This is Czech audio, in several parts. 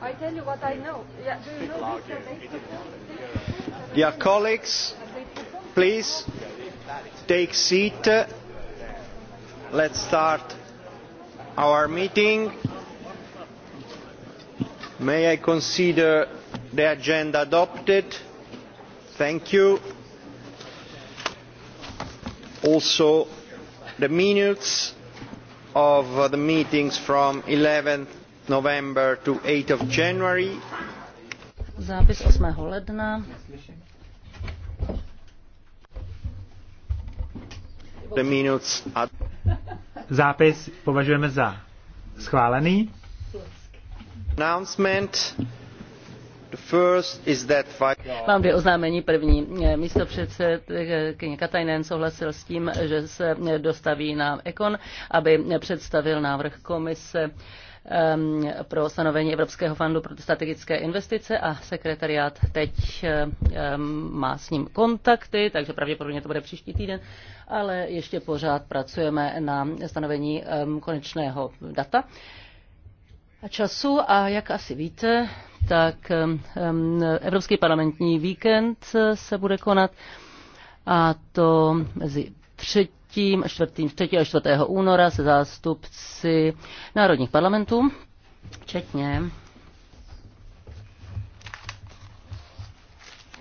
I tell you what I know. Yeah, do you know this? Dear colleagues, please take seat. Let's start our meeting. May I consider the agenda adopted? Thank you. Also, the minutes of the meetings from 11 November to 8 of January. Zápis 8. ledna. The minutes at... Zápis považujeme za schválený. Announcement Mám dvě oznámení. První, eh, místo předsedkyně Katajnen souhlasil s tím, že se eh, dostaví na Ekon, aby eh, představil návrh komise ehm, pro stanovení Evropského fondu pro strategické investice a sekretariát teď ehm, má s ním kontakty, takže pravděpodobně to bude příští týden, ale ještě pořád pracujeme na stanovení ehm, konečného data a času a jak asi víte, tak Evropský parlamentní víkend se bude konat a to mezi 3. a 4. 3. a 4. února se zástupci národních parlamentů, včetně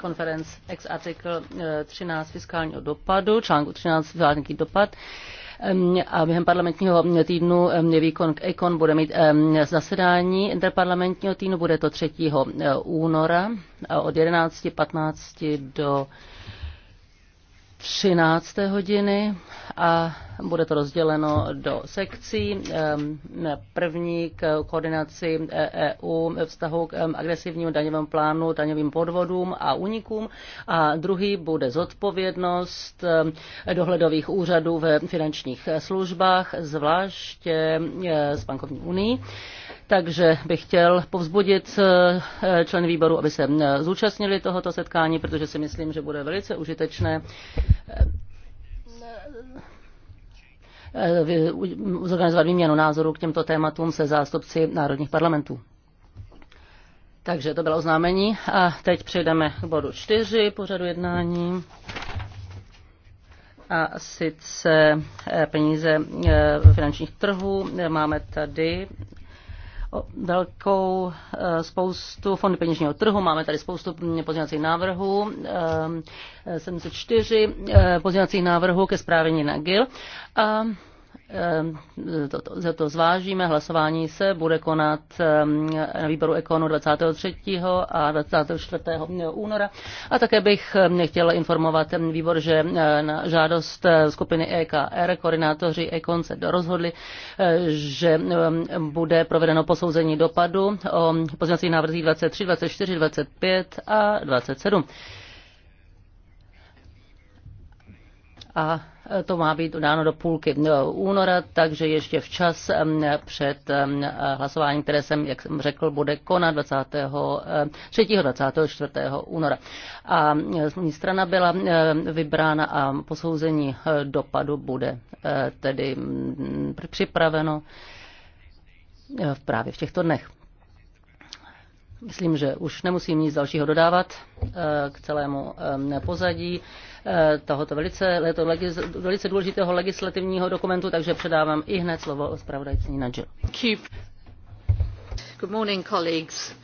konference ex article 13 eh, fiskálního dopadu, článku 13 fiskální dopad, a během parlamentního týdnu výkon k Ekon bude mít zasedání interparlamentního týdnu, bude to 3. Eh, února od 11.15 do 13. hodiny a bude to rozděleno do sekcí. První k koordinaci EU e vztahu k agresivnímu daňovému plánu, daňovým podvodům a unikům. A druhý bude zodpovědnost dohledových úřadů ve finančních službách, zvláště e, z bankovní unii. Takže bych chtěl povzbudit eh, členy výboru, aby se eh, zúčastnili tohoto setkání, protože si myslím, že bude velice užitečné eh, zorganizovat výměnu názoru k těmto tématům se zástupci národních parlamentů. Takže to bylo oznámení a teď přejdeme k bodu čtyři pořadu jednání a sice peníze finančních trhů. Máme tady velkou eh, spoustu fondy peněžního trhu, máme tady spoustu mm, pozměňovacích návrhů, 74 eh, eh, pozměňovacích návrhů ke zprávě na GIL. A Ehm, to, to zvážíme. Hlasování se bude konat ehm, na výboru Ekonu 23. a 24. února. A také bych ehm, chtěla informovat ten výbor, že eh, na žádost eh, skupiny EKR koordinátoři Ekon se rozhodli, eh, že bude provedeno posouzení dopadu o pozměňovacích návrzích 23, 24, 25 a 27. A to má být dáno do půlky eh, února, takže ještě včas eh, před eh, hlasováním, které jsem, jak jsem řekl, bude konat 23. 24. února. A strana byla vybrána a posouzení dopadu bude tedy mm, připraveno právě v těchto dnech. Myslím, že už nemusím nic dalšího dodávat eh, k celému eh, pozadí eh, tohoto velice, to legis, velice důležitého legislativního dokumentu, takže předávám i hned slovo zpravodajci Nina Jill. Good morning, colleagues.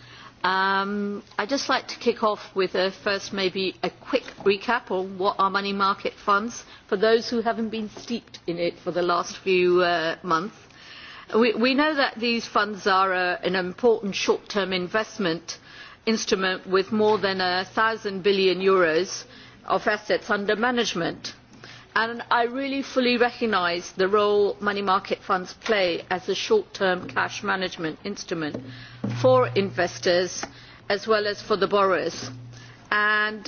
Um, I'd just like to kick off with a first maybe a quick recap on what are money market funds for those who haven't been steeped in it for the last few uh, months We, know that these funds are a, an important short-term investment instrument with more than a thousand billion euros of assets under management. And I really fully recognise the role money market funds play as a short-term cash management instrument for investors as well as for the borrowers. And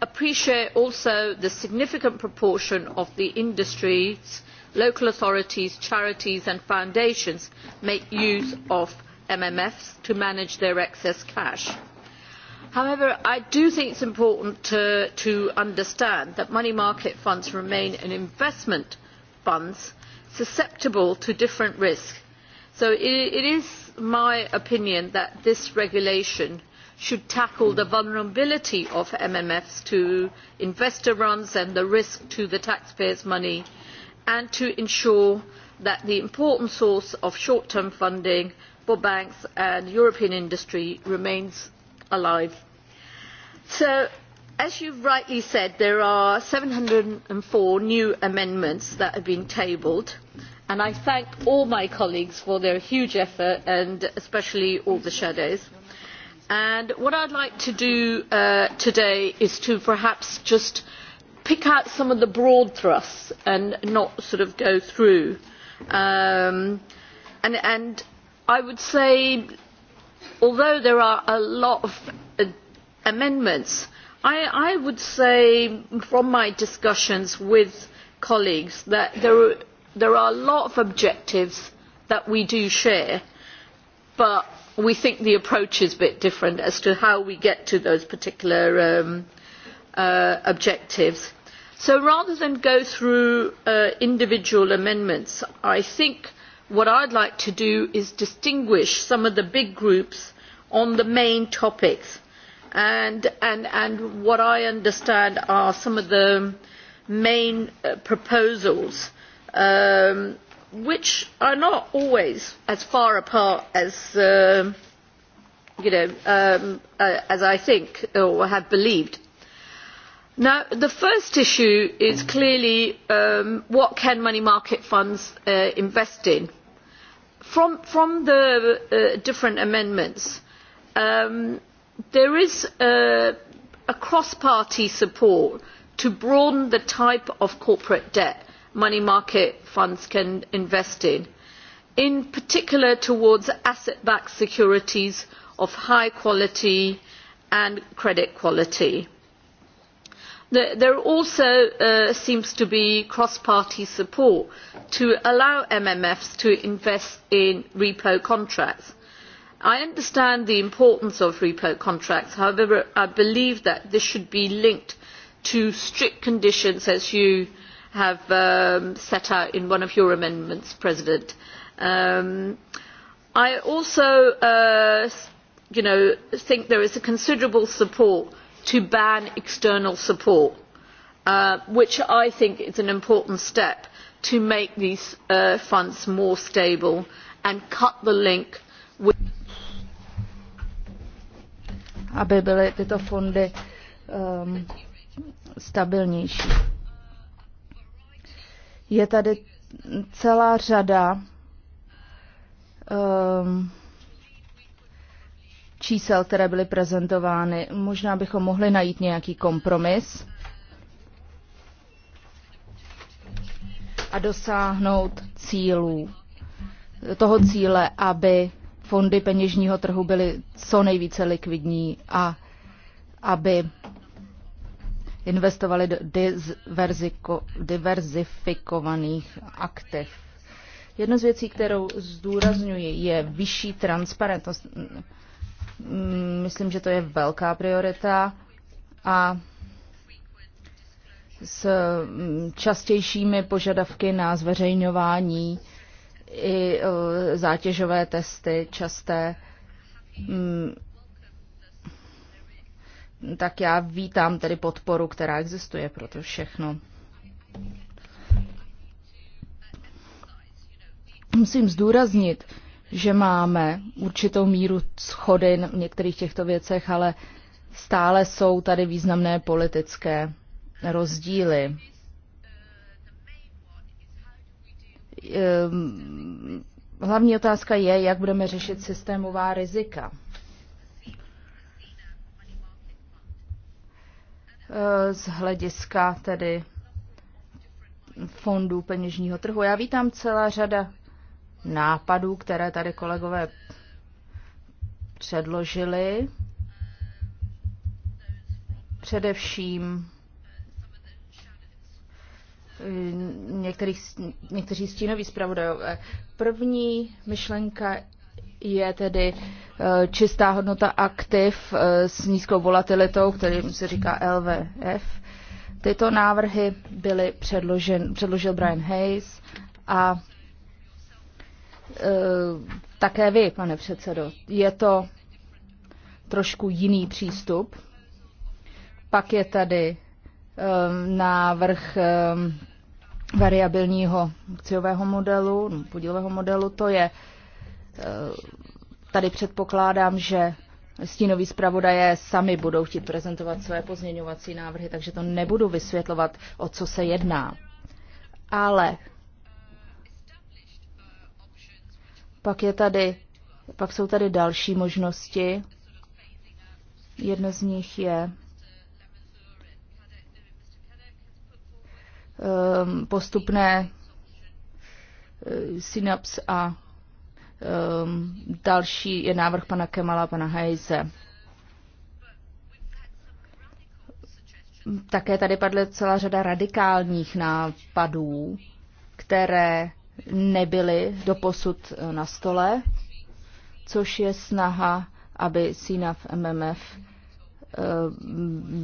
appreciate also the significant proportion of the industries local authorities charities and foundations make use of mmfs to manage their excess cash. however i do think it is important to, understand that money market funds remain investment funds susceptible to different risks so it, it is my opinion that this regulation should tackle the vulnerability of mmfs to investor runs and the risk to the taxpayers' money and to ensure that the important source of short term funding for banks and European industry remains alive. So, as you have rightly said, there are seven hundred and four new amendments that have been tabled, and I thank all my colleagues for their huge effort and especially all the shadows. what i would like to do uh, today is to perhaps just pick out some of the broad thrusts and not sort of go through. Um, and, and I would say, although there are a lot of uh, amendments, I, I would say from my discussions with colleagues that there, there are a lot of objectives that we do share, but we think the approach is a bit different as to how we get to those particular um, uh, objectives so rather than go through uh, individual amendments i think what i would like to do is distinguish some of the big groups on the main topics and, and, and what i understand are some of the main uh, proposals um, which are not always as far apart as uh, you know um, uh, as I think or have believed. Now, the first issue is clearly um, what can money market funds uh, invest in? From, from the uh, different amendments, um, there is a cross-party support to broaden the type of corporate debt money market funds can invest in, in particular towards asset-backed securities of high quality and credit quality there also uh, seems to be cross party support to allow mmfs to invest in repo contracts. i understand the importance of repo contracts however i believe that this should be linked to strict conditions as you have um, set out in one of your amendments president. Um, i also uh, you know, think there is considerable support to ban external support, uh, which I think is an important step to make these uh, funds more stable and cut the link with čísel, které byly prezentovány. Možná bychom mohli najít nějaký kompromis a dosáhnout cílů, toho cíle, aby fondy peněžního trhu byly co nejvíce likvidní a aby investovali do diverzifikovaných aktiv. Jedna z věcí, kterou zdůrazňuji, je vyšší transparentnost Mm, myslím, že to je velká priorita a s mm, častějšími požadavky na zveřejňování i eh, zátěžové testy časté. Mm, tak já vítám tedy podporu, která existuje pro to všechno. Musím zdůraznit, že máme určitou míru schody v některých těchto věcech, ale stále jsou tady významné politické rozdíly. Ehm, hlavní otázka je, jak budeme řešit systémová rizika. Ehm, z hlediska tedy fondů peněžního trhu. Já vítám celá řada nápadů, které tady kolegové předložili. Především eh, některých, někteří stínoví zpravodajové. První myšlenka je tedy eh, čistá hodnota aktiv eh, s nízkou volatilitou, kterým se říká LVF. Tyto návrhy byly předložen, předložil Brian Hayes a Eh, také vy, pane předsedo. Je to trošku jiný přístup. Pak je tady ehm, návrh ehm, variabilního akciového modelu, no, podílového modelu, to je, eh, tady předpokládám, že stínoví zpravodaje sami budou chtít prezentovat své pozměňovací návrhy, takže to nebudu vysvětlovat, o co se jedná. Ale Pak je tady, pak jsou tady další možnosti. Jedno z nich je um, postupné uh, synaps a um, další je návrh pana Kemala, pana Hejze. Také tady padla celá řada radikálních nápadů, které nebyly doposud eh, na stole, což je snaha, aby v MMF eh,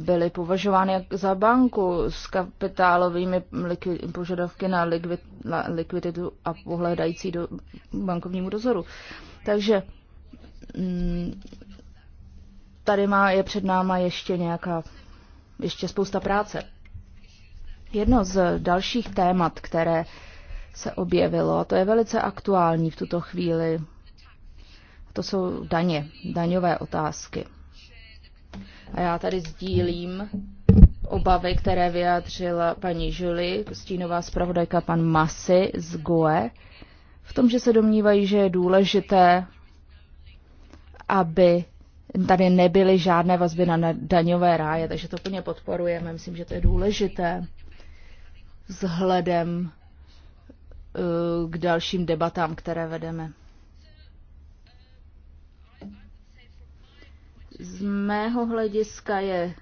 byly považovány za banku s kapitálovými požadavky na, na likviditu a pohledající do bankovnímu dozoru. Takže mm, tady má, je před náma ještě nějaká, ještě spousta práce. Jedno z dalších témat, které se objevilo, a to je velice aktuální v tuto chvíli. To jsou daně, daňové otázky. A já tady sdílím obavy, které vyjádřila paní Žuli, stínová zpravodajka pan Masy z GOE, v tom, že se domnívají, že je důležité, aby tady nebyly žádné vazby na daňové ráje, takže to plně podporujeme. Myslím, že to je důležité vzhledem k dalším debatám, které vedeme. Z mého hlediska je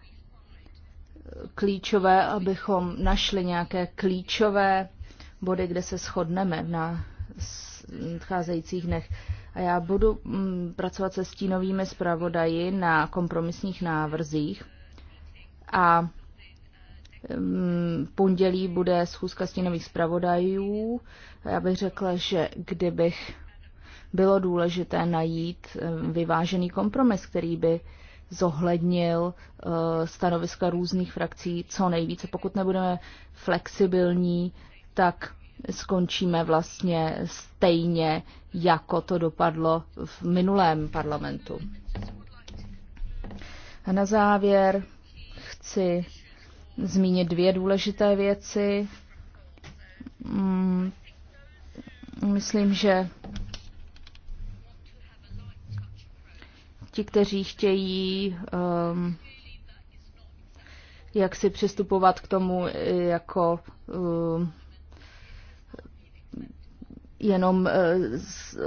klíčové, abychom našli nějaké klíčové body, kde se shodneme na nadcházejících dnech. A já budu mm, pracovat se stínovými zpravodaji na kompromisních návrzích a v pondělí bude schůzka stínových zpravodajů. Já bych řekla, že kdybych bylo důležité najít eh, vyvážený kompromis, který by zohlednil eh, stanoviska různých frakcí co nejvíce. Pokud nebudeme flexibilní, tak skončíme vlastně stejně, jako to dopadlo v minulém parlamentu. A na závěr chci zmínit dvě důležité věci. Mm, myslím, že ti, kteří chtějí um, jak si přistupovat k tomu eh, jako um, jenom eh, s,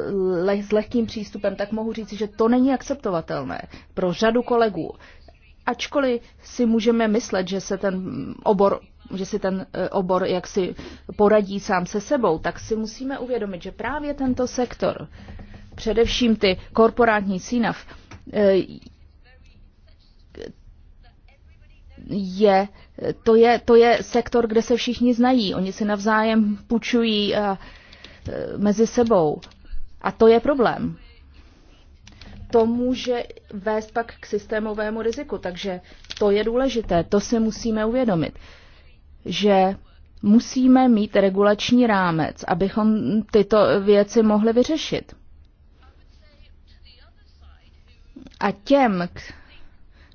le, s lehkým přístupem, tak mohu říct, že to není akceptovatelné pro řadu kolegů ačkoliv si můžeme myslet, že se ten obor že si ten eh, obor jaksi poradí sám se sebou, tak si musíme uvědomit, že právě tento sektor, především ty korporátní sínav, eh, je, to je, to je sektor, kde se všichni znají. Oni si navzájem půjčují eh, mezi sebou. A to je problém to může vést pak k systémovému riziku. Takže to je důležité, to si musíme uvědomit, že musíme mít regulační rámec, abychom tyto věci mohli vyřešit. A těm,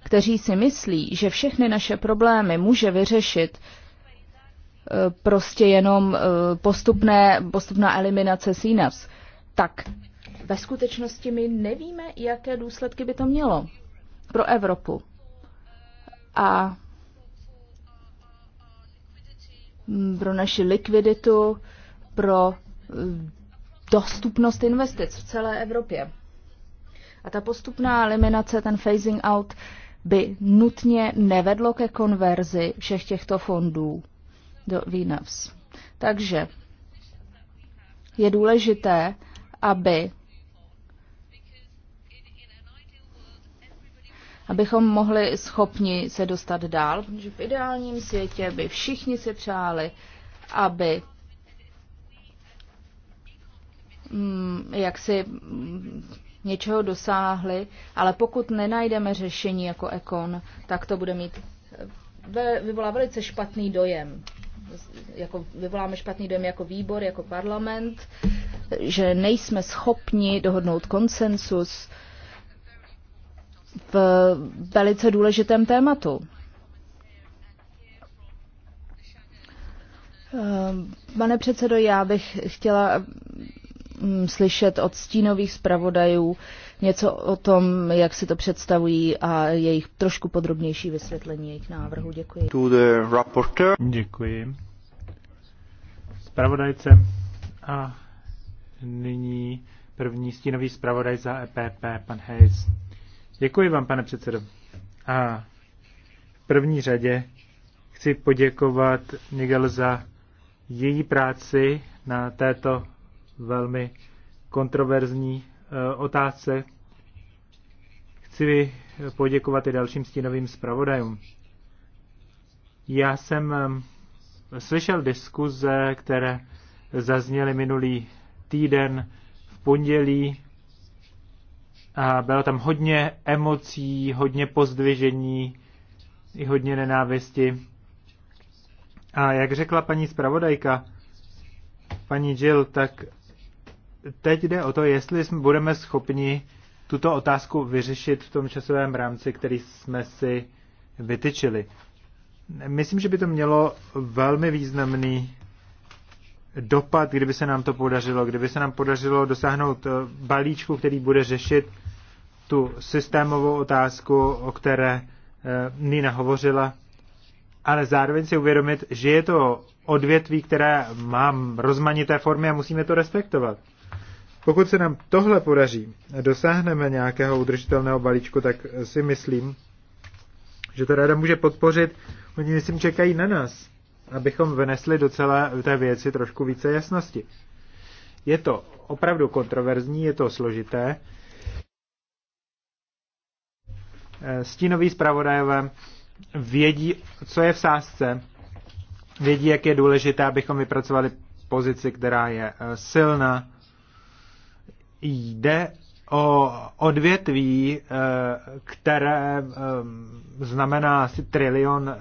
kteří si myslí, že všechny naše problémy může vyřešit eh, prostě jenom eh, postupné, postupná eliminace sínas, tak ve skutečnosti my nevíme, jaké důsledky by to mělo pro Evropu. A pro naši likviditu, pro eh, dostupnost investic v celé Evropě. A ta postupná eliminace, ten phasing out, by nutně nevedlo ke konverzi všech těchto fondů do VNAVs. Takže je důležité, aby abychom mohli schopni se dostat dál, protože v ideálním světě by všichni si přáli, aby mm, jak si mm, něčeho dosáhli, ale pokud nenajdeme řešení jako ekon, tak to bude mít eh, vyvolá velice špatný dojem. Jako, vyvoláme špatný dojem jako výbor, jako parlament, že nejsme schopni dohodnout konsensus, v velice důležitém tématu. Ehm, pane předsedo, já bych chtěla mm, slyšet od stínových zpravodajů něco o tom, jak si to představují a jejich trošku podrobnější vysvětlení jejich návrhu. Děkuji. To the Děkuji. Zpravodajce a nyní první stínový zpravodaj za EPP, pan Hayes. Děkuji vám, pane předsedo. A v první řadě chci poděkovat Nigel za její práci na této velmi kontroverzní e, otázce. Chci poděkovat i dalším stínovým zpravodajům. Já jsem e, slyšel diskuze, které zazněly minulý týden v pondělí a bylo tam hodně emocí, hodně pozdvižení, i hodně nenávisti. A jak řekla paní zpravodajka, paní Jill, tak teď jde o to, jestli budeme schopni tuto otázku vyřešit v tom časovém rámci, který jsme si vytyčili. Myslím, že by to mělo velmi významný dopad, kdyby se nám to podařilo, kdyby se nám podařilo dosáhnout eh, balíčku, který bude řešit tu systémovou otázku, o které eh, Nina hovořila, ale zároveň si uvědomit, že je to odvětví, které má rozmanité formy a musíme to respektovat. Pokud se nám tohle podaří, dosáhneme nějakého udržitelného balíčku, tak si myslím, že to ráda může podpořit. Oni myslím čekají na nás, abychom vnesli do celé té věci trošku více jasnosti. Je to opravdu kontroverzní, je to složité, Eh, stínoví zpravodajové vědí, co je v sázce, vědí, jak je důležité, abychom vypracovali pozici, která je eh, silná. Jde o odvětví, eh, které znamená asi trilion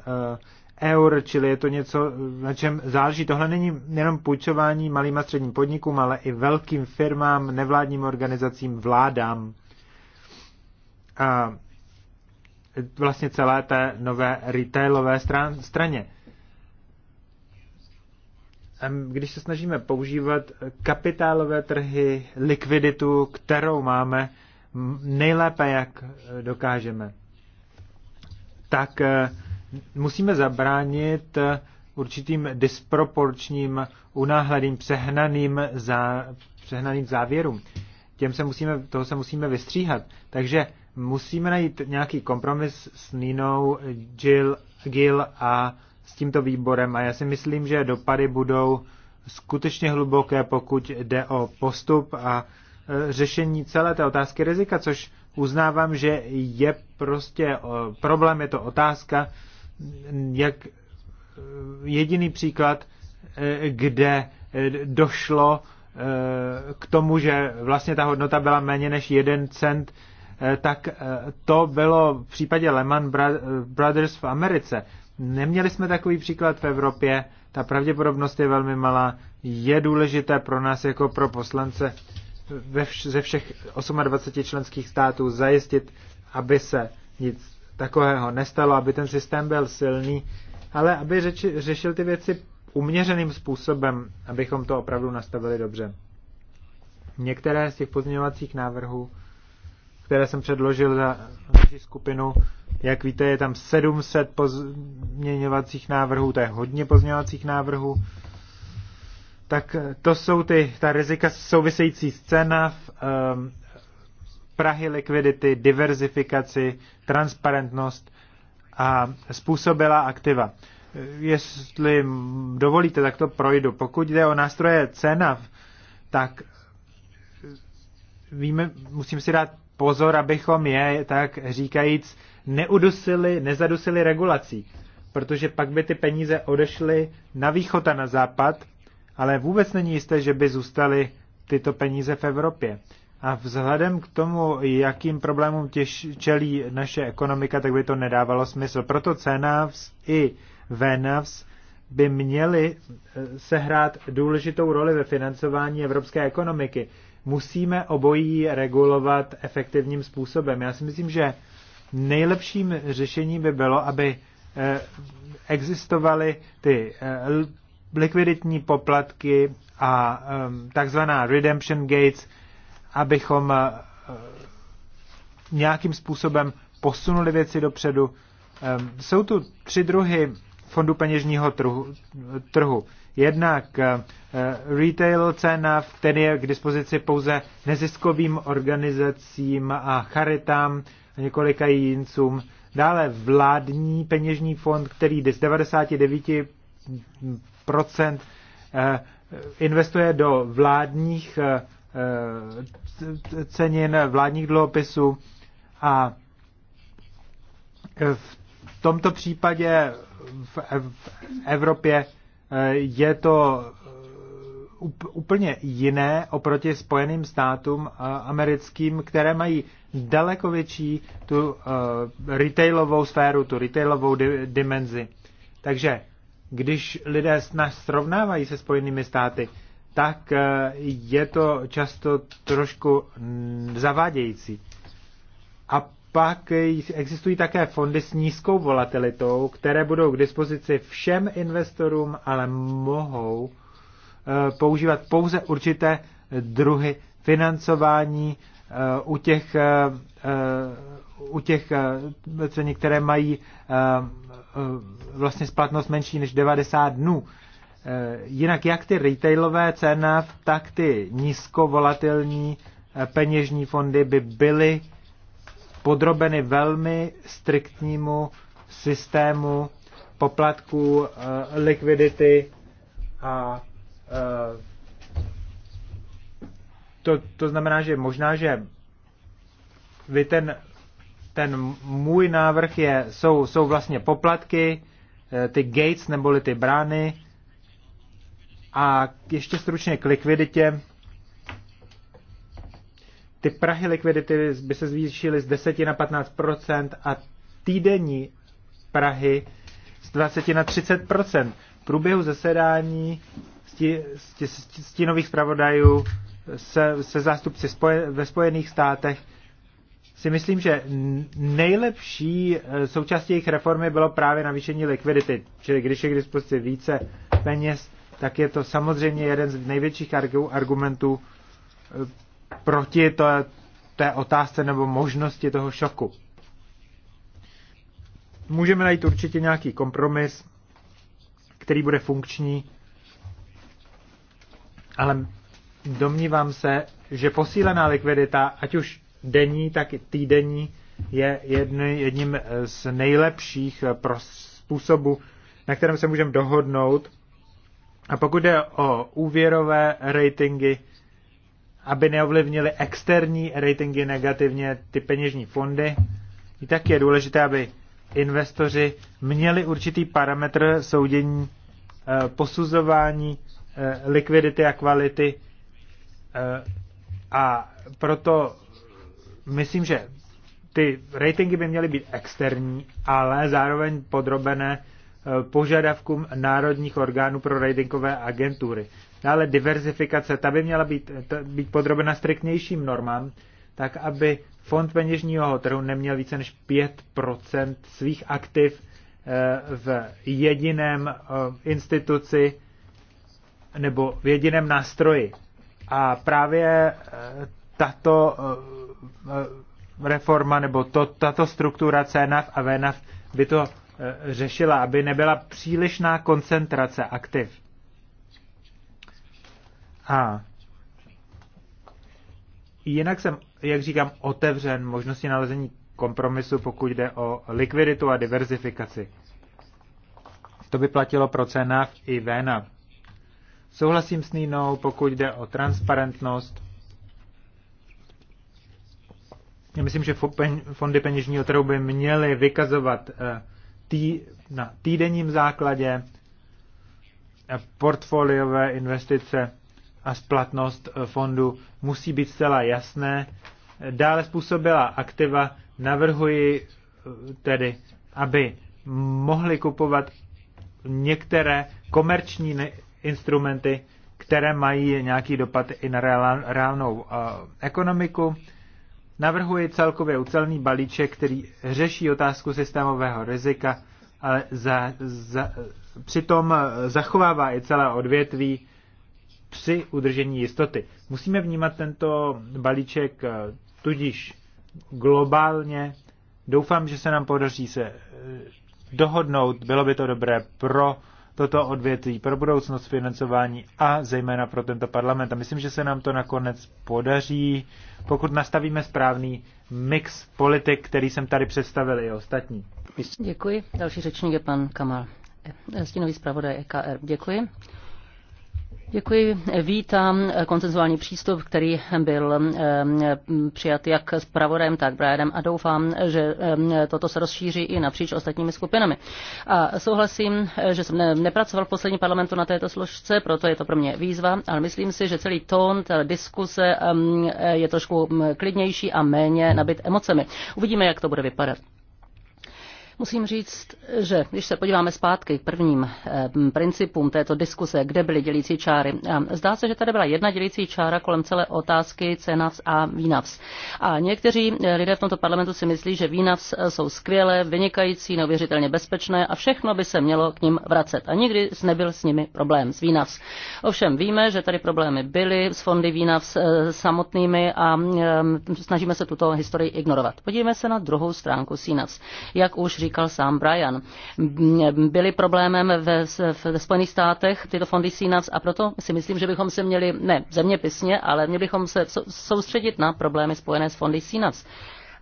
eur, čili je to něco, na čem záleží. Tohle není jenom půjčování malým a středním podnikům, ale i velkým firmám, nevládním organizacím, vládám. A vlastně celé té nové retailové stran, straně. Když se snažíme používat kapitálové trhy, likviditu, kterou máme nejlépe, jak eh, dokážeme, tak eh, musíme zabránit eh, určitým disproporčním, unáhleným, přehnaným, zá, přehnaným závěrům. Těm se musíme, toho se musíme vystříhat. Takže musíme najít nějaký kompromis s Ninou, Jill, Gil a s tímto výborem a já si myslím, že dopady budou skutečně hluboké, pokud jde o postup a e, řešení celé té otázky rizika, což uznávám, že je prostě e, problém, je to otázka, jak e, jediný příklad, kde došlo k tomu, že vlastně ta hodnota byla méně než jeden cent Eh, tak eh, to bylo v případě Lehman eh, Brothers v Americe. Neměli jsme takový příklad v Evropě, ta pravděpodobnost je velmi malá, je důležité pro nás jako pro poslance ve vš- ze všech 28 členských států zajistit, aby se nic takového nestalo, aby ten systém byl silný, ale aby řeči- řešil ty věci uměřeným způsobem, abychom to opravdu nastavili dobře. Některé z těch pozměňovacích návrhů které jsem předložil na naši skupinu. Jak víte, je tam 700 pozměňovacích návrhů, to je hodně pozměňovacích návrhů. Tak to jsou ty, ta rizika související s cenav, um, ehm, prahy likvidity, diverzifikaci, transparentnost a způsobila aktiva. Jestli dovolíte, tak to projdu. Pokud jde o nástroje cenav, tak víme, musím si dát pozor, abychom je, tak říkajíc, neudusili, nezadusili regulací, protože pak by ty peníze odešly na východ a na západ, ale vůbec není jisté, že by zůstaly tyto peníze v Evropě. A vzhledem k tomu, jakým problémům těž, čelí naše ekonomika, tak by to nedávalo smysl. Proto CNAVS i VNAVS by měly eh, sehrát důležitou roli ve financování evropské ekonomiky musíme obojí regulovat efektivním způsobem. Já si myslím, že nejlepším řešením by bylo, aby eh, existovaly ty eh, likviditní poplatky a eh, takzvaná redemption gates, abychom nějakým způsobem posunuli věci dopředu. Jsou tu tři druhy fondu peněžního trhu. Jednak eh, eh, retail cena, ten je k dispozici pouze neziskovým organizacím a charitám a několika jincům. Dále vládní peněžní fond, který z 99% eh, investuje do vládních cenin, vládních dluhopisů a v tomto případě v Evropě je to eh, úplně jiné oproti Spojeným státům americkým, které mají daleko větší tu eh, retailovou sféru, tu retailovou dimenzi. Takže když lidé nás srovnávají se Spojenými státy, tak eh, je to často trošku zavádějící. A pak existují také fondy s nízkou volatilitou, které budou k dispozici všem investorům, ale mohou eh, používat pouze určité druhy financování eh, u těch, eh, u těch ceny, které mají vlastně splatnost menší než 90 dnů. Jinak jak ty retailové cena, tak ty nízkovolatilní peněžní fondy by byly podrobeny velmi striktnímu systému poplatků, eh, likvidity a eh, to, to znamená, že možná, že vy ten, ten můj návrh je, jsou, jsou vlastně poplatky, eh, ty gates neboli ty brány a ještě stručně k likviditě. Ty prahy likvidity by se zvýšily z 10 na 15 a týdenní prahy z 20 na 30 V průběhu zasedání stínových zpravodajů se, se zástupci spoje, ve Spojených státech si myslím, že nejlepší e, součástí jejich reformy bylo právě navýšení likvidity. Čili když je k dispozici více peněz, tak je to samozřejmě jeden z největších argumentů e, proti to, té otázce nebo možnosti toho šoku. Můžeme najít určitě nějaký kompromis, který bude funkční, ale domnívám se, že posílená likvidita, ať už denní, tak i týdenní, je jedny, jedním z nejlepších způsobů, na kterém se můžeme dohodnout. A pokud jde o úvěrové ratingy, aby neovlivnili externí ratingy negativně ty peněžní fondy. I tak je důležité, aby investoři měli určitý parametr soudění, eh, posuzování eh, likvidity a kvality eh, a proto myslím, že ty ratingy by měly být externí, ale zároveň podrobené požadavkům národních orgánů pro ratingové agentury. Dále no, diverzifikace, ta by měla být, ta, být podrobena striktnějším normám, tak aby fond peněžního trhu neměl více než 5% svých aktiv eh, v jediném eh, instituci nebo v jediném nástroji. A právě eh, tato reforma nebo to, tato struktura CNAF a VNAF by to řešila, aby nebyla přílišná koncentrace aktiv. A jinak jsem, jak říkám, otevřen možnosti nalezení kompromisu, pokud jde o likviditu a diverzifikaci. To by platilo pro CNAV i vena. Souhlasím s Nínou, pokud jde o transparentnost. Já myslím, že fondy peněžního trhu by měly vykazovat eh, tý, na týdenním základě eh, portfoliové investice a splatnost eh, fondu musí být zcela jasné. Dále způsobila aktiva navrhuji eh, tedy, aby mohli kupovat některé komerční instrumenty, které mají nějaký dopad i na reálnou eh, ekonomiku. Navrhuji celkově ucelný balíček, který řeší otázku systémového rizika, ale za, za, přitom zachovává i celé odvětví při udržení jistoty. Musíme vnímat tento balíček eh, tudíž globálně. Doufám, že se nám podaří se eh, dohodnout. Bylo by to dobré pro toto odvětví, pro budoucnost financování a zejména pro tento parlament. A myslím, že se nám to nakonec podaří, pokud nastavíme správný mix politik, který jsem tady představil i ostatní. Děkuji. Další řečník je pan Kamal. Eh, stínový zpravodaj EKR. Děkuji. Děkuji. Vítám koncenzuální přístup, který byl přijat jak s Pravorem, tak Brianem a doufám, že toto se rozšíří i napříč ostatními skupinami. A souhlasím, že jsem nepracoval v poslední parlamentu na této složce, proto je to pro mě výzva, ale myslím si, že celý tón té diskuse je trošku klidnější a méně nabit emocemi. Uvidíme, jak to bude vypadat. Musím říct, že když se podíváme zpátky k prvním eh, principům této diskuse, kde byly dělící čáry, zdá se, že tady byla jedna dělící čára kolem celé otázky CNAVS a VNAVS. A někteří eh, lidé v tomto parlamentu si myslí, že VNAVS eh, jsou skvělé, vynikající, neuvěřitelně bezpečné a všechno by se mělo k ním vracet. A nikdy nebyl s nimi problém s VNAVS. Ovšem víme, že tady problémy byly s fondy VNAVS samotnými a snažíme se tuto historii ignorovat. Podívejme se na druhou stránku CNAVS. Jak už říkám, říkal sám Brian. Byly problémem ve, ve Spojených státech tyto fondy CNAVs a proto si myslím, že bychom se měli, ne zeměpisně, ale měli bychom se soustředit na problémy spojené s fondy CNAVs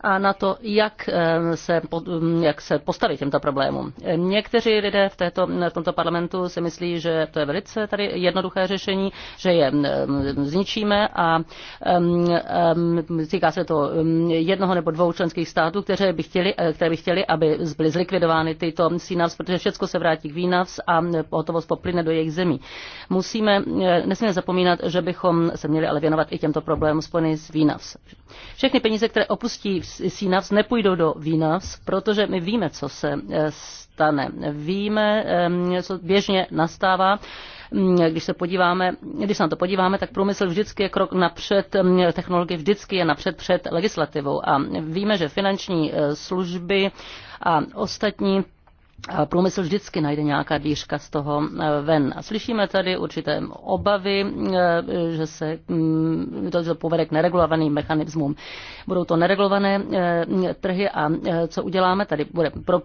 a na to, jak eh, se, mm, jak se postavit těmto problémům. Někteří lidé v, této, v tomto parlamentu si myslí, že to je velice tady jednoduché řešení, že je mm, zničíme a mm, týká se to jednoho nebo dvou členských států, které by chtěli, eh, které by chtěli aby byly zlikvidovány tyto CNAVs, protože všechno se vrátí k výnavs a hotovost poplyne do jejich zemí. Musíme, eh, nesmíme zapomínat, že bychom se měli ale věnovat i těmto problémům spojeným s výnavs. Všechny peníze, které opustí Sínavs nepůjdou do Vínavs, protože my víme, co se eh, stane. Víme, co běžně nastává mm, když se podíváme, když se na to podíváme, tak průmysl vždycky je krok napřed, mm, technologie vždycky je napřed před legislativou. A víme, že finanční eh, služby a ostatní průmysl vždycky najde nějaká dvířka z toho eh, ven. A slyšíme tady určité obavy, eh, že se mm, to povede k neregulovaným mechanismům. Budou to neregulované eh, trhy a co uděláme, tady bude pro,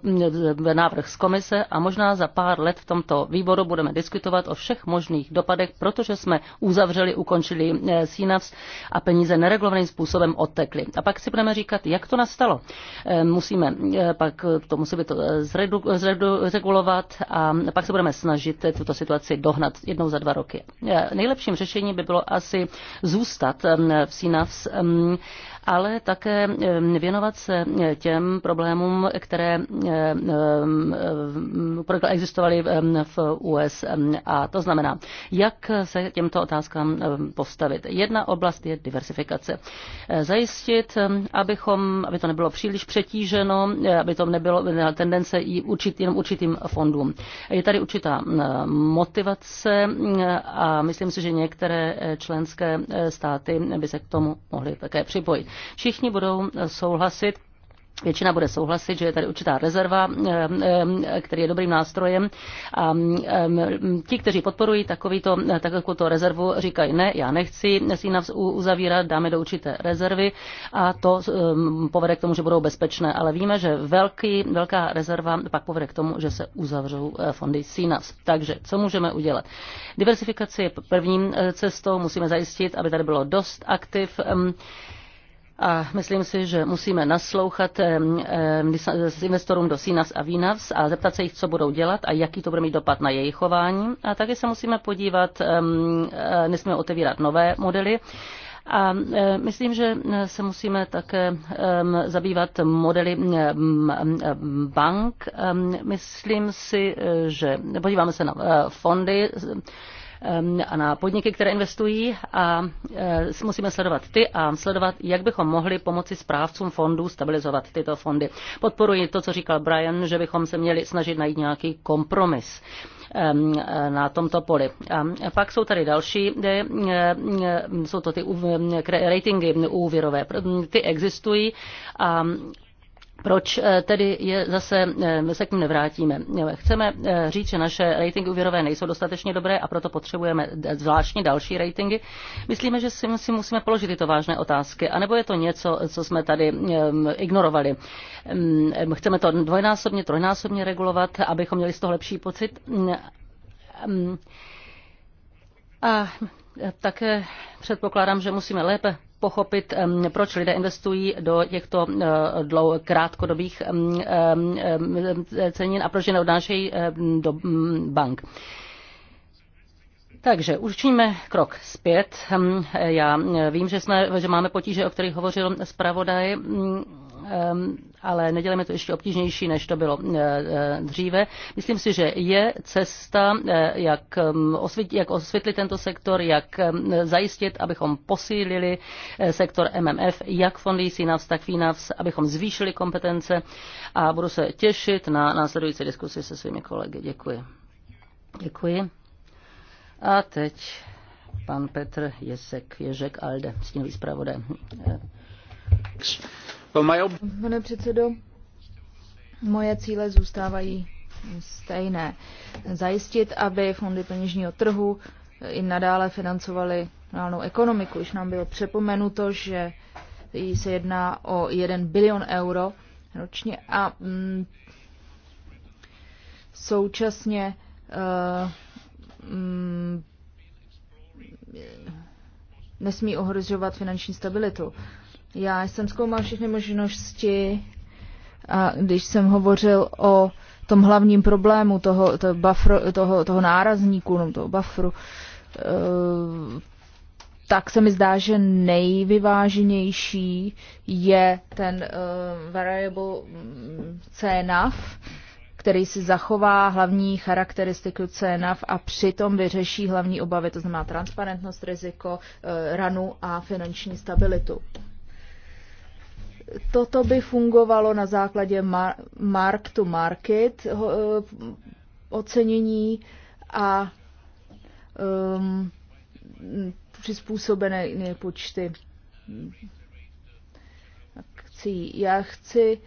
návrh z komise a možná za pár let v tomto výboru budeme diskutovat o všech možných dopadech, protože jsme uzavřeli, ukončili SINAVS a peníze neregulovaným způsobem odtekly. A pak si budeme říkat, jak to nastalo. Musíme pak to musí být zredu, zregulovat a pak se budeme snažit tuto situaci dohnat jednou za dva roky. Eh, nejlepším řešením by bylo asi zůstat ehm, v SINAVS ehm, ale také věnovat se těm problémům, které existovaly v USA. To znamená, jak se těmto otázkám postavit. Jedna oblast je diversifikace. E, zajistit, abychom, aby to nebylo příliš přetíženo, e, aby to nebylo e, tendence i určit, jenom určitým fondům. Je tady určitá motivace a myslím si, že některé členské státy by se k tomu mohly také připojit. Všichni budou souhlasit, Většina bude souhlasit, že je tady určitá rezerva, eh, eh, který je dobrým nástrojem. A eh, ti, kteří podporují takovýto, takovouto rezervu, říkají ne, já nechci si nás uzavírat, dáme do určité rezervy a to povede k tomu, že budou bezpečné. Ale víme, že velký, velká rezerva pak povede k tomu, že se uzavřou fondy SINAS. Takže co můžeme udělat? Diversifikace je prvním cestou, musíme zajistit, aby tady bylo dost aktiv a myslím si, že musíme naslouchat s investorům do Sinas a Vinavs a zeptat se jich, co budou dělat a jaký to bude mít dopad na jejich chování. A taky se musíme podívat, e, nesmíme otevírat nové modely. A e, myslím, že se musíme také zabývat modely bank. Myslím si, e, že podíváme se na fondy Ehm, a na podniky, které investují a eh, musíme sledovat ty a sledovat, jak bychom mohli pomoci správcům fondů stabilizovat tyto fondy. Podporuji to, co říkal Brian, že bychom se měli snažit najít nějaký kompromis ehm, eh, na tomto poli. A pak jsou tady další, kde eh, jsou to ty ratingy úvěrové. Ty existují a proč eh, tedy je zase, eh, se k ním nevrátíme. Chceme eh, říct, že naše ratingy úvěrové nejsou dostatečně dobré a proto potřebujeme zvláštní další ratingy. Myslíme, že si, si musíme položit tyto vážné otázky, anebo je to něco, co jsme tady ignorovali. Chceme to dvojnásobně, trojnásobně regulovat, abychom měli z toho lepší pocit. A také předpokládám, že musíme lépe pochopit, proč lidé investují do těchto eh, dlou, krátkodobých cenin a proč je neodnášejí eh, do mm, bank. Takže učiníme krok zpět. Já eh, vím, že, jsme, že máme potíže, o kterých hovořil zpravodaj. Ehm, ale nedělejme to ještě obtížnější, než to bylo eh, eh, dříve. Myslím si, že je cesta, eh, jak ehm, osvětlit, jak osvětlit tento sektor, jak ehm, zajistit, abychom posílili sektor MMF, jak fondy CNAVS, tak FINAVS, abychom zvýšili kompetence a budu se těšit na následující diskusi se svými kolegy. Děkuji. Děkuji. A teď pan Petr Jesek, Ježek Alde, sněhový zpravodaj. Pane předsedo, moje cíle zůstávají stejné. Zajistit, aby fondy peněžního trhu i nadále financovaly reálnou ekonomiku. Už nám bylo přepomenuto, že se jedná o 1 bilion euro ročně a mm, současně uh, mm, nesmí ohrožovat finanční stabilitu. Uh, já jsem zkoumal všechny možnosti a když jsem hovořil o tom hlavním problému toho, to buffer, toho, toho nárazníku, no, toho buffru, eh, tak se mi zdá, že nejvyváženější je ten uh, variable mm, CNAV, který si zachová hlavní charakteristiku CNAV a přitom vyřeší hlavní obavy, to znamená transparentnost, riziko, uh, ranu a finanční stabilitu. Toto by fungovalo na základě mark-to-market eh, ocenění a um, přizpůsobené počty akcí. Já chci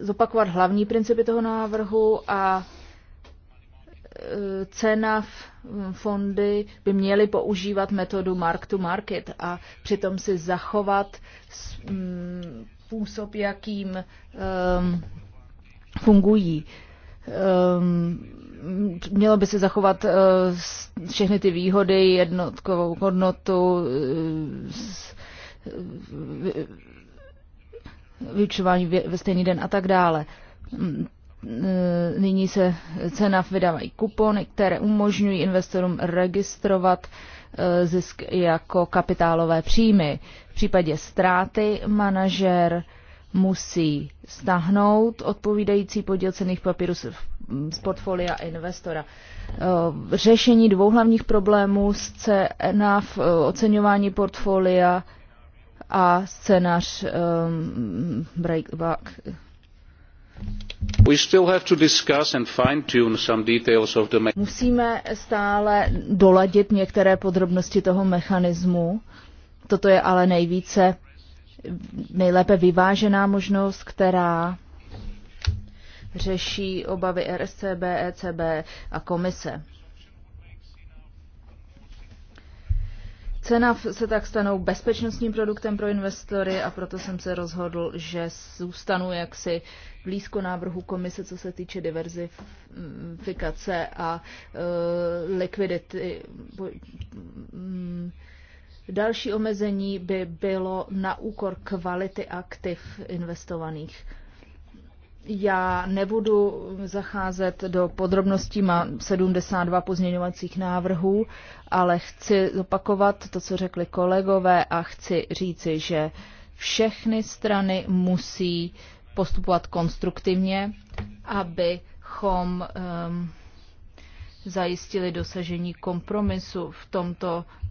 zopakovat hlavní principy toho návrhu a cena v fondy by měly používat metodu mark to market a přitom si zachovat mm, způsob, jakým um, fungují. Um, mělo by se zachovat uh, všechny ty výhody, jednotkovou hodnotu, uh, vyučování ve stejný den a tak dále. Eh, nyní se cenav vydávají kupony, které umožňují investorům registrovat eh, zisk jako kapitálové příjmy. V případě ztráty manažer musí stahnout odpovídající podíl cených papírů z portfolia investora. Eh, řešení dvou hlavních problémů z v oceňování portfolia a scénář um, breakback Musíme stále doladit některé podrobnosti toho mechanismu. Toto je ale nejvíce, nejlépe vyvážená možnost, která řeší obavy RSCB, ECB a komise. Cena se tak stanou bezpečnostním produktem pro investory a proto jsem se rozhodl, že zůstanu jaksi blízko návrhu komise, co se týče diverzifikace a e, likvidity. Mm, další omezení by bylo na úkor kvality aktiv investovaných. Já nebudu zacházet do podrobností, má 72 pozměňovacích návrhů, ale chci zopakovat to, co řekli kolegové a chci říci, že všechny strany musí uh, postupovat konstruktivně, abychom um, zajistili dosažení kompromisu v tomto uh,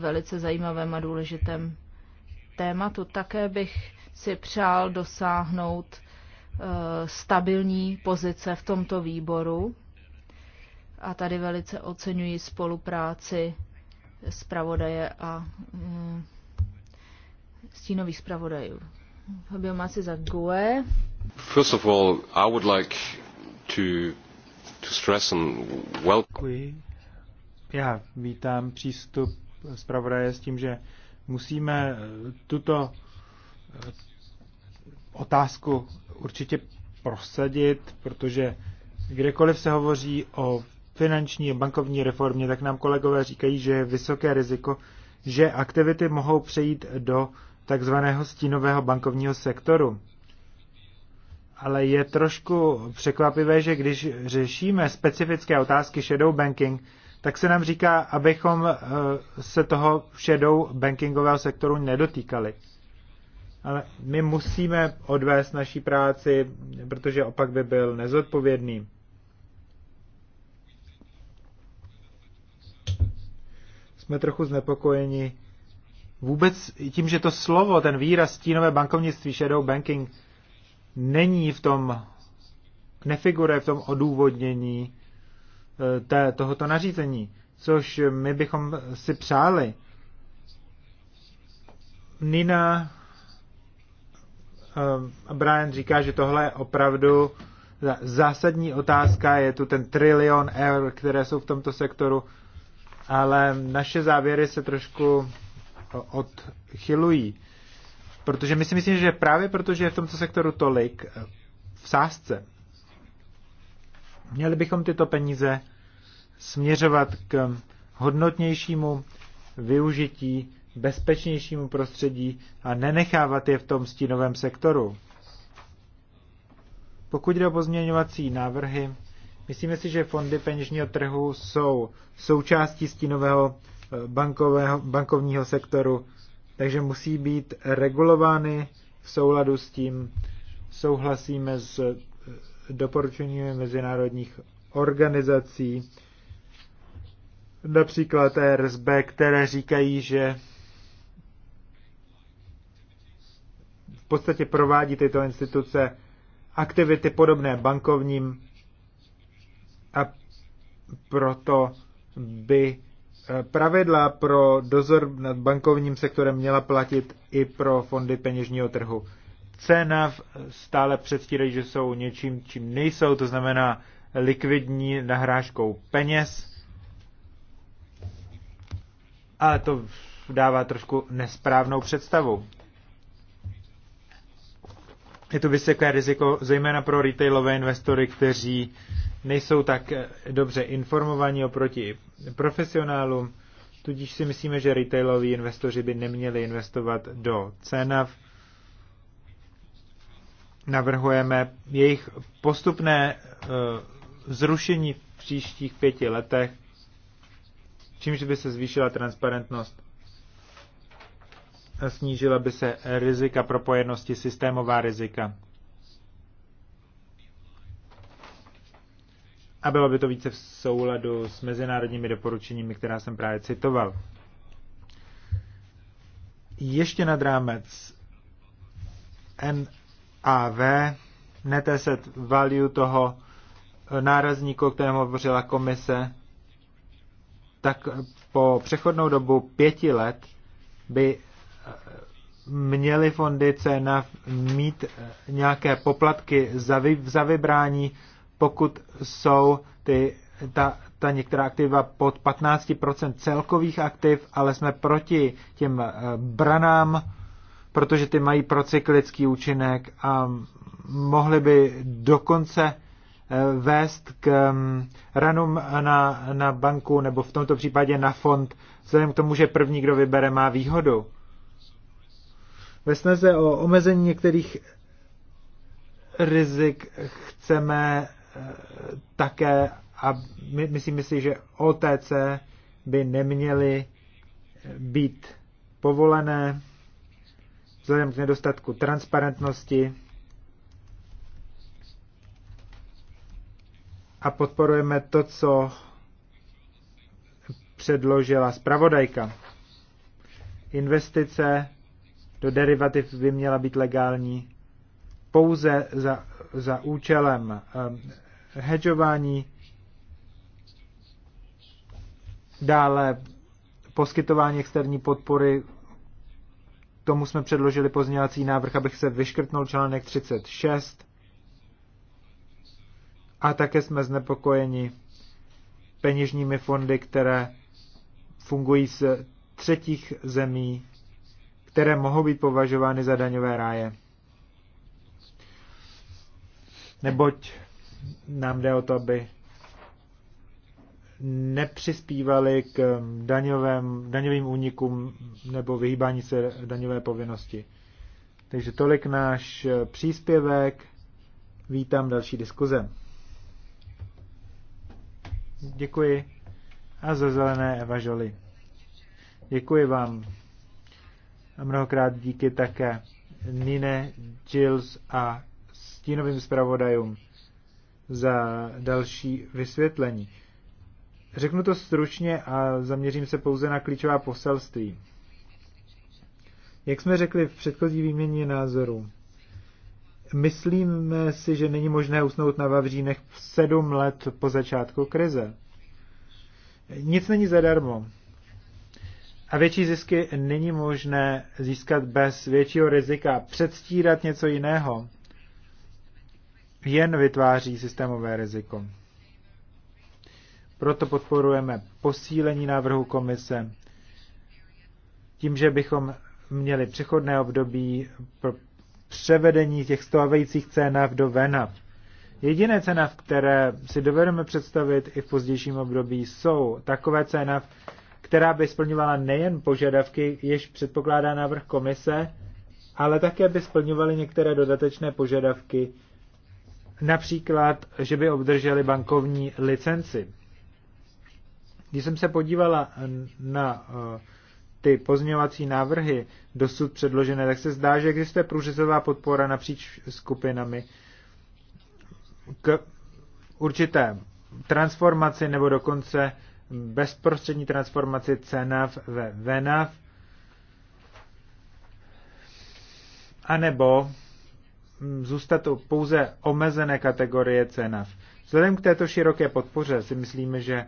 velice zajímavém a důležitém tématu. Také bych si přál dosáhnout uh, stabilní pozice v tomto výboru. A tady velice oceňuji spolupráci zpravodaje a um, stínových zpravodajů. Fabio Masi za GUE. First of all, I would like to, to stress and welcome... Já vítám přístup zpravodaje s tím, že musíme eh, tuto eh, otázku určitě prosadit, protože kdekoliv se hovoří o finanční a bankovní reformě, tak nám kolegové říkají, že je vysoké riziko, že aktivity mohou přejít do takzvaného stínového bankovního sektoru. Ale je trošku překvapivé, že když řešíme specifické otázky shadow banking, tak se nám říká, abychom eh, se toho shadow bankingového sektoru nedotýkali. Ale my musíme odvést naší práci, protože opak by byl nezodpovědný. Jsme trochu znepokojeni vůbec tím, že to slovo, ten výraz stínové bankovnictví, shadow banking, není v tom, nefiguruje v tom odůvodnění eh, té, tohoto nařízení, což my bychom si přáli. Nina eh, a Brian říká, že tohle je opravdu zásadní otázka, je tu ten trilion eur, které jsou v tomto sektoru, ale naše závěry se trošku odchylují. Protože my si myslím, že právě protože je v tomto sektoru tolik eh, v sázce, měli bychom tyto peníze směřovat k hodnotnějšímu využití, bezpečnějšímu prostředí a nenechávat je v tom stínovém sektoru. Pokud jde o pozměňovací návrhy, myslíme si, že fondy peněžního trhu jsou součástí stínového bankového, bankovního sektoru, takže musí být regulovány v souladu s tím, souhlasíme s eh, doporučeními mezinárodních organizací, například RSB, které říkají, že v podstatě provádí tyto instituce aktivity podobné bankovním a proto by Eh, pravidla pro dozor nad bankovním sektorem měla platit i pro fondy peněžního trhu. Cena stále předstírají, že jsou něčím, čím nejsou, to znamená likvidní nahrážkou peněz. Ale to dává trošku nesprávnou představu. Je to vysoké riziko zejména pro retailové investory, kteří nejsou tak eh, dobře informovaní oproti profesionálům, tudíž si myslíme, že retailoví investoři by neměli investovat do cenav. Navrhujeme jejich postupné eh, zrušení v příštích pěti letech, čímž by se zvýšila transparentnost snížila by se rizika propojenosti, systémová rizika. a bylo by to více v souladu s mezinárodními doporučeními, která jsem právě citoval. Ještě nad rámec NAV, neteset value toho nárazníku, o kterém hovořila komise, tak po přechodnou dobu pěti let by eh, měly fondy CNAV mít eh, nějaké poplatky za, vy, za vybrání pokud jsou ty, ta, ta některá aktiva pod 15% celkových aktiv, ale jsme proti těm eh, branám, protože ty mají procyklický účinek a mohly by dokonce eh, vést k mm, ranům na, na banku nebo v tomto případě na fond, vzhledem k tomu, že první, kdo vybere, má výhodu. Ve snaze o omezení některých rizik chceme také, a my, myslím si, že OTC by neměly být povolené vzhledem k nedostatku transparentnosti a podporujeme to, co předložila zpravodajka. Investice do derivativ by měla být legální pouze za, za účelem hedžování, dále poskytování externí podpory, tomu jsme předložili pozměňovací návrh, abych se vyškrtnul článek 36. A také jsme znepokojeni peněžními fondy, které fungují z třetích zemí, které mohou být považovány za daňové ráje. Neboť nám jde o to, aby nepřispívali k daňovém, daňovým únikům nebo vyhýbání se daňové povinnosti. Takže tolik náš příspěvek. Vítám další diskuze. Děkuji. A za zelené Eva Žoli. Děkuji vám. A mnohokrát díky také Nine, Jills a stínovým zpravodajům za další vysvětlení. Řeknu to stručně a zaměřím se pouze na klíčová poselství. Jak jsme řekli v předchozí výměně názoru, myslíme si, že není možné usnout na Vavřínech sedm let po začátku krize. Nic není zadarmo. A větší zisky není možné získat bez většího rizika. Předstírat něco jiného jen vytváří systémové riziko. Proto podporujeme posílení návrhu komise tím, že bychom měli přechodné období pro převedení těch stávajících cenav do VENAV. Jediné cenav, které si dovedeme představit i v pozdějším období, jsou takové cenav, která by splňovala nejen požadavky, jež předpokládá návrh komise, ale také by splňovaly některé dodatečné požadavky, Například, že by obdrželi bankovní licenci. Když jsem se podívala na eh, ty pozměňovací návrhy dosud předložené, tak se zdá, že existuje průřezová podpora napříč skupinami k určité transformaci nebo dokonce bezprostřední transformaci CENAV ve VENAV, anebo Mm, zůstat pouze omezené kategorie cenav. Vzhledem k této široké podpoře si myslíme, že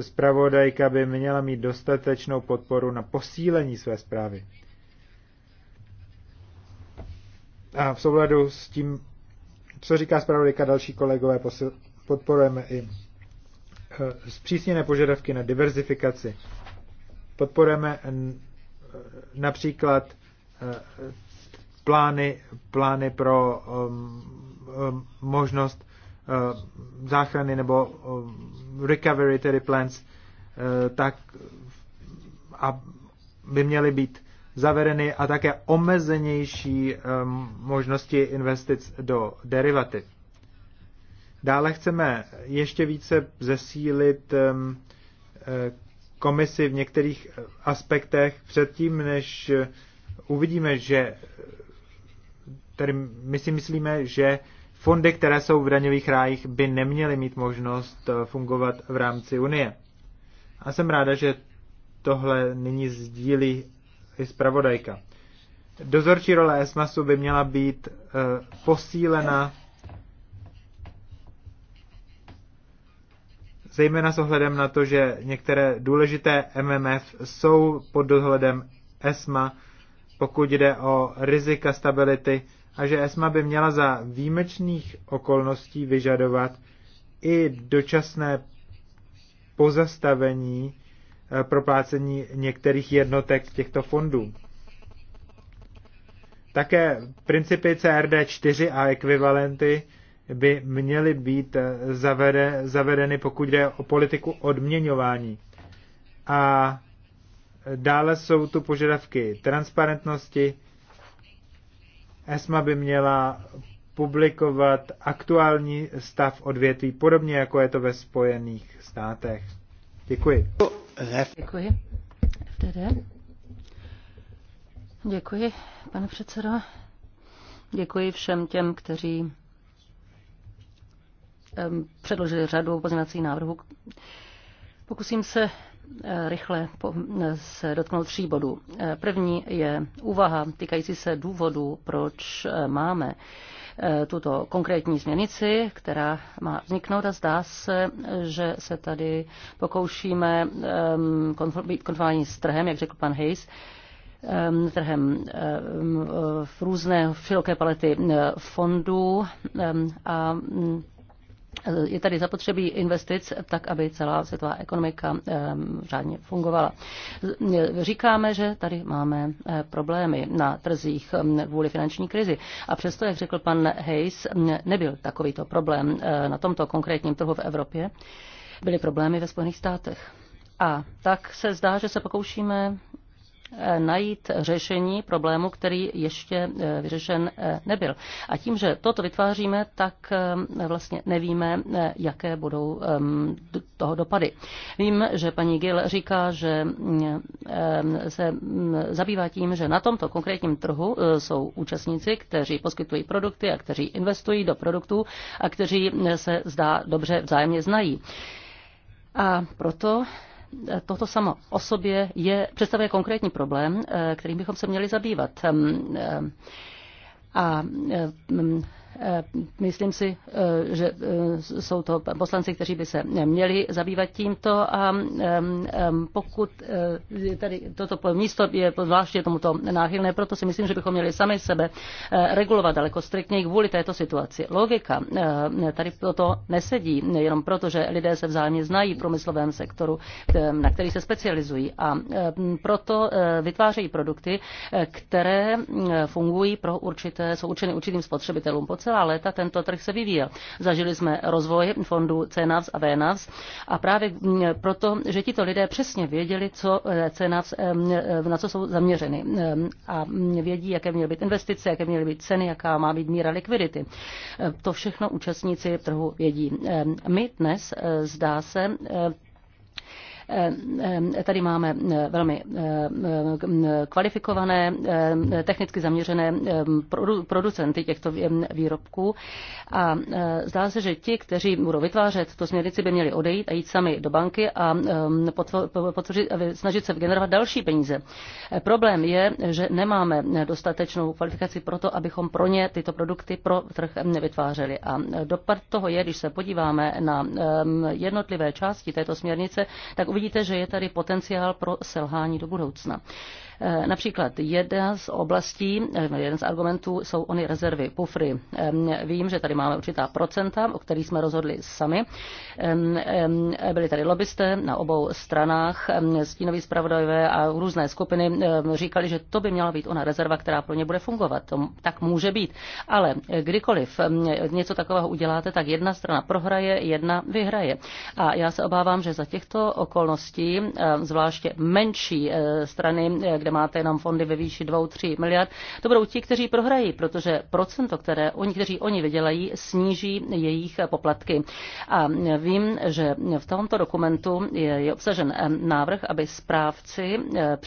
zpravodajka by měla mít dostatečnou podporu na posílení své zprávy. A v souladu s tím, co říká zpravodajka, další kolegové podporujeme i eh, zpřísněné požadavky na diverzifikaci. Podporujeme eh, například eh, plány, plány pro um, um, možnost uh, záchrany nebo um, recovery, tedy plans, uh, tak a by měly být zavedeny a také omezenější um, možnosti investic do derivativ. Dále chceme ještě více zesílit um, uh, komisi v některých aspektech předtím, než uh, uvidíme, že tedy my si myslíme, že fondy, které jsou v daňových rájích, by neměly mít možnost eh, fungovat v rámci Unie. A jsem ráda, že tohle nyní sdílí i zpravodajka. Dozorčí role ESMASu by měla být e, posílena zejména s ohledem na to, že některé důležité MMF jsou pod dohledem ESMA, pokud jde o rizika stability a že ESMA by měla za výjimečných okolností vyžadovat i dočasné pozastavení eh, proplácení některých jednotek těchto fondů. Také principy CRD4 a ekvivalenty by měly být eh, zavede, zavedeny, pokud jde o politiku odměňování. A dále jsou tu požadavky transparentnosti, ESMA by měla publikovat aktuální stav odvětví, podobně jako je to ve Spojených státech. Děkuji. Děkuji. FDD. Děkuji, pane předsedo. Děkuji všem těm, kteří předložili řadu pozměňovacích návrhů. Pokusím se Eh, rychle eh, se dotknout tří bodů. Eh, první je úvaha týkající se důvodu, proč máme tuto konkrétní změnici, která má vzniknout a zdá se, že se tady pokoušíme ehm, být konfrontovaní s trhem, jak řekl pan Hayes, ehm, trhem ehm, v různé široké palety fondů a mm, je tady zapotřebí investic tak, aby celá světová ekonomika řádně fungovala. Říkáme, že tady máme eh, problémy na trzích kvůli finanční krizi. A přesto, jak řekl pan Hayes, nebyl takovýto problém eh, na tomto konkrétním trhu v Evropě. Byly problémy ve Spojených státech. A tak se zdá, že se pokoušíme Eh, najít řešení problému, který ještě eh, vyřešen eh, nebyl. A tím, že toto vytváříme, tak vlastně nevíme, jaké budou ehm, toho dopady. Vím, že paní Gil říká, že mm, se mm, zabývá tím, že na tomto konkrétním trhu jsou účastníci, kteří poskytují produkty a kteří investují do produktů a kteří se zdá dobře vzájemně znají. A proto toto samo o sobě je, představuje konkrétní problém, eh, kterým bychom se měli zabývat. Ehm, ehm, a ehm, Eh, myslím si, eh, že eh, jsou to poslanci, kteří by se měli zabývat tímto a pokud tady toto místo je zvláště tomuto náchylné, proto si myslím, že bychom měli sami sebe regulovat daleko striktněji kvůli této situaci. Logika tady toto nesedí, jenom proto, že lidé se vzájemně znají v průmyslovém sektoru, na který se specializují a proto vytvářejí produkty, které fungují pro určité, jsou určeny určitým spotřebitelům celá léta tento trh se vyvíjel. Zažili jsme rozvoj fondů CNAVS a VNAVS a právě proto, že tito lidé přesně věděli, co eh, CNAVS, eh, na co jsou zaměřeny eh, a vědí, jaké měly být investice, jaké měly být ceny, jaká má být míra likvidity. To všechno účastníci trhu vědí. My dnes, zdá se, Tady máme eh, velmi eh, eh, kvalifikované, technicky zaměřené producenty těchto výrobků a zdá se, že ti, kteří budou vytvářet to směrnici, by měli odejít a jít sami do banky a snažit se generovat další peníze. Problém je, že nemáme dostatečnou kvalifikaci pro to, abychom pro ně tyto produkty pro trh nevytvářeli. A dopad toho je, když se podíváme na jednotlivé části této směrnice, tak uvidíme, vidíte, že je tady potenciál pro selhání do budoucna. Eh, například jedna z oblastí, eh, jeden z argumentů jsou ony rezervy, pufry. Vím, že tady máme určitá procenta, o kterých jsme rozhodli sami. Byli tady lobbysté na obou stranách, stínoví zpravodajové a různé skupiny říkali, že to by měla být ona rezerva, která pro ně bude fungovat. To tak může být. Ale eh, kdykoliv něco takového uděláte, tak jedna strana prohraje, jedna vyhraje. A já se obávám, že za těchto okolností, zvláště menší strany, kde kde máte jenom fondy ve výši 2-3 miliard, to budou ti, kteří prohrají, protože procento, které oni, kteří oni vydělají, sníží jejich poplatky. A vím, že v tomto dokumentu je obsažen návrh, aby správci eh,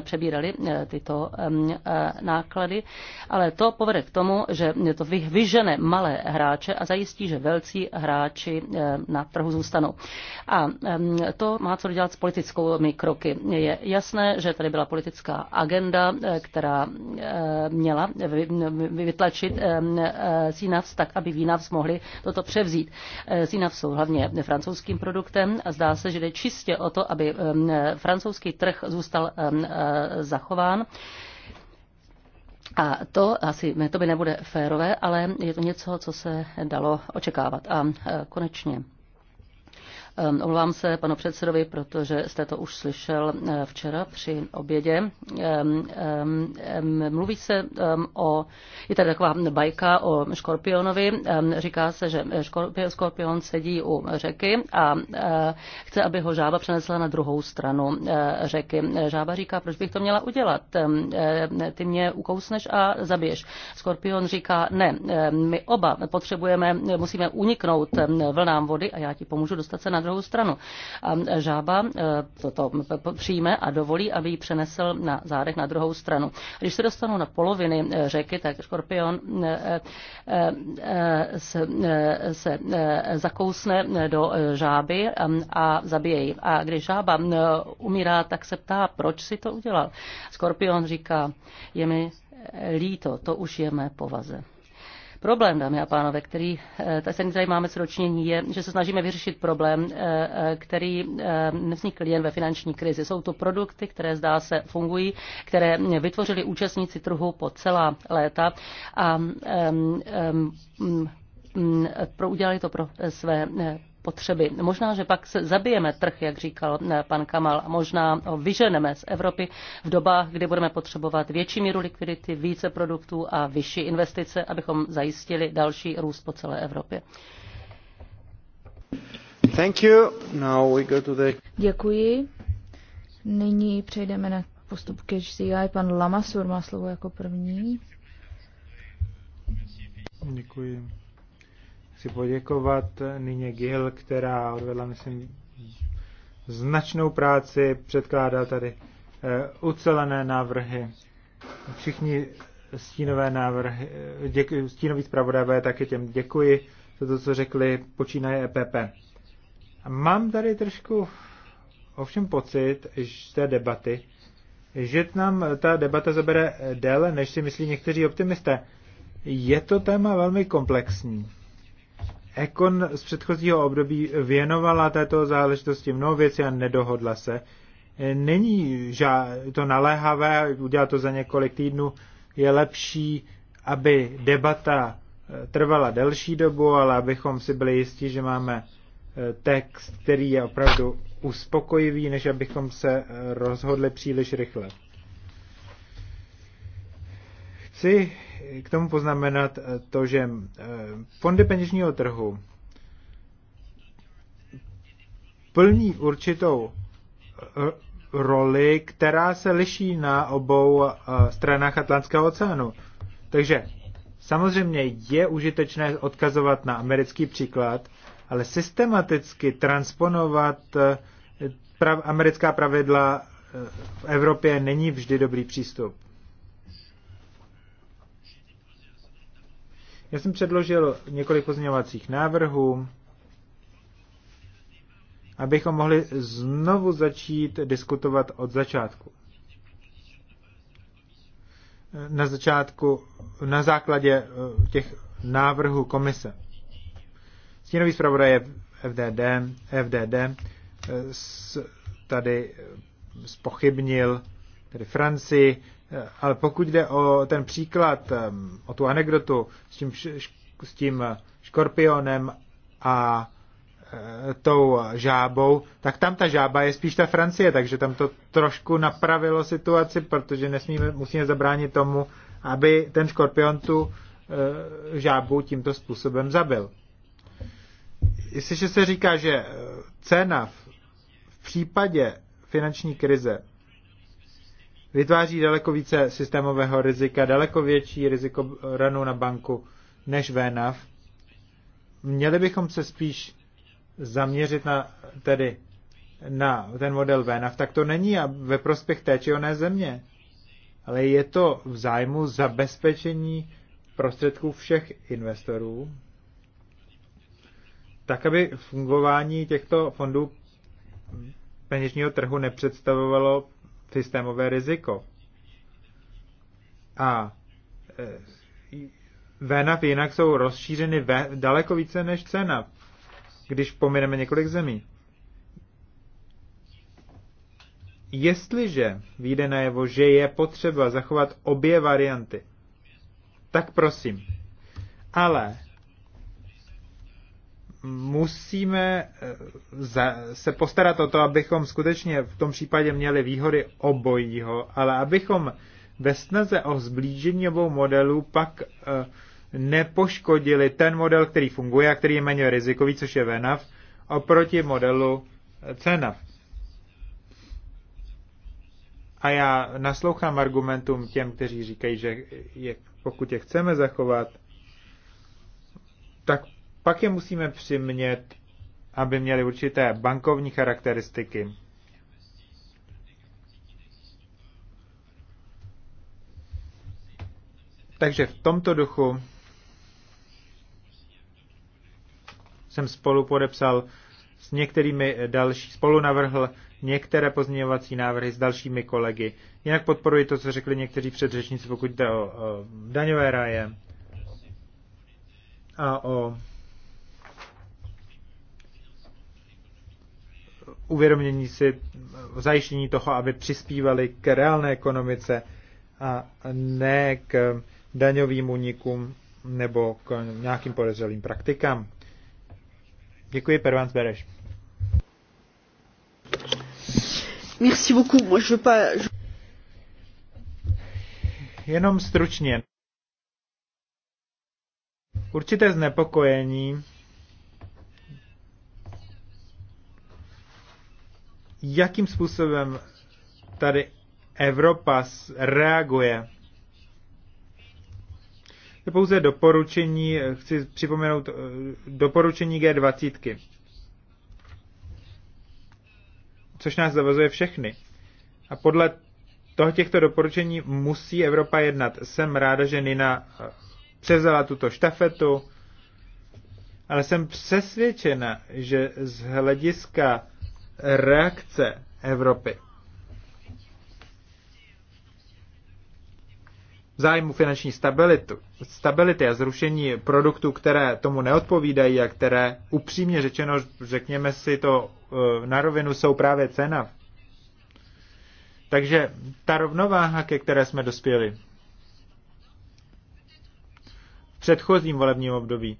přebírali eh, tyto eh, náklady, ale to povede k tomu, že to vyžene malé hráče a zajistí, že velcí hráči na trhu zůstanou. A to má co dělat s politickou kroky. Je jasné, že tady byla politická politická agenda, eh, která eh, měla vytlačit eh, Sinavs tak, aby Vinavs mohli toto převzít. Sinavs jsou hlavně francouzským produktem a zdá se, že jde čistě o to, aby francouzský trh zůstal zachován. A to asi to by nebude férové, ale je to něco, co se dalo očekávat. A konečně Ehm, omlouvám se panu předsedovi, protože jste to už slyšel eh, včera při obědě. Ehm, ehm, mluví se o, je tady taková bajka o škorpionovi. Říká se, že škorpion sedí u řeky a eh, chce, aby ho žába přenesla na druhou stranu eh, řeky. Žába říká, proč bych to měla udělat? Ty mě ukousneš a zabiješ. Skorpion říká, ne, my oba potřebujeme, musíme uniknout vlnám vody a já ti pomůžu dostat se na druhou druhou stranu. A e, žába e, toto přijme a dovolí, aby ji přenesl na zádech na druhou stranu. Když se dostanou na poloviny e, řeky, tak škorpion se, se zakousne do žáby a zabije ji. A když žába umírá, tak se ptá, proč si to udělal. Skorpion říká, je mi líto, to už je mé povaze. Problém, dámy a pánové, který, eh, ten, který máme sročnění je, že se snažíme vyřešit problém, eh, eh, který nevznikl jen ve finanční krizi. Jsou to produkty, které zdá se fungují, které vytvořili účastníci trhu po celá léta a um, um, pro, udělali to pro své potřeby. Možná, že pak se zabijeme trh, jak říkal eh, pan Kamal, a možná ho vyženeme z Evropy v dobách, kdy budeme potřebovat větší míru likvidity, více produktů a vyšší investice, abychom zajistili další růst po celé Evropě. Thank you. Now we go to the... Děkuji. Nyní přejdeme na postup k HCI. Pan Lamasur má slovo jako první. Děkuji. Chci poděkovat Nyně Gil, která odvedla, myslím, značnou práci, předkládá tady eh, ucelené návrhy. Všichni stínové návrhy, eh, děkuji, stínový zpravodajové, taky těm děkuji za to, co řekli, počínaje EPP. A mám tady trošku ovšem pocit z té debaty, že nám ta debata zabere déle, než si myslí někteří optimisté. Je to téma velmi komplexní. Ekon z předchozího období věnovala této záležitosti mnoho věcí a nedohodla se. Není to naléhavé, udělat to za několik týdnů. Je lepší, aby debata eh, trvala delší dobu, ale abychom si byli jistí, že máme eh, text, který je opravdu uspokojivý, než abychom se eh, rozhodli příliš rychle. Chci k tomu poznamenat eh, to, že eh, fondy peněžního trhu plní určitou eh, roli, která se liší na obou stranách Atlantského oceánu. Takže samozřejmě je užitečné odkazovat na americký příklad, ale systematicky transponovat prav, americká pravidla v Evropě není vždy dobrý přístup. Já jsem předložil několik pozměňovacích návrhů, abychom mohli znovu začít diskutovat od začátku. Na začátku, na základě eh, těch návrhů komise. Stínový zpravodaj je FDD, FDD eh, tady eh, spochybnil tedy Francii, Eh, ale pokud jde o ten příklad, o tu anekdotu s tím, s tím eh, škorpionem a eh, tou žábou, tak tam ta žába je spíš ta Francie, takže tam to trošku napravilo situaci, protože nesmíme, musíme zabránit tomu, aby ten škorpion tu žábu tímto způsobem zabil. Jestliže se říká, že cena v případě finanční krize vytváří daleko více systémového rizika, daleko větší riziko ranu na banku než VNAV. Měli bychom se spíš zaměřit na, tedy na ten model VNAV, tak to není a ve prospěch té či oné země. Ale je to v zájmu zabezpečení prostředků všech investorů, tak aby fungování těchto fondů peněžního trhu nepředstavovalo systémové riziko. A e, VNAV jinak jsou rozšířeny ve, daleko více než cena, když pomineme několik zemí. Jestliže vyjde najevo, že je potřeba zachovat obě varianty, tak prosím. Ale musíme eh, se postarat o to, abychom skutečně v tom případě měli výhody obojího, ale abychom ve snaze o zblížení obou modelů pak eh, nepoškodili ten model, který funguje a který je méně rizikový, což je VNAV, oproti modelu eh, CENAV. A já naslouchám argumentům těm, kteří říkají, že je, pokud je chceme zachovat, tak pak je musíme přimět, aby měli určité bankovní charakteristiky. Takže v tomto duchu jsem spolu podepsal s některými další, spolu navrhl některé pozměňovací návrhy s dalšími kolegy. Jinak podporuji to, co řekli někteří předřečníci, pokud jde o, o daňové ráje a o uvědomění si, zajištění toho, aby přispívali k reálné ekonomice a ne k daňovým unikům nebo k nějakým podezřelým praktikám. Děkuji, Pervans Bereš. Merci beaucoup. Moi, je pas... Jenom stručně. Určité znepokojení jakým způsobem tady Evropa reaguje. To pouze doporučení, chci připomenout eh, doporučení G20. což nás zavazuje všechny. A podle toho těchto doporučení musí Evropa jednat. Jsem ráda, že Nina eh, převzala tuto štafetu, ale jsem přesvědčena, že z hlediska reakce Evropy. V zájmu finanční stabilitu, stability a zrušení produktů, které tomu neodpovídají a které upřímně řečeno, řekněme si to e, na rovinu, jsou právě cena. Takže ta rovnováha, ke které jsme dospěli v předchozím volebním období,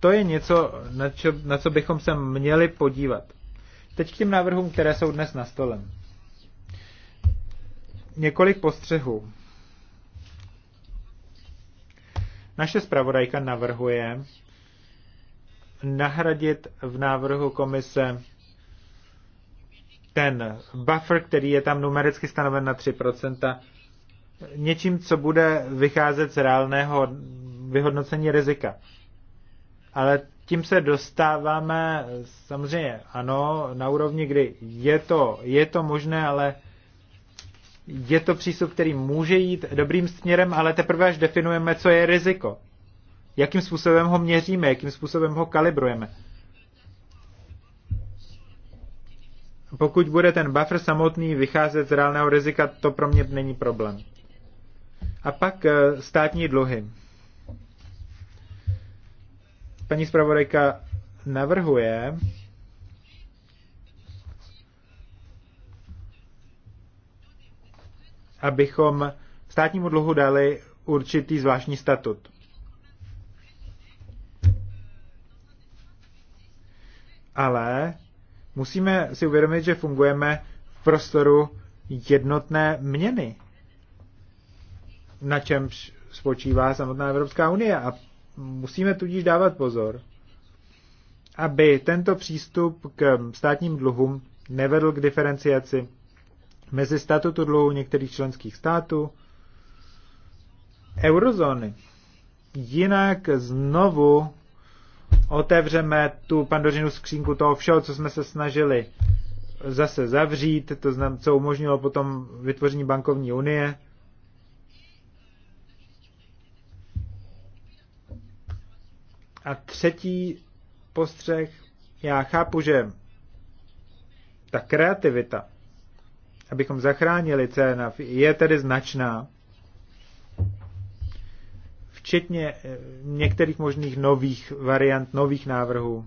to je něco, na co, na co bychom se měli podívat. Teď k těm návrhům, které jsou dnes na stole. Několik postřehů. Naše zpravodajka navrhuje nahradit v návrhu komise ten buffer, který je tam numericky stanoven na 3%, něčím, co bude vycházet z reálného vyhodnocení rizika. Ale tím se dostáváme, samozřejmě ano, na úrovni, kdy je to, je to možné, ale je to přístup, který může jít dobrým směrem, ale teprve až definujeme, co je riziko. Jakým způsobem ho měříme, jakým způsobem ho kalibrujeme. Pokud bude ten buffer samotný vycházet z reálného rizika, to pro mě není problém. A pak eh, státní dluhy. Paní zpravodajka navrhuje, abychom státnímu dluhu dali určitý zvláštní statut. Ale musíme si uvědomit, že fungujeme v prostoru jednotné měny, na čemž spočívá samotná Evropská unie. A Musíme tudíž dávat pozor, aby tento přístup k státním dluhům nevedl k diferenciaci mezi statutu dluhu některých členských států eurozóny. Jinak znovu otevřeme tu pandořinu skřínku toho všeho, co jsme se snažili zase zavřít, to znam, co umožnilo potom vytvoření bankovní unie A třetí postřeh, já chápu, že ta kreativita, abychom zachránili CNAF, je tedy značná, včetně eh, některých možných nových variant, nových návrhů.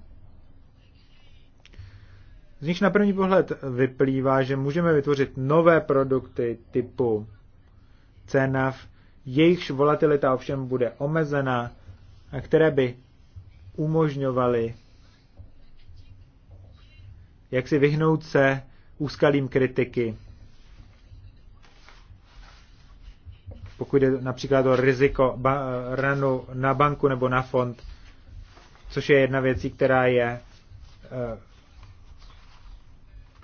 Z nich na první pohled vyplývá, že můžeme vytvořit nové produkty typu CNAF, jejichž volatilita ovšem bude omezená a které by umožňovaly jak si vyhnout se úskalým kritiky. Pokud je například o riziko ba, ranu na banku nebo na fond, což je jedna věcí, která je eh,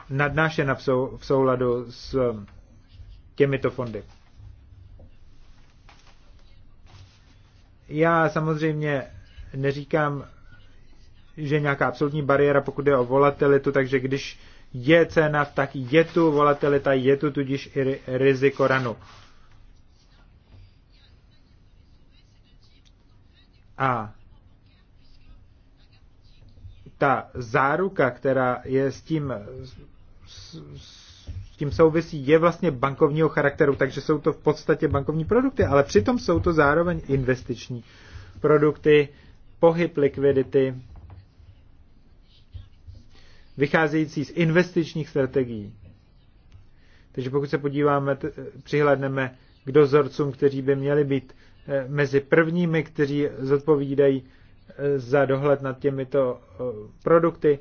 nadnášena v, sou, v souladu s eh, těmito fondy. Já samozřejmě neříkám, že nějaká absolutní bariéra, pokud je o volatilitu, takže když je cena, tak je tu volatilita, je tu tudíž i riziko ranu. A ta záruka, která je s tím, s, s tím souvisí, je vlastně bankovního charakteru, takže jsou to v podstatě bankovní produkty, ale přitom jsou to zároveň investiční produkty, pohyb likvidity vycházející z investičních strategií. Takže pokud se podíváme, přihledneme k dozorcům, kteří by měli být eh, mezi prvními, kteří zodpovídají eh, za dohled nad těmito eh, produkty,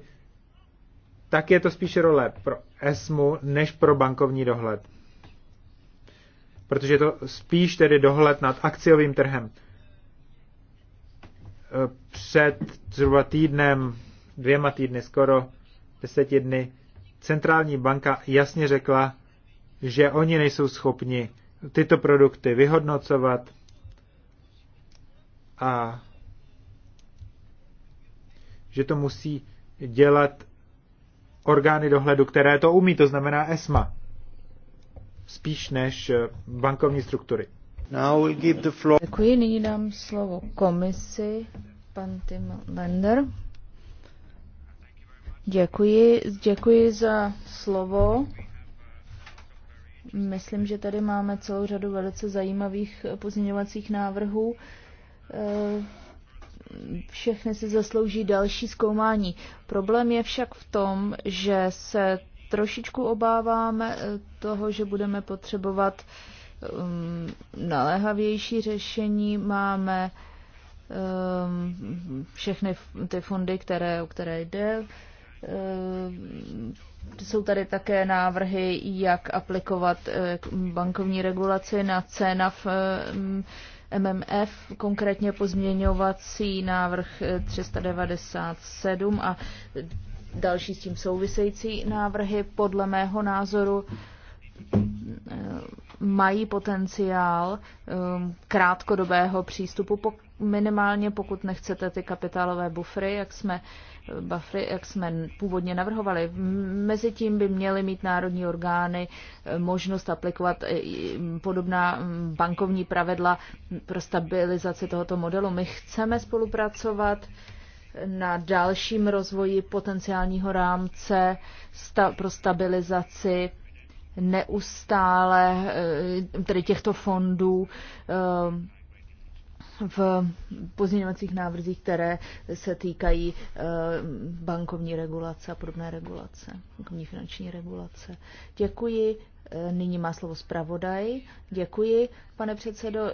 tak je to spíše role pro ESMu než pro bankovní dohled. Protože je to spíš tedy dohled nad akciovým trhem před zhruba týdnem, dvěma týdny, skoro deseti dny, centrální banka jasně řekla, že oni nejsou schopni tyto produkty vyhodnocovat a že to musí dělat orgány dohledu, které to umí, to znamená ESMA, spíš než bankovní struktury. Děkuji, nyní dám slovo komisi, pan Tim Lender. Děkuji, děkuji za slovo. Myslím, že tady máme celou řadu velice zajímavých pozměňovacích návrhů. Eh, všechny si zaslouží další zkoumání. Problém je však v tom, že se trošičku obáváme eh, toho, že budeme potřebovat uh, um, naléhavější řešení. Máme um, všechny ty fondy, které, o které jde. Um, jsou tady také návrhy, jak aplikovat eh, bankovní regulaci na cena v eh, MMF, konkrétně pozměňovací návrh 397 eh, a další s tím související návrhy. Podle mého názoru mají potenciál um, krátkodobého přístupu, minimálně pokud nechcete ty kapitálové bufry, jak jsme, bufry, jak jsme původně navrhovali. Mezitím by měly mít národní orgány eh, možnost aplikovat podobná mm, bankovní pravidla pro stabilizaci tohoto modelu. My chceme spolupracovat na dalším rozvoji potenciálního rámce pro stabilizaci neustále, eh, tedy těchto fondů eh, v pozměňovacích návrzích, které se týkají eh, bankovní regulace a podobné regulace, bankovní finanční regulace. Děkuji. Nyní má slovo zpravodaj. Děkuji, pane předsedo.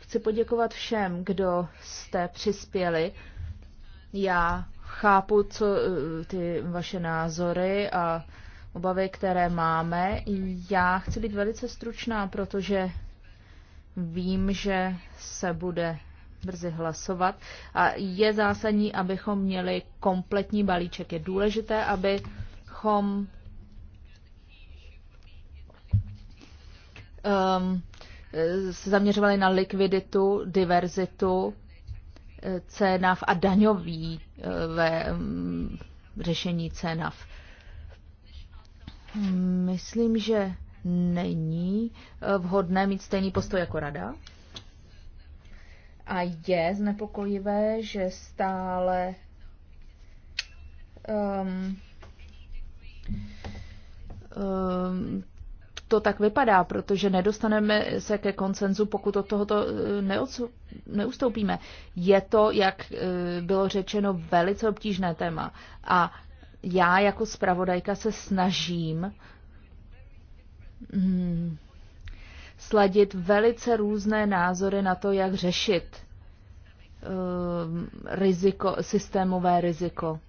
Chci poděkovat všem, kdo jste přispěli. Já chápu co, ty vaše názory a obavy, které máme. Já chci být velice stručná, protože vím, že se bude brzy hlasovat a je zásadní, abychom měli kompletní balíček. Je důležité, abychom um, se zaměřovali na likviditu, diverzitu, eh, cenav a daňový eh, ve, um, řešení cenav. Myslím, že není eh, vhodné mít stejný postoj jako rada. A je znepokojivé, že stále um, um, to tak vypadá, protože nedostaneme se ke koncenzu, pokud od tohoto eh, neodsu, neustoupíme. Je to, jak eh, bylo řečeno, velice obtížné téma. A já jako zpravodajka se snažím hmm, sladit velice různé názory na to, jak řešit uh, riziko, systémové riziko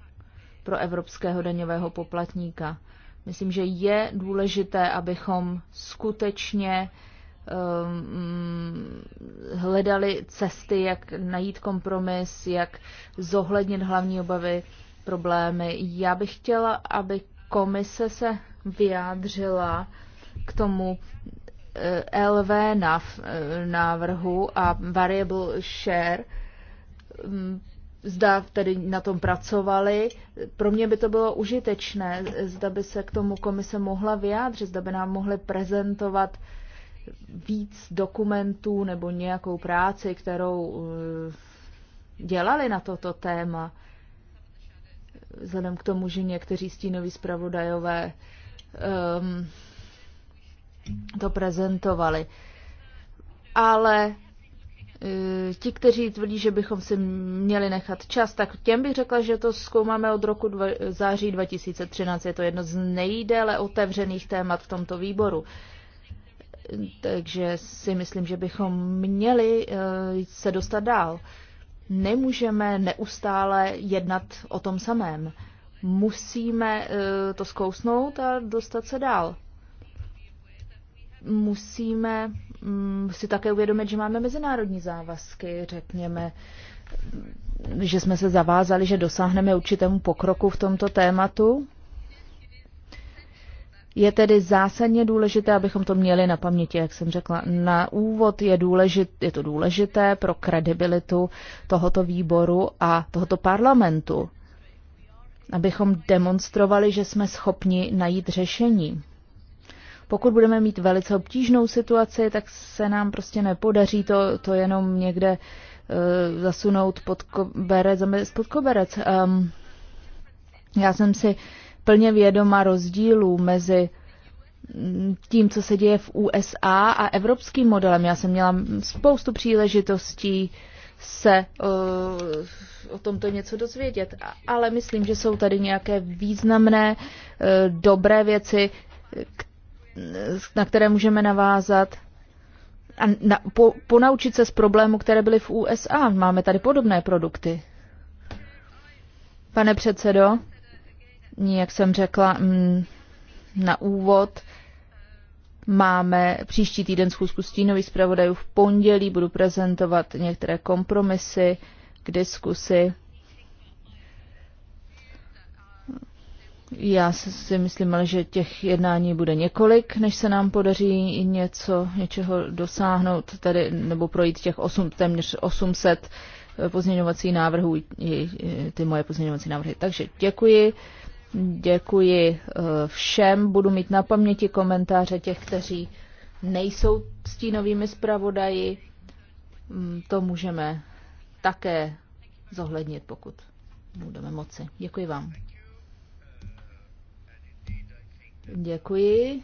pro evropského daňového poplatníka. Myslím, že je důležité, abychom skutečně ehm, hledali cesty, jak najít kompromis, jak zohlednit hlavní obavy problémy. Já bych chtěla, aby komise se vyjádřila k tomu eh, LV eh, návrhu a variable share. Mm, zda tedy na tom pracovali. Pro mě by to bylo užitečné, zda by se k tomu komise mohla vyjádřit, zda by nám mohly prezentovat víc dokumentů nebo nějakou práci, kterou eh, dělali na toto téma vzhledem k tomu, že někteří stínoví zpravodajové um, to prezentovali. Ale e, ti, kteří tvrdí, že bychom si měli nechat čas, tak těm bych řekla, že to zkoumáme od roku dva, září 2013. Je to jedno z nejdéle otevřených témat v tomto výboru. Takže si myslím, že bychom měli e, se dostat dál. Nemůžeme neustále jednat o tom samém. Musíme eh, to zkousnout a dostat se dál. Musíme mm, si také uvědomit, že máme mezinárodní závazky, řekněme, že jsme se zavázali, že dosáhneme určitému pokroku v tomto tématu je tedy zásadně důležité, abychom to měli na paměti, jak jsem řekla. Na úvod je, důležit, je to důležité pro kredibilitu tohoto výboru a tohoto parlamentu, abychom demonstrovali, že jsme schopni najít řešení. Pokud budeme mít velice obtížnou situaci, tak se nám prostě nepodaří to, to jenom někde uh, zasunout pod koberec, pod koberec. Um, já jsem si uh, plně vědoma rozdílů mezi tím, co se děje v USA a evropským modelem. Já jsem měla spoustu příležitostí se eh, o tomto něco dozvědět, ale myslím, že jsou tady nějaké významné, eh, dobré věci, na které můžeme navázat a na, po, ponaučit se z problémů, které byly v USA. Máme tady podobné produkty. Pane předsedo, jak jsem řekla mm, na úvod, máme příští týden schůzku stínových zpravodajů v pondělí, budu prezentovat některé kompromisy k diskusi. Já si myslím, ale že těch jednání bude několik, než se nám podaří něco, něčeho dosáhnout, tady, nebo projít těch 8, téměř 800 eh, pozměňovací návrhů, ty moje pozměňovací návrhy. Takže děkuji. Děkuji eh, všem. Budu mít na paměti komentáře těch, kteří nejsou stínovými zpravodaji. Mm, to můžeme také zohlednit, pokud budeme moci. Děkuji vám. Děkuji.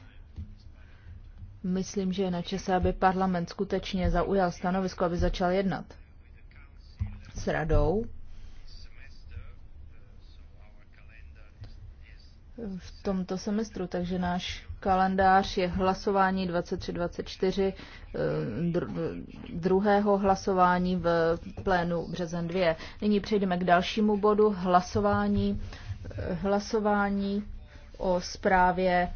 Myslím, že je na čase, aby parlament skutečně zaujal stanovisko, aby začal jednat s radou. v tomto semestru, takže náš kalendář je hlasování 23-24, eh, druhého hlasování v plénu březen 2. Nyní přejdeme k dalšímu bodu, hlasování, eh, hlasování o zprávě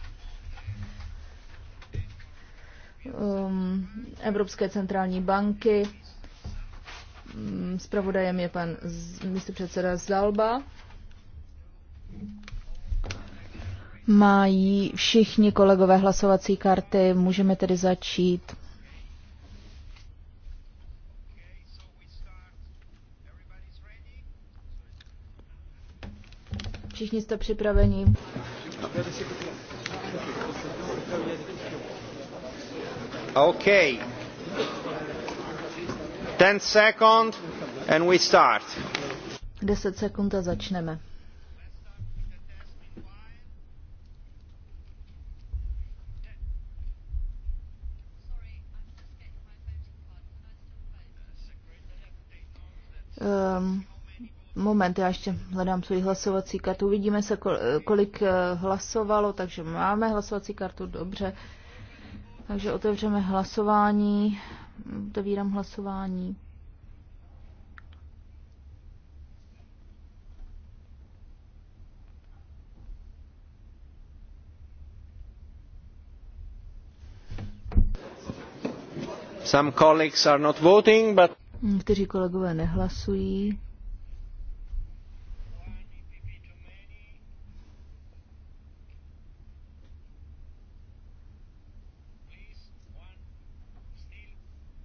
um, Evropské centrální banky. Spravodajem mm, je pan místopředseda Zalba. Mají všichni kolegové hlasovací karty, můžeme tedy začít. Všichni jste připraveni. OK. Ten second and we start. 10 sekund a začneme. Um, moment, já ještě hledám svůj hlasovací kartu. Vidíme se, kolik eh, hlasovalo, takže máme hlasovací kartu, dobře. Takže otevřeme hlasování. Otevírám hlasování. Some colleagues are not voting, but Někteří kolegové nehlasují.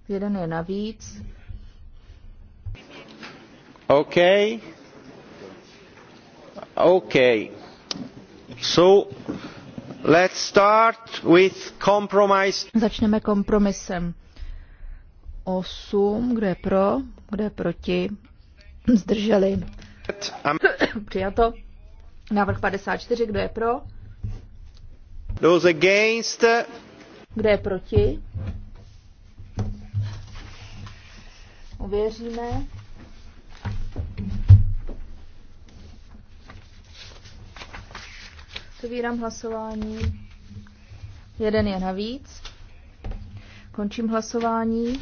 Jeden je navíc. OK. OK. So, let's start with compromise. Začneme kompromisem. 8, kdo je pro, kdo je proti, zdrželi. Přijato. Návrh 54, kdo je pro? Those against. Kdo je proti? Uvěříme. Otevírám hlasování. Jeden je navíc. Končím hlasování.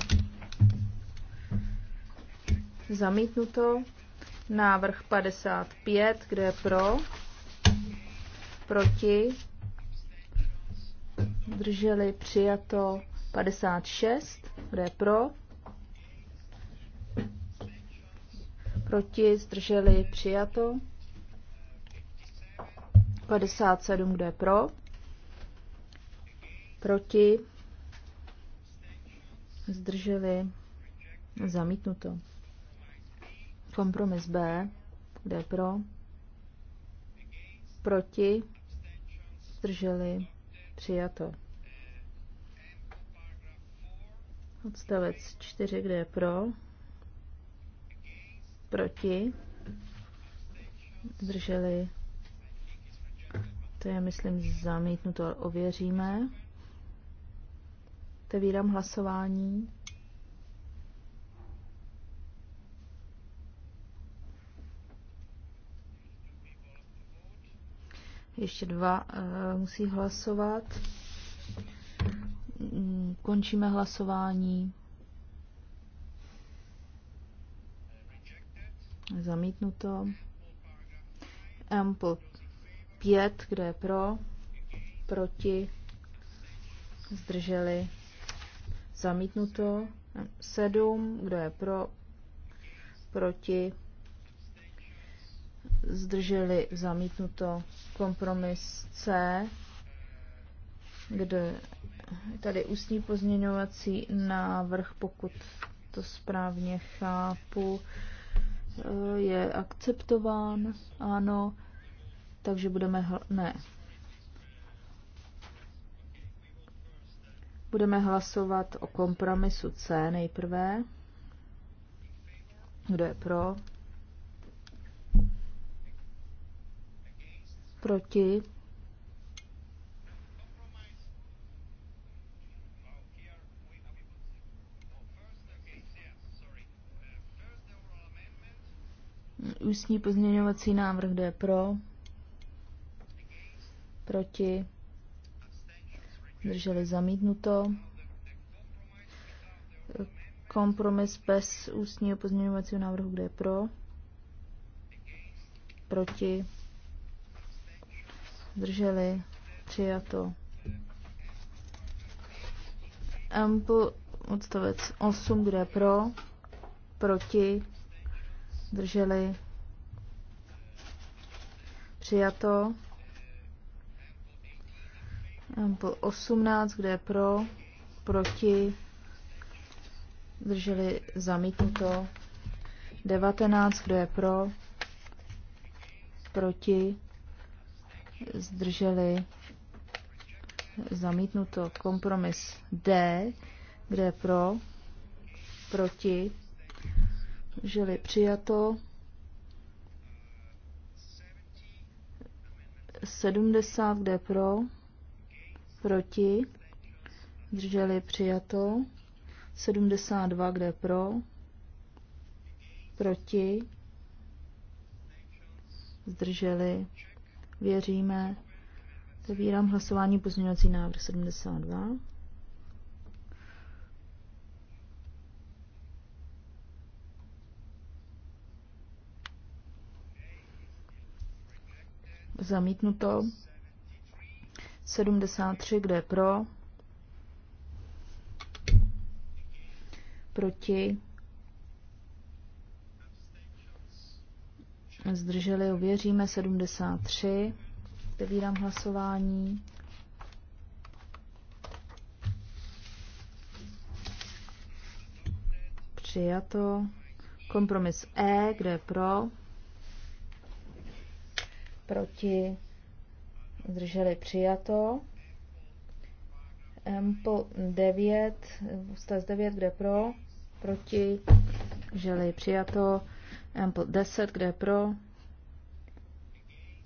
Zamítnuto. Návrh 55, kde je pro? Proti? Drželi přijato 56, kde je pro? Proti? Zdrželi přijato 57, kde je pro? Proti? Zdrželi zamítnuto. Kompromis B, kde pro, proti, zdrželi, přijato. Odstavec 4, kde je pro, proti, zdrželi, to je, myslím, zamítnuto, ověříme. Otevírám hlasování. Ještě dva uh, musí hlasovat. Mm, končíme hlasování. Zamítnuto. Ample 5, kde je pro, proti, zdrželi, zamítnuto. 7, kdo je pro, proti, zdrželi zamítnuto kompromis C, kde tady ústní pozměňovací návrh, pokud to správně chápu, je akceptován, ano, takže budeme, hl- ne, budeme hlasovat o kompromisu C nejprve. Kdo je pro? proti, ústní pozměňovací návrh, kde je pro, proti, drželi zamítnuto, kompromis bez ústního pozměňovacího návrhu, kde je pro, proti, drželi přijato. Ample odstavec 8, kde je pro, proti, drželi přijato. Ample 18, kde je pro, proti, drželi, zamítnuto. 19, kdo je pro, proti, zdrželi, zamítnuto. Kompromis D, kde pro, proti, žili přijato. 70, kde pro, proti, drželi přijato. 72, kde pro, proti, zdrželi Věříme. Zavírám hlasování pozměňovací návrh 72. Zamítnuto. 73, kde je pro? Proti? zdrželi, ověříme 73. Otevírám hlasování. Přijato. Kompromis E, kde je pro? Proti. Zdrželi přijato. M 9, ústaz 9, kde pro? Proti. Zdrželi přijato. Ample 10, kde je pro,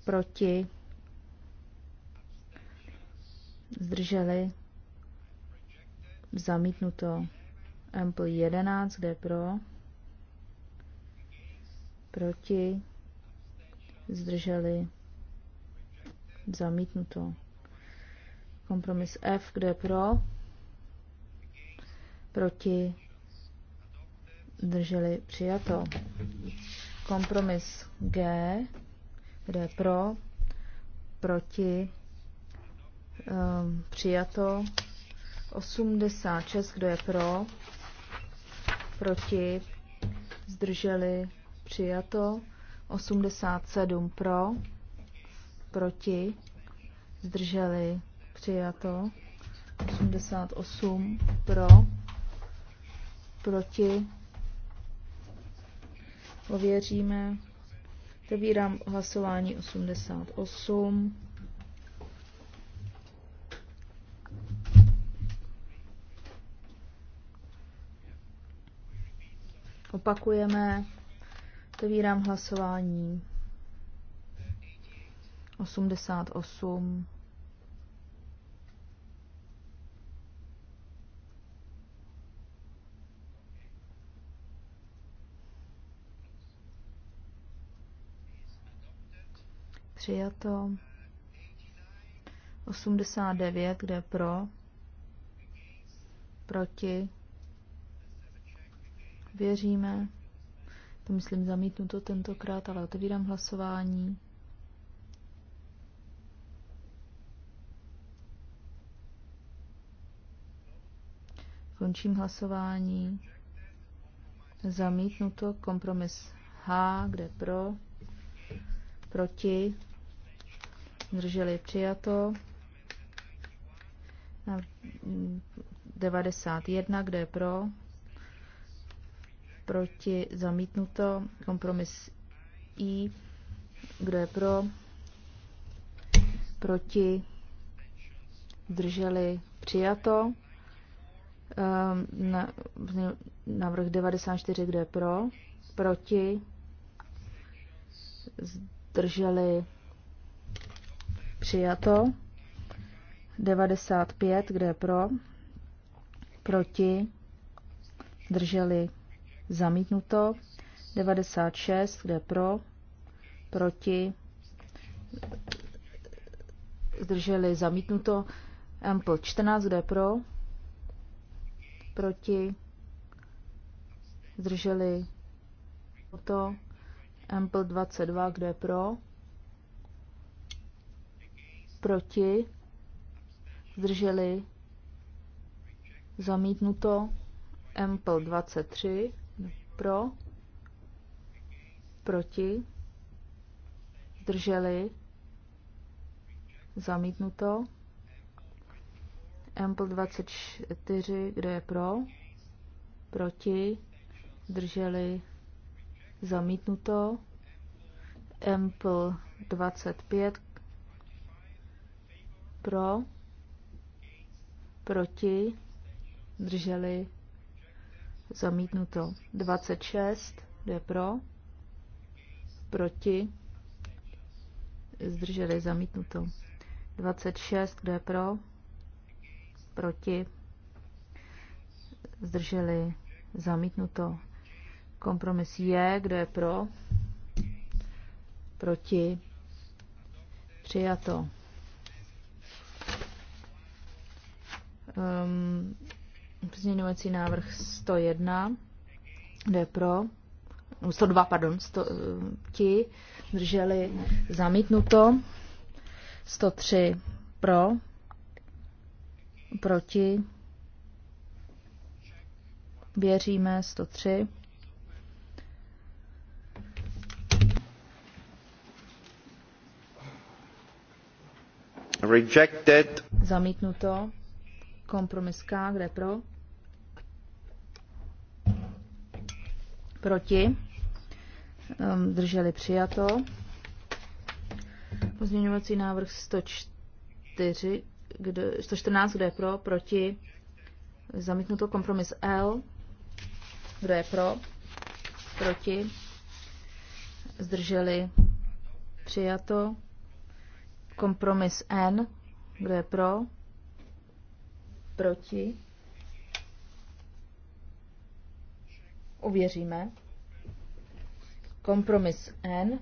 proti, zdrželi, zamítnuto. Ample 11, kde je pro, proti, zdrželi, zamítnuto. Kompromis F, kde je pro, proti, drželi přijato. Kompromis G, kde je pro, proti, um, přijato. 86, kdo je pro, proti, zdrželi, přijato. 87 pro, proti, zdrželi, přijato. 88 pro, proti, Ověříme. Otevírám hlasování 88. Opakujeme. Otevírám hlasování 88. Přijato. 89, kde pro, proti, věříme. To myslím zamítnu to tentokrát, ale otevírám hlasování. Končím hlasování. Zamítnuto kompromis H, kde pro, proti, zdrželi přijato. 91, mm, kde je pro, proti zamítnuto, kompromis I, kdo je pro, proti drželi přijato, ehm, návrh 94, kdo je pro, proti zdrželi Přijato. 95, kde je pro? Proti. Drželi. Zamítnuto. 96, kde je pro? Proti. Zdrželi. Zamítnuto. Ample 14, kde je pro? Proti. Zdrželi. To. Ample 22, kde je pro? proti, zdrželi, zamítnuto, MPL 23, pro, proti, zdrželi, zamítnuto, MPL 24, kde je pro, proti, zdrželi, zamítnuto, MPL 25, pro, proti, drželi, zamítnuto. 26, kdo je pro, proti, zdrželi, zamítnuto. 26, kdo je pro, proti, zdrželi, zamítnuto. Kompromis je, kdo je pro, proti, přijato. Um, Pozměňovací návrh 101, kde pro, 102, uh, pardon, 100, uh, ti drželi zamítnuto, 103 pro, proti, věříme 103. Rejected. Zamítnuto. Kompromis K, kde pro? Proti? Ehm, drželi přijato. Pozměňovací návrh 104, kde, 114, kde je pro? Proti? Zamítnuto kompromis L. Kdo je pro? Proti? Zdrželi? Přijato. Kompromis N. Kdo je pro? proti. Uvěříme. Kompromis N.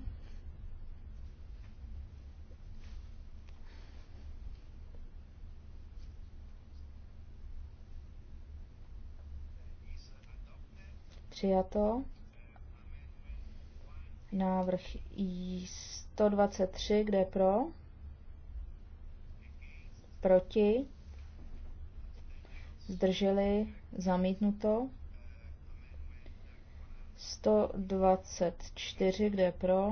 Přijato. Návrh I123, kde pro? Proti zdrželi, zamítnuto. 124, kde je pro,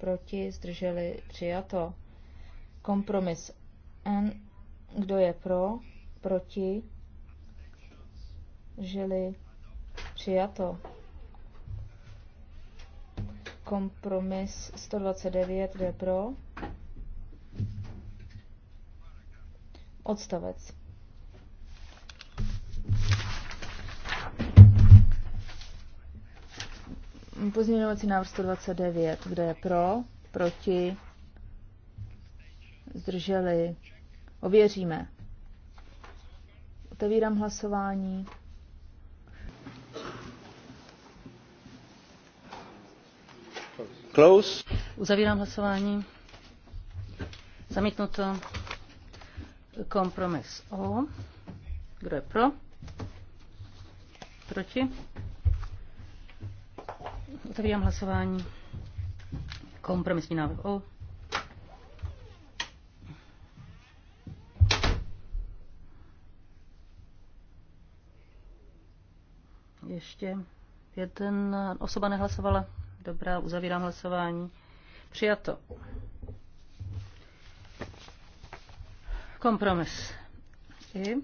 proti, zdrželi, přijato. Kompromis N, kdo je pro, proti, žili, přijato. Kompromis 129, kde je pro, odstavec. Pozměňovací návrh 129. kde je pro? Proti? Zdrželi? Ověříme. Otevírám hlasování. Close. Uzavírám hlasování. Zamítnuto. Kompromis O. Kdo je pro? Proti? Otevírám hlasování. Kompromisní návrh O. Ještě jeden osoba nehlasovala. Dobrá, uzavírám hlasování. Přijato. Kompromis. I,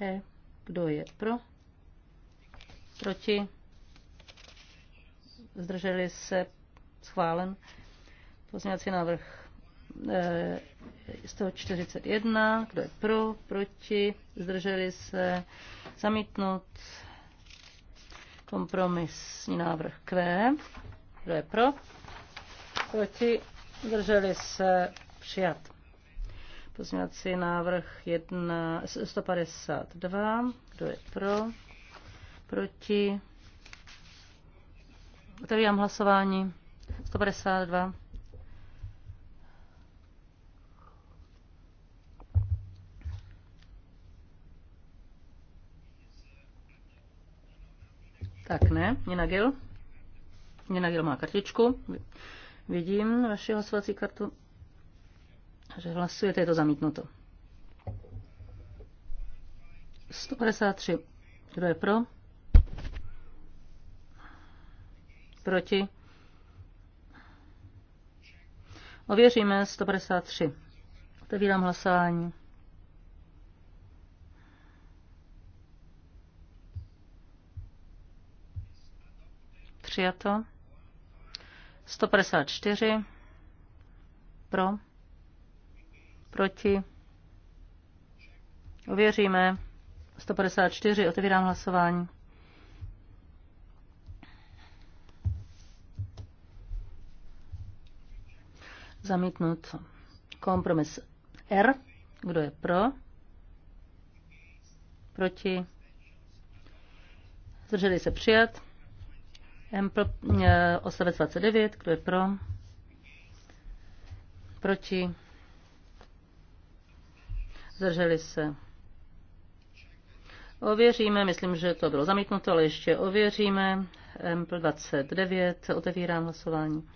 e, kdo je pro? Proti? zdrželi se, schválen. Pozměňovací návrh 141, e, kdo je pro, proti, zdrželi se, zamítnut. Kompromisní návrh Q, kdo je pro, proti, zdrželi se, přijat. Pozměňovací návrh 1, 152, kdo je pro, proti, Otevírám hlasování. 152. Tak ne, Nina Gil. Nina Gil má kartičku. Vidím vaši hlasovací kartu, že hlasujete, je to zamítnuto. 153. Kdo je pro? Proti? Ověříme 153. Otevírám hlasování. Přijato. 154. Pro. Proti. Ověříme. 154. Otevírám hlasování. Zamítnut. Kompromis R. Kdo je pro? Proti? Zdrželi se přijat. Empl, e, eh, oslavec 29. Kdo je pro? Proti? Zdrželi se. Ověříme, myslím, že to bylo zamítnuto, ale ještě ověříme. M 29. Otevírám hlasování.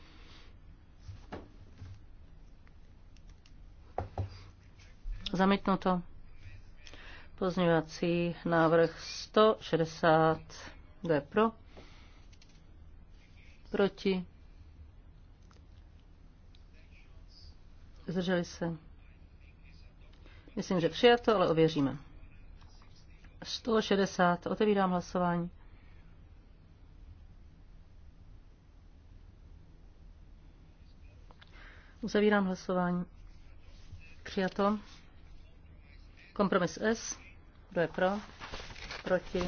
Zamítnuto. Pozměňovací návrh 160. Kdo je pro? Proti? Zdrželi se? Myslím, že přijato, ale ověříme. 160. Otevírám hlasování. Uzavírám hlasování. Přijato. Kompromis S. Kdo je pro? Proti?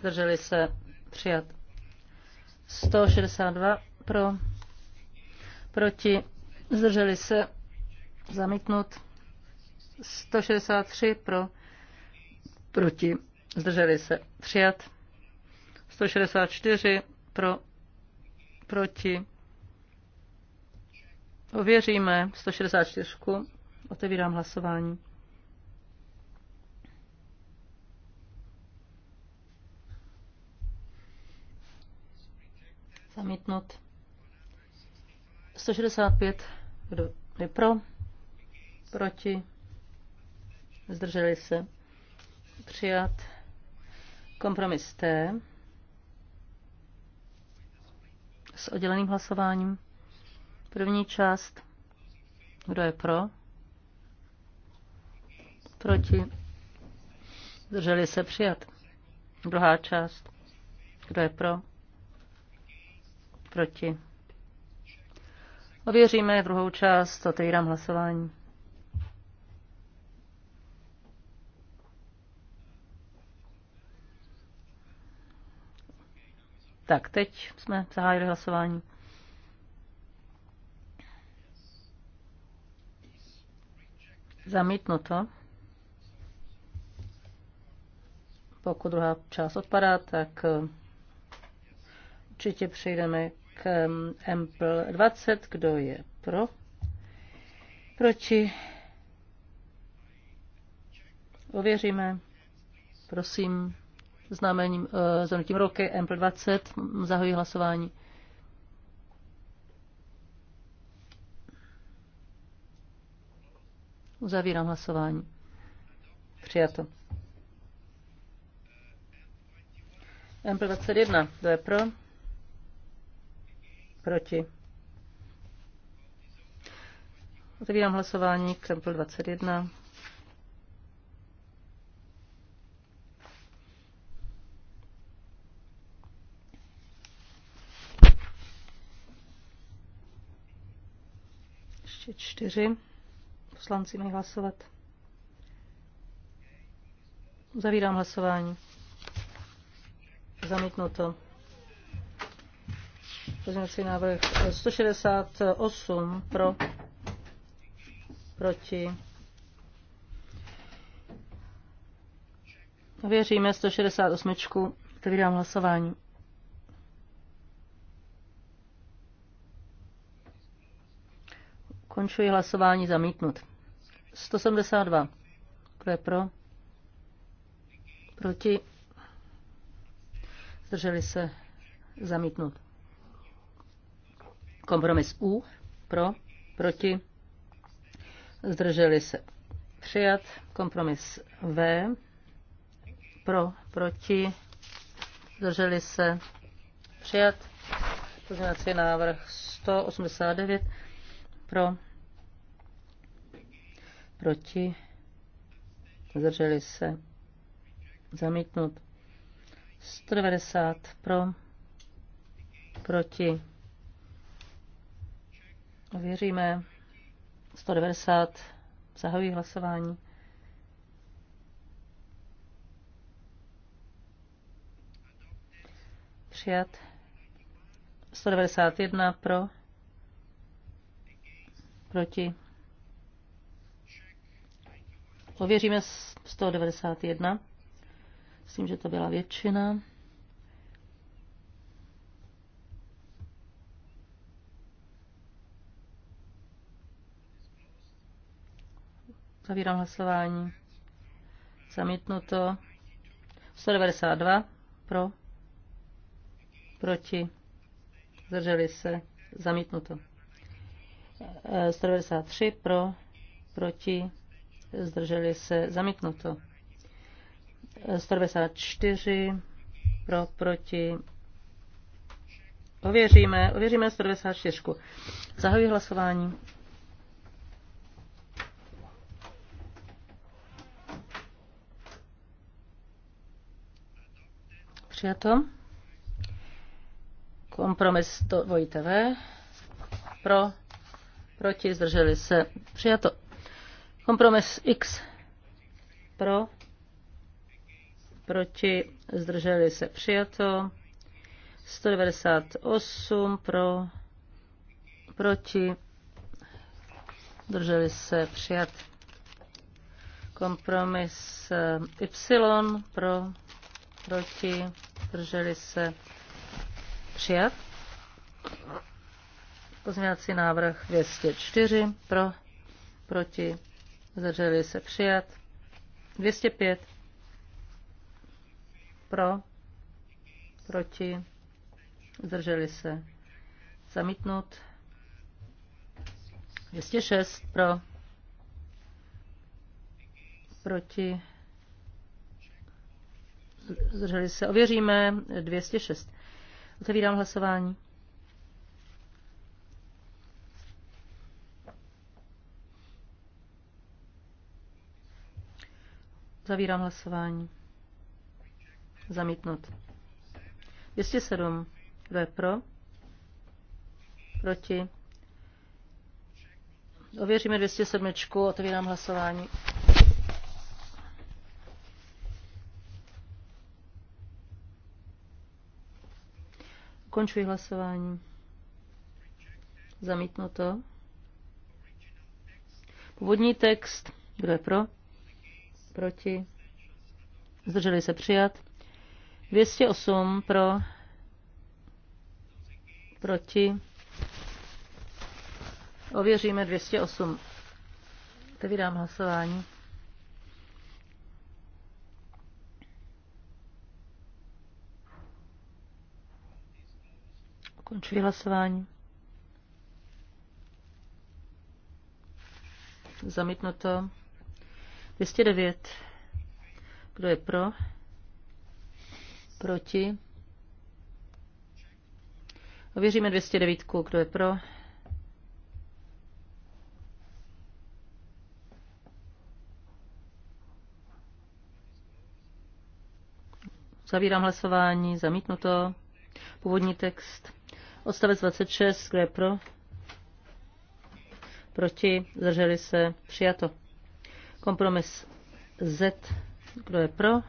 Zdrželi se? Přijat. 162 pro. Proti? Zdrželi se? Zamítnut. 163 pro. Proti? Zdrželi se? Přijat. 164 pro. Proti? Ověříme 164. Otevírám hlasování. Zamítnut. 165. Kdo je pro? Proti? Zdrželi se. Přijat. Kompromis T. S odděleným hlasováním. První část. Kdo je pro? Proti? Zdrželi se. Přijat. Druhá část. Kdo je pro? Proti. Ověříme druhou část, otevírám hlasování. Tak, teď jsme zahájili hlasování. Zamítnuto. Pokud druhá část odpadá, tak eh, určitě přejdeme Ample 20, kdo je pro? Proti? Ověříme. Prosím, znamením, eh, zhrnutím roky Ample 20, Zahojí hlasování. Uzavírám hlasování. Přijato. MP21, kdo je pro? Proti? Otevírám hlasování k 21. Ještě čtyři. Poslanci mají hlasovat. Zavírám hlasování. Zamítnuto. Pozměňovací návrh 168 pro, proti. Věříme 168. dám hlasování. Končuji hlasování zamítnut. 172. Kdo je pro? Proti? Zdrželi se zamítnut. Kompromis U pro, proti, zdrželi se přijat. Kompromis V pro, proti, zdrželi se přijat. Pozměnací návrh 189 pro, proti, zdrželi se zamítnut. 190 pro, proti, Věříme. 190. Zahajují hlasování. Přijat. 191 pro. Proti. Ověříme 191. Myslím, že to byla většina. Zavírám hlasování. Zamítnuto. 192 pro. Proti. Zdrželi se. Zamítnuto. 193 eh, pro. Proti. Zdrželi se. Zamítnuto. 194 eh, pro. Proti. Ověříme, ověříme 194. Zahajuji hlasování. Přijato. Kompromis dvojité V. Pro. Proti. Zdrželi se. Přijato. Kompromis X. Pro. Proti. Zdrželi se. Přijato. 198 pro, proti, drželi se přijat kompromis eh, Y pro, proti, zdrželi se přijat. Pozměňovací návrh 204 pro, proti, zdrželi se přijat. 205 pro, proti, zdrželi se zamítnout. 206 pro, proti, zdrželi se, ověříme 206. Otevírám hlasování. Zavírám hlasování. Zamítnut. 207. Kdo je pro? Proti? Ověříme 207. Otevírám hlasování. Ukončuji hlasování. Zamítnuto. Původní text. Kdo je pro? Proti? Zdrželi se přijat. 208 pro. Proti. Ověříme 208. Otevírám hlasování. Končuji hlasování. Zamítnuto. 209. Kdo je pro? Proti? Ověříme 209. Kdo je pro? Zavírám hlasování. Zamítnuto. Původní text. Odstavec 26, kdo je pro? Proti, zdrželi se, přijato. Kompromis Z, kdo je pro?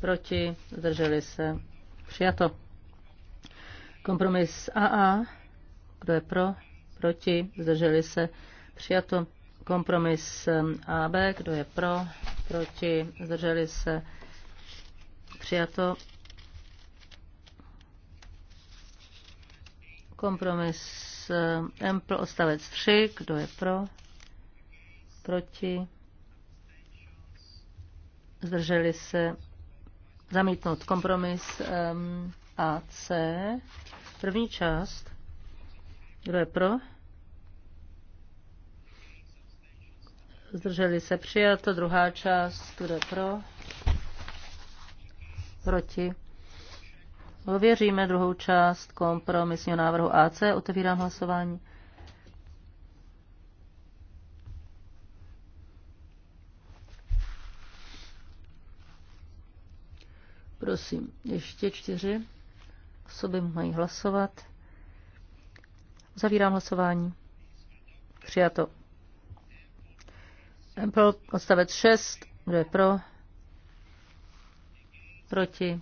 Proti, zdrželi se, přijato. Kompromis AA, kdo je pro? Proti, zdrželi se, přijato. Kompromis AB, kdo je pro? Proti, zdrželi se, přijato. Kompromis Ample eh, odstavec 3. Kdo je pro? Proti? Zdrželi se? Zamítnout kompromis um, eh, AC. První část. Kdo je pro? Zdrželi se přijato. Druhá část. Kdo je pro? Proti? Ověříme druhou část kompromisního návrhu AC. Otevírám hlasování. Prosím, ještě čtyři osoby mají hlasovat. Zavírám hlasování. Přijato. Pro odstavec 6, kdo je pro? Proti?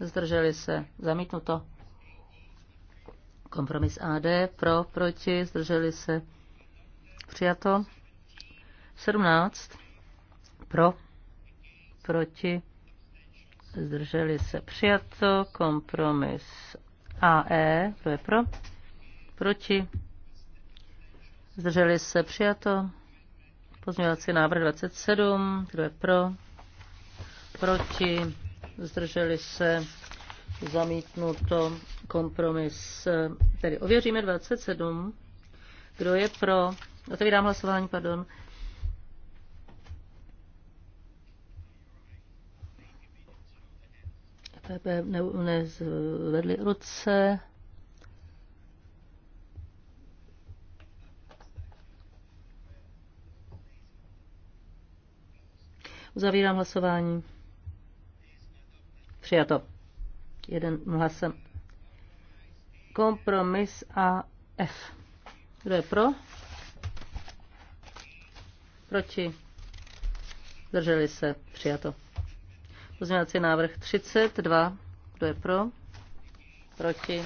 zdrželi se, zamítnuto. Kompromis AD, pro, proti, zdrželi se, přijato. 17, pro, proti, zdrželi se, přijato. Kompromis AE, kdo je pro, proti, zdrželi se, přijato. Pozměňovací návrh 27, kdo je pro, proti, zdrželi se, zamítnuto, kompromis, tedy ověříme 27. Kdo je pro? Otevírám hlasování, pardon. ne, nezvedli ruce. Uzavírám hlasování. Přijato. Jeden hlasem. Kompromis a F. Kdo je pro? Proti? Drželi se. Přijato. Pozměňovací návrh 32. Kdo je pro? Proti?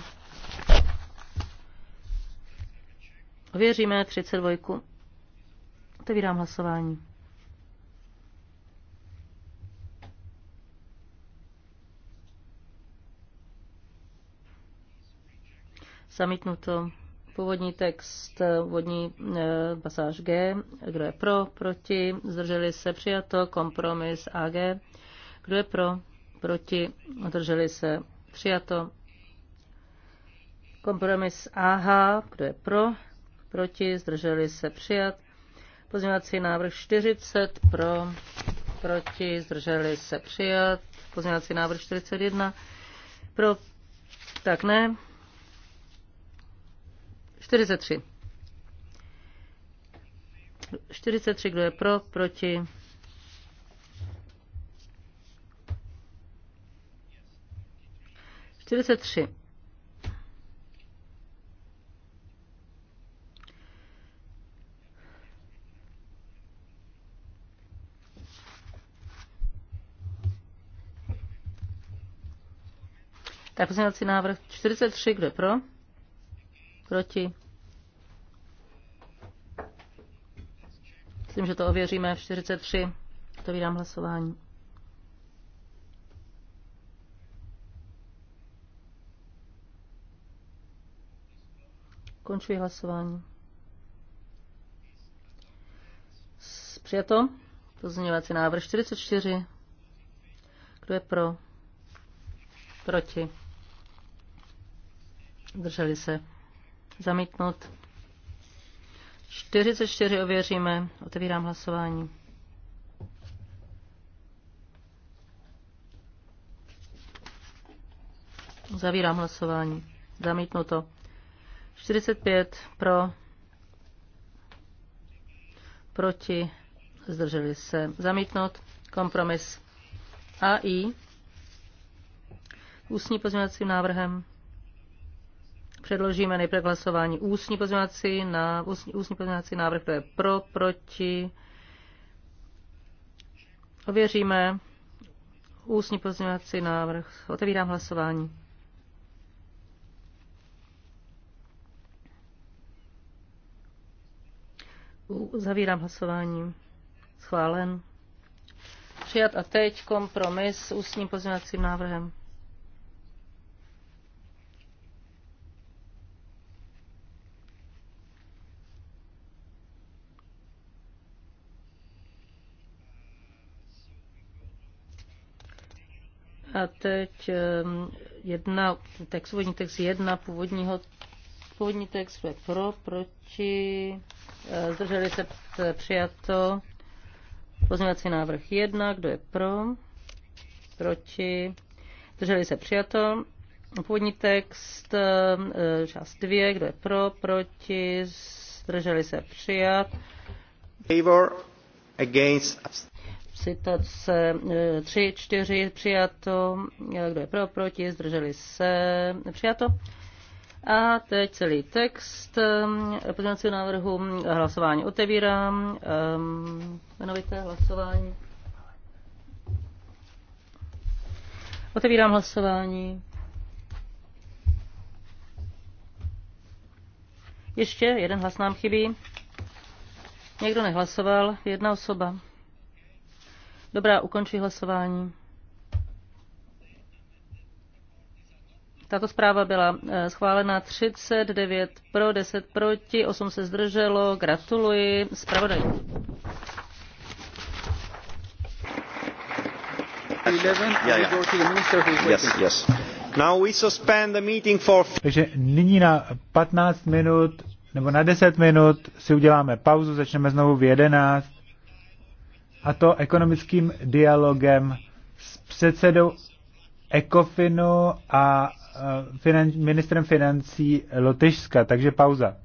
Ověříme 32. Otevírám hlasování. Zamítnuto. Původní text, původní eh, eh, pasáž G. Kdo je pro? Proti? Zdrželi se? Přijato. Kompromis AG. Kdo je pro? Proti? Zdrželi se? Přijato. Kompromis AH. Kdo je pro? Proti? Zdrželi se? Přijat. Pozměňovací návrh 40 pro, proti, zdrželi se přijat. Pozměňovací návrh 41 pro, tak ne, 43. 43, kdo je pro, proti. Čtyřicet tři. Tak pozměňovací návrh 43, kdo je pro? Proti? Myslím, že to ověříme v 43. To vydám hlasování. Končuji hlasování. Přijato. Pozměňovací návrh 44. Kdo je pro? Proti. Drželi se. Zamítnout. 44 ověříme. Otevírám hlasování. Zavírám hlasování. to. 45 pro, proti, zdrželi se. Zamítnout. Kompromis A i Ústní pozměňovacím návrhem. Předložíme nejprve hlasování ústní pozměňovací, na, ústní, ústní pozměňovací návrh, to je pro, proti. Ověříme ústní pozměňovací návrh. Otevírám hlasování. Zavírám hlasování. Schválen. Přijat a teď kompromis s ústním pozměňovacím návrhem. A teď ehm, jedna, text, původní text jedna původního, původní text je pro, proti, e, zdrželi se e, přijato. Pozměňovací návrh jedna kdo je pro, proti, zdrželi se přijato. Původní text, e, část dvě, kdo je pro, proti, zdrželi se přijat. Favor against citace 3, e, 4, přijato, e, kdo je pro, proti, zdrželi se, přijato. A teď celý text e, pozměňovacího návrhu hlasování otevírám. Jmenovité hlasování. Otevírám hlasování. Ještě jeden hlas nám chybí. Někdo nehlasoval, jedna osoba. Dobrá, ukončuji hlasování. Tato zpráva byla eh, schválena 39 pro, 10 proti, 8 se zdrželo. Gratuluji zpravodaji. Takže nyní na 15 minut nebo na 10 minut si uděláme pauzu, začneme znovu v 11 a to ekonomickým dialogem s předsedou ECOFINu a eh, finan, ministrem financí Lotyšska. Takže pauza.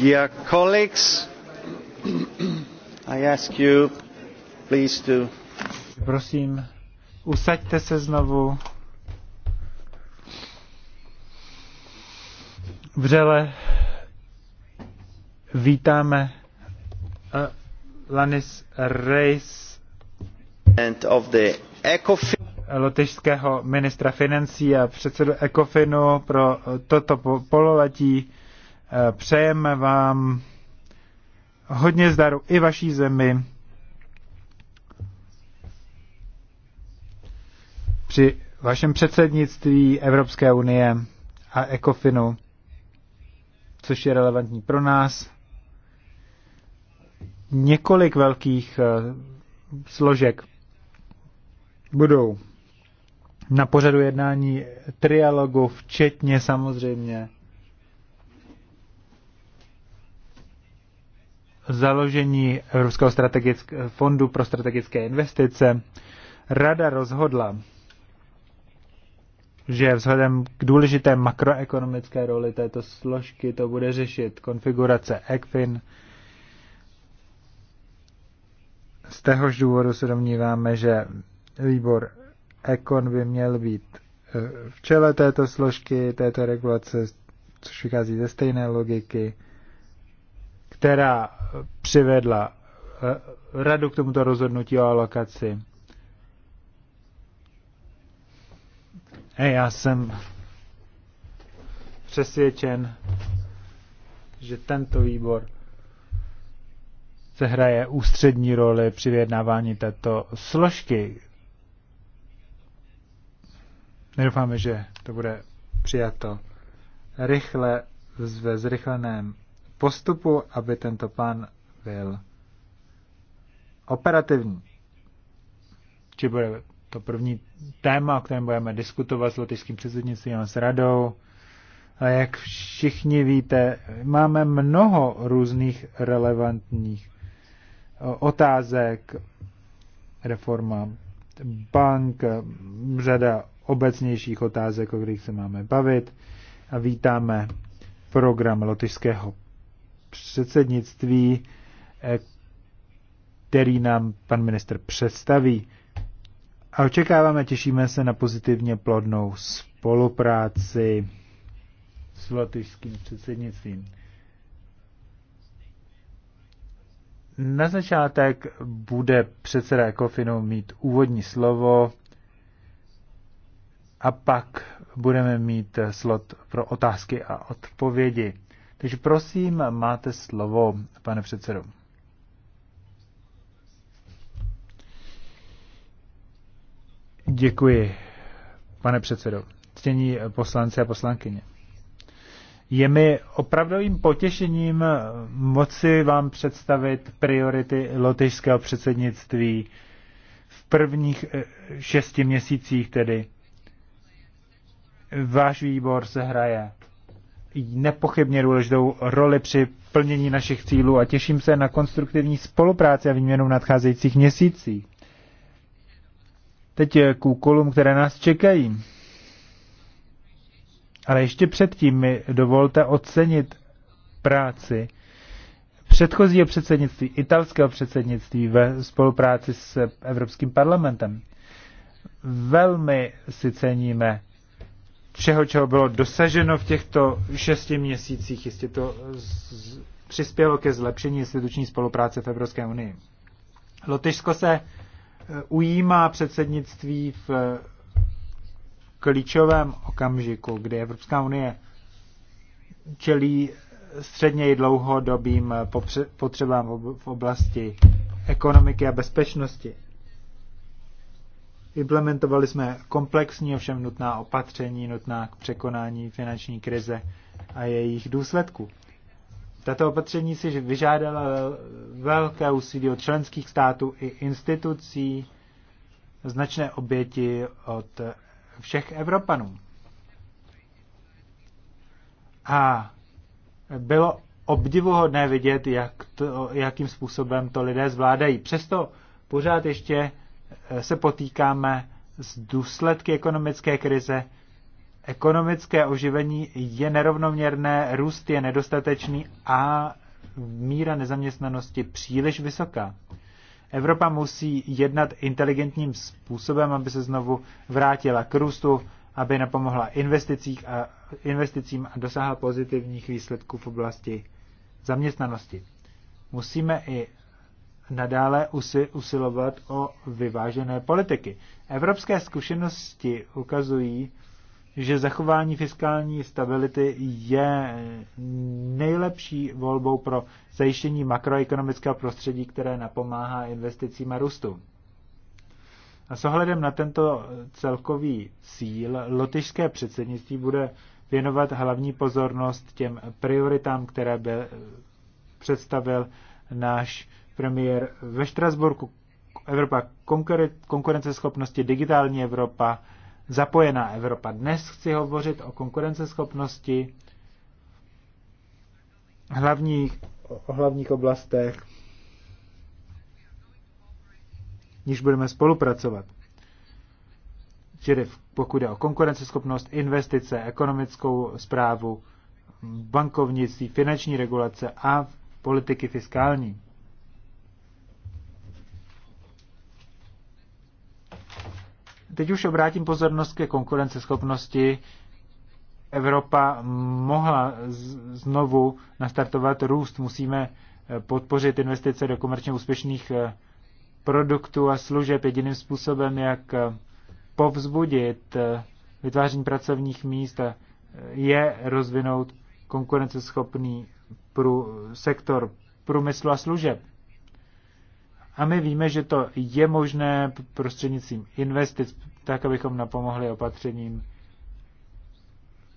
Dear colleagues, I ask you, please to... Prosím, usaďte se znovu. Vřele vítáme uh, Lanis Reis and of the ECOFIN lotyšského ministra financí a předsedu ECOFINu pro toto pololetí Přejeme vám hodně zdaru i vaší zemi. Při vašem předsednictví Evropské unie a ECOFINu, což je relevantní pro nás, několik velkých eh, složek budou na pořadu jednání trialogu, včetně samozřejmě založení Evropského fondu pro strategické investice rada rozhodla, že vzhledem k důležité makroekonomické roli této složky to bude řešit konfigurace ECFIN. Z téhož důvodu se domníváme, že výbor ECON by měl být eh, v čele této složky, této regulace, což vychází ze stejné logiky která eh, přivedla eh, radu k tomuto rozhodnutí o alokaci. Já jsem přesvědčen, že tento výbor se hraje ústřední roli při vyjednávání této složky. Nedoufáme, že to bude přijato rychle ve zrychleném postupu, aby tento plán byl operativní. Či bude to první téma, o kterém budeme diskutovat s lotyšským předsednictvím a s radou. A jak všichni víte, máme mnoho různých relevantních otázek, reforma bank, řada obecnějších otázek, o kterých se máme bavit. A vítáme program lotyšského předsednictví, eh, který nám pan minister představí. A očekáváme, těšíme se na pozitivně plodnou spolupráci s lotyšským předsednictvím. Na začátek bude předseda Ekofinu mít úvodní slovo a pak budeme mít slot pro otázky a odpovědi. Takže prosím, máte slovo, pane předsedo. Děkuji, pane předsedo. Ctění poslanci a poslankyně. Je mi opravdovým potěšením moci vám představit priority lotyšského předsednictví v prvních eh, šesti měsících tedy. Váš výbor se hraje nepochybně důležitou roli při plnění našich cílů a těším se na konstruktivní spolupráci a výměnu v nadcházejících měsících. Teď k úkolům, které nás čekají. Ale ještě předtím mi dovolte ocenit práci předchozího předsednictví, italského předsednictví ve spolupráci s Evropským parlamentem. Velmi si ceníme všeho, čeho bylo dosaženo v těchto šesti měsících. jestli to z, přispělo ke zlepšení instituční spolupráce v Evropské unii. Lotyšsko se e, ujímá předsednictví v e, klíčovém okamžiku, kdy Evropská unie čelí středně i dlouhodobým potřebám v oblasti ekonomiky a bezpečnosti. Implementovali jsme komplexní, ovšem nutná opatření, nutná k překonání finanční krize a jejich důsledků. Tato opatření si vyžádala velké úsilí od členských států i institucí, značné oběti od všech Evropanů. A bylo obdivuhodné vidět, jak to, jakým způsobem to lidé zvládají. Přesto pořád ještě se potýkáme s důsledky ekonomické krize. Ekonomické oživení je nerovnoměrné, růst je nedostatečný a míra nezaměstnanosti příliš vysoká. Evropa musí jednat inteligentním způsobem, aby se znovu vrátila k růstu, aby napomohla investicích a investicím a dosáhla pozitivních výsledků v oblasti zaměstnanosti. Musíme i nadále usilovat o vyvážené politiky. Evropské zkušenosti ukazují, že zachování fiskální stability je nejlepší volbou pro zajištění makroekonomického prostředí, které napomáhá investicím a růstu. A s ohledem na tento celkový cíl, lotyšské předsednictví bude věnovat hlavní pozornost těm prioritám, které by představil náš premiér ve Štrasburku. Evropa konkurenceschopnosti, digitální Evropa, zapojená Evropa. Dnes chci hovořit o konkurenceschopnosti, hlavních, o hlavních oblastech, níž budeme spolupracovat. Čili pokud je o konkurenceschopnost, investice, ekonomickou zprávu, bankovnictví, finanční regulace a politiky fiskální. Teď už obrátím pozornost ke konkurenceschopnosti. Evropa mohla znovu nastartovat růst. Musíme eh, podpořit investice do komerčně úspěšných eh, produktů a služeb jediným způsobem, jak eh, povzbudit vytváření pracovních míst, je rozvinout konkurenceschopný pro sektor průmyslu a služeb. A my víme, že to je možné prostřednictvím investic, tak abychom napomohli opatřením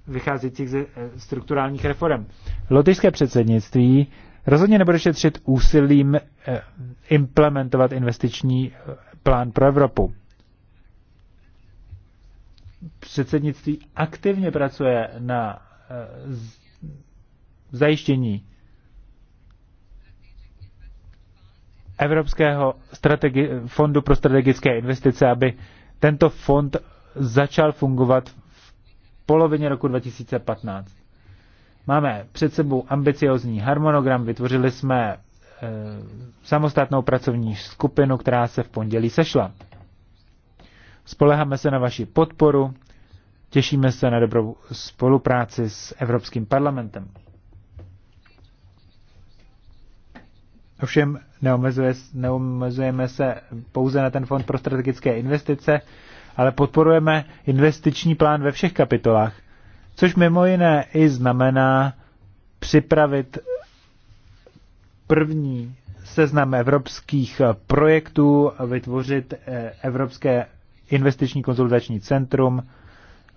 vycházejících ze eh, strukturálních reform. Lotyšské předsednictví rozhodně nebude šetřit úsilím eh, implementovat investiční eh, plán pro Evropu. Předsednictví aktivně pracuje na zajištění Evropského strategi- fondu pro strategické investice, aby tento fond začal fungovat v polovině roku 2015. Máme před sebou ambiciozní harmonogram, vytvořili jsme eh, samostatnou pracovní skupinu, která se v pondělí sešla. Spoleháme se na vaši podporu, těšíme se na dobrou spolupráci s Evropským parlamentem. Ovšem neomezuje, neomezujeme se pouze na ten fond pro strategické investice, ale podporujeme investiční plán ve všech kapitolách, což mimo jiné i znamená připravit první seznam evropských projektů, vytvořit eh, Evropské investiční konzultační centrum,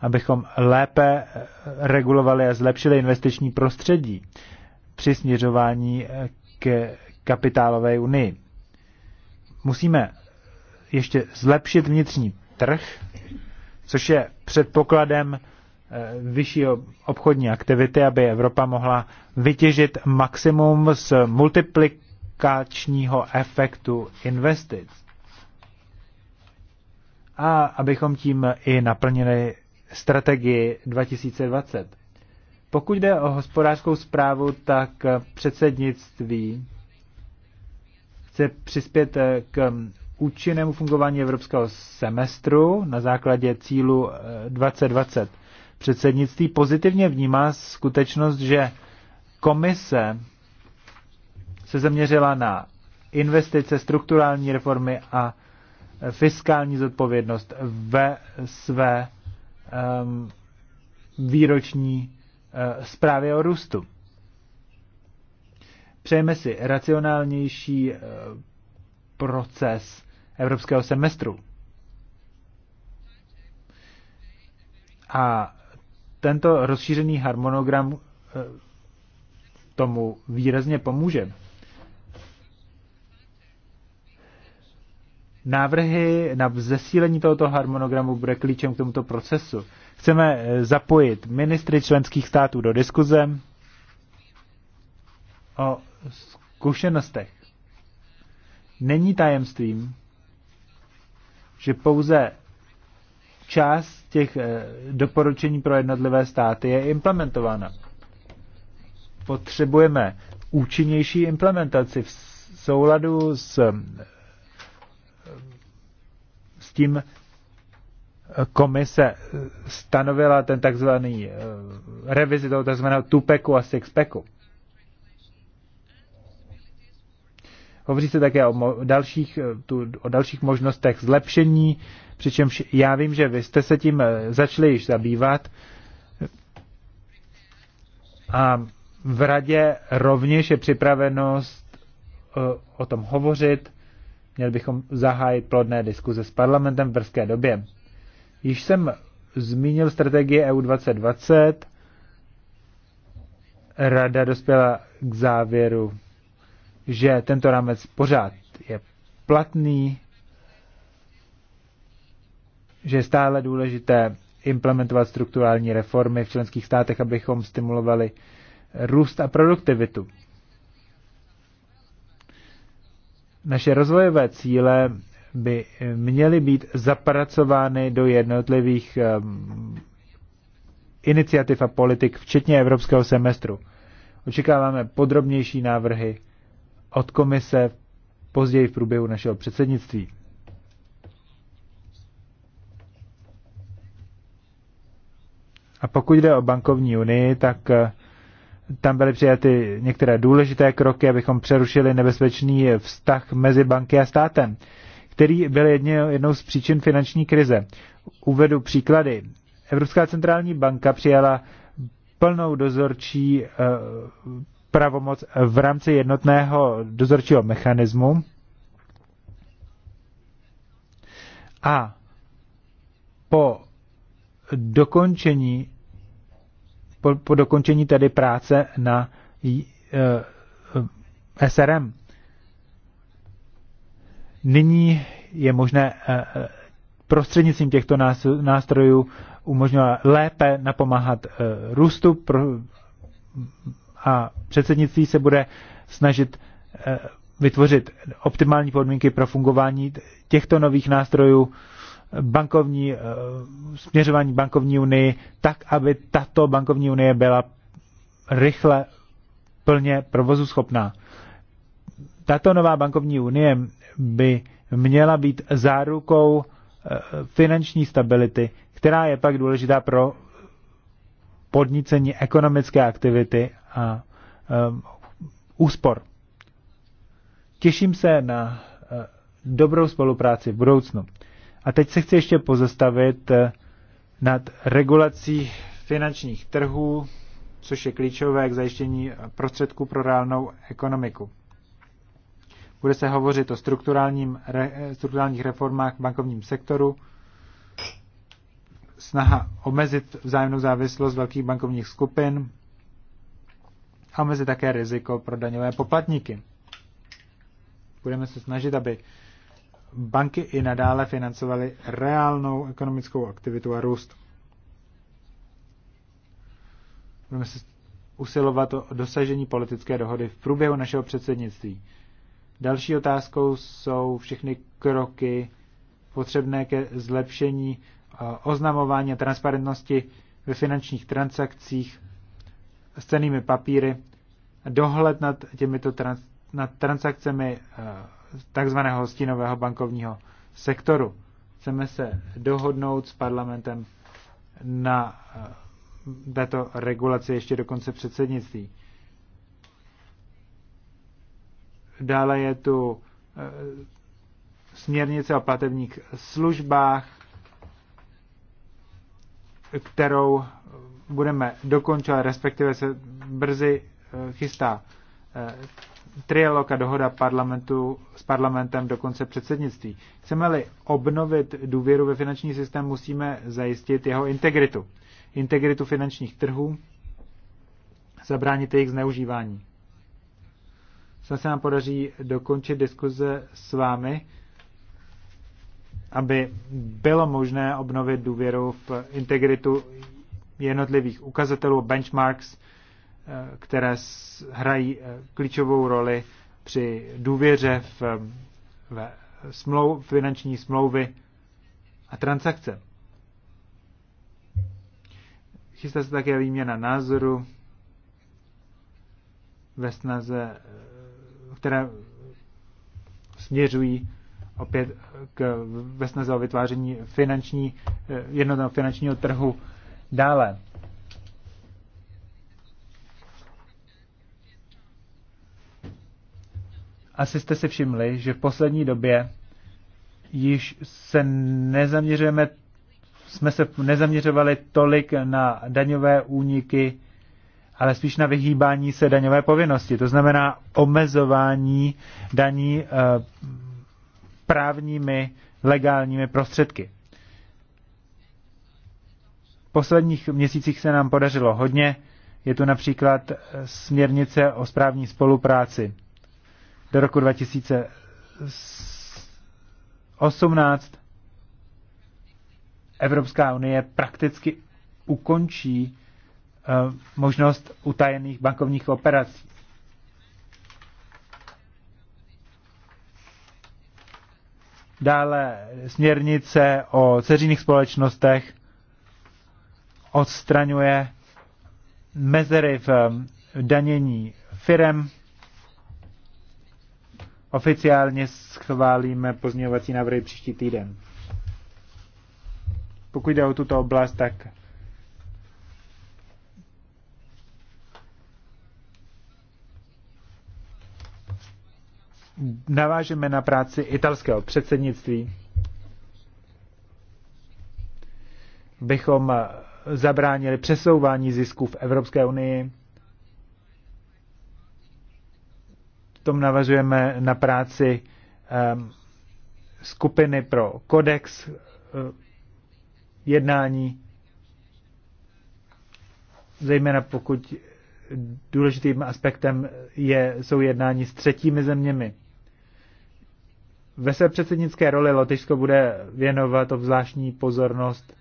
abychom lépe eh, regulovali a zlepšili investiční prostředí při směřování eh, k kapitálové unii. Musíme ještě zlepšit vnitřní trh, což je předpokladem eh, vyšší obchodní aktivity, aby Evropa mohla vytěžit maximum z multiplikačního efektu investic. A abychom tím i naplnili strategii 2020. Pokud jde o hospodářskou zprávu, tak předsednictví chce přispět eh, k mm, účinnému fungování evropského semestru na základě cílu 2020. Eh, Předsednictví pozitivně vnímá skutečnost, že komise se zaměřila na investice, strukturální reformy a eh, fiskální zodpovědnost ve své um, výroční uh, zprávě o růstu. Přejeme si racionálnější eh, proces evropského semestru. A tento rozšířený harmonogram eh, tomu výrazně pomůže. Návrhy na zesílení tohoto harmonogramu bude klíčem k tomuto procesu. Chceme eh, zapojit ministry členských států do diskuze o zkušenostech. Není tajemstvím, že pouze část těch eh, doporučení pro jednotlivé státy je implementována. Potřebujeme účinnější implementaci v souladu s, eh, s tím eh, komise stanovila ten takzvaný revizi toho takzvaného tupeku a sixpeku. Hovoří se také o dalších, eh, tu, o dalších možnostech zlepšení, přičemž já vím, že vy jste se tím eh, začali již zabývat. A v radě rovněž je připravenost eh, o tom hovořit. Měli bychom zahájit plodné diskuze s parlamentem v brzké době. Již jsem zmínil strategii EU 2020. Rada dospěla k závěru že tento rámec pořád je platný, že je stále důležité implementovat strukturální reformy v členských státech, abychom stimulovali růst a produktivitu. Naše rozvojové cíle by měly být zapracovány do jednotlivých ehm, iniciativ a politik, včetně evropského semestru. Očekáváme podrobnější návrhy od komise později v průběhu našeho předsednictví. A pokud jde o bankovní unii, tak eh, tam byly přijaty některé důležité kroky, abychom přerušili nebezpečný vztah mezi banky a státem, který byl jedně, jednou z příčin finanční krize. Uvedu příklady. Evropská centrální banka přijala plnou dozorčí eh, pravomoc v rámci jednotného dozorčího mechanismu. A po dokončení, po, po dokončení tedy práce na e, SRM, nyní je možné e, e prostřednictvím těchto nástrojů umožňovat lépe napomáhat e, růstu pro, a předsednictví se bude snažit eh, vytvořit optimální podmínky pro fungování těchto nových nástrojů bankovní, eh, směřování bankovní unii, tak, aby tato bankovní unie byla rychle plně provozu schopná. Tato nová bankovní unie by měla být zárukou eh, finanční stability, která je pak důležitá pro podnícení ekonomické aktivity a um, úspor. Těším se na uh, dobrou spolupráci v budoucnu. A teď se chci ještě pozastavit uh, nad regulací finančních trhů, což je klíčové k zajištění prostředků pro reálnou ekonomiku. Bude se hovořit o strukturálním, re, strukturálních reformách v bankovním sektoru, snaha omezit vzájemnou závislost velkých bankovních skupin, a omezit také riziko pro daňové poplatníky. Budeme se snažit, aby banky i nadále financovaly reálnou ekonomickou aktivitu a růst. Budeme se usilovat o dosažení politické dohody v průběhu našeho předsednictví. Další otázkou jsou všechny kroky potřebné ke zlepšení eh, oznamování a transparentnosti ve finančních transakcích s cenými papíry, dohled nad těmito trans, nad transakcemi eh, takzvaného stínového bankovního sektoru. Chceme se dohodnout s parlamentem na eh, této regulaci ještě do konce předsednictví. Dále je tu eh, směrnice o platebních službách, kterou budeme dokončovat, respektive se brzy eh, chystá eh, trialoka dohoda parlamentu s parlamentem do konce předsednictví. Chceme-li obnovit důvěru ve finanční systém, musíme zajistit jeho integritu. Integritu finančních trhů, zabránit jejich zneužívání. Snad se nám podaří dokončit diskuze s vámi, aby bylo možné obnovit důvěru v integritu jednotlivých ukazatelů, benchmarks, eh, které hrají eh, klíčovou roli při důvěře v, v smlou, finanční smlouvy a transakce. Chystá se také výměna názoru ve snaze, eh, které směřují opět k, ve snaze o vytváření finanční, jednotného finančního trhu Dále. Asi jste si všimli, že v poslední době již se nezaměřujeme, jsme se nezaměřovali tolik na daňové úniky, ale spíš na vyhýbání se daňové povinnosti. To znamená omezování daní e, právními legálními prostředky posledních měsících se nám podařilo hodně. Je tu například eh, směrnice o správní spolupráci. Do roku 2018 Evropská unie prakticky ukončí eh, možnost utajených bankovních operací. Dále směrnice o ceřinných společnostech odstraňuje mezery v eh, danění firem. Oficiálně schválíme pozměňovací návrhy příští týden. Pokud jde o tuto oblast, tak navážeme na práci italského předsednictví. Bychom zabránili přesouvání zisků v Evropské unii. V tom navazujeme na práci ehm, skupiny pro kodex eh, jednání, zejména pokud důležitým aspektem je, jsou jednání s třetími zeměmi. Ve své předsednické roli Lotyšsko bude věnovat obzvláštní pozornost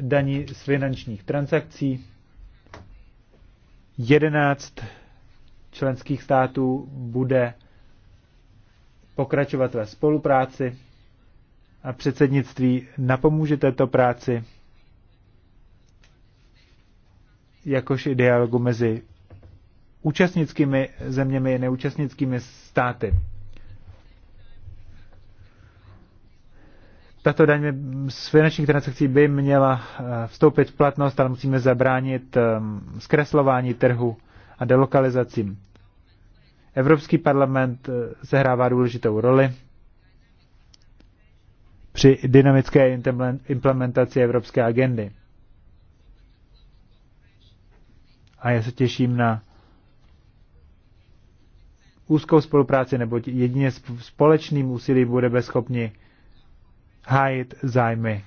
daní z finančních transakcí. 11 členských států bude pokračovat ve spolupráci a předsednictví napomůže této práci, jakož i dialogu mezi účastnickými zeměmi a neúčastnickými státy. tato daň z finančních transakcí by měla eh, vstoupit v platnost, ale musíme zabránit ehm, zkreslování trhu a delokalizacím. Evropský parlament eh, sehrává důležitou roli při dynamické implementaci evropské agendy. A já se těším na úzkou spolupráci, nebo jedině společným úsilím budeme schopni hájit zájmy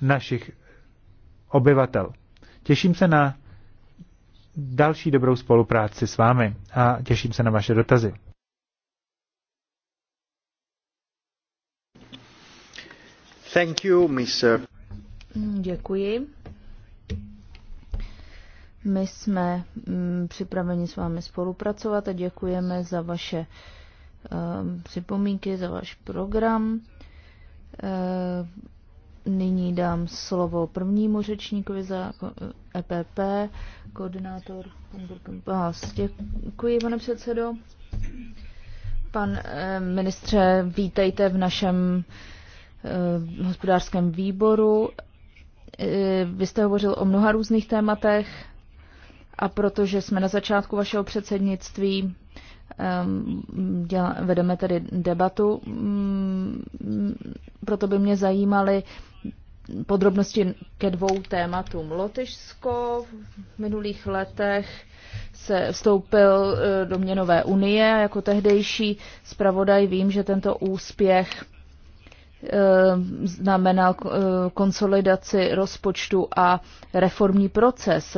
našich obyvatel. Těším se na další dobrou spolupráci s vámi a těším se na vaše dotazy. Thank you, Mr. Děkuji. My jsme mm, připraveni s vámi spolupracovat a děkujeme za vaše Ehm, připomínky, za váš program. Ehm, nyní dám slovo prvnímu řečníkovi za EPP, eh, e koordinátor Vás. Děkuji, pane předsedo. Pan eh, ministře, vítejte v našem eh, hospodářském výboru. Vy jste hovořil o mnoha různých tématech a protože jsme na začátku vašeho předsednictví, Ehm, Děla, vedeme tedy debatu, mm, proto by mě zajímaly podrobnosti ke dvou tématům. Lotyšsko v minulých letech se vstoupil e, do měnové unie jako tehdejší zpravodaj vím, že tento úspěch e, znamenal e, konsolidaci rozpočtu a reformní proces,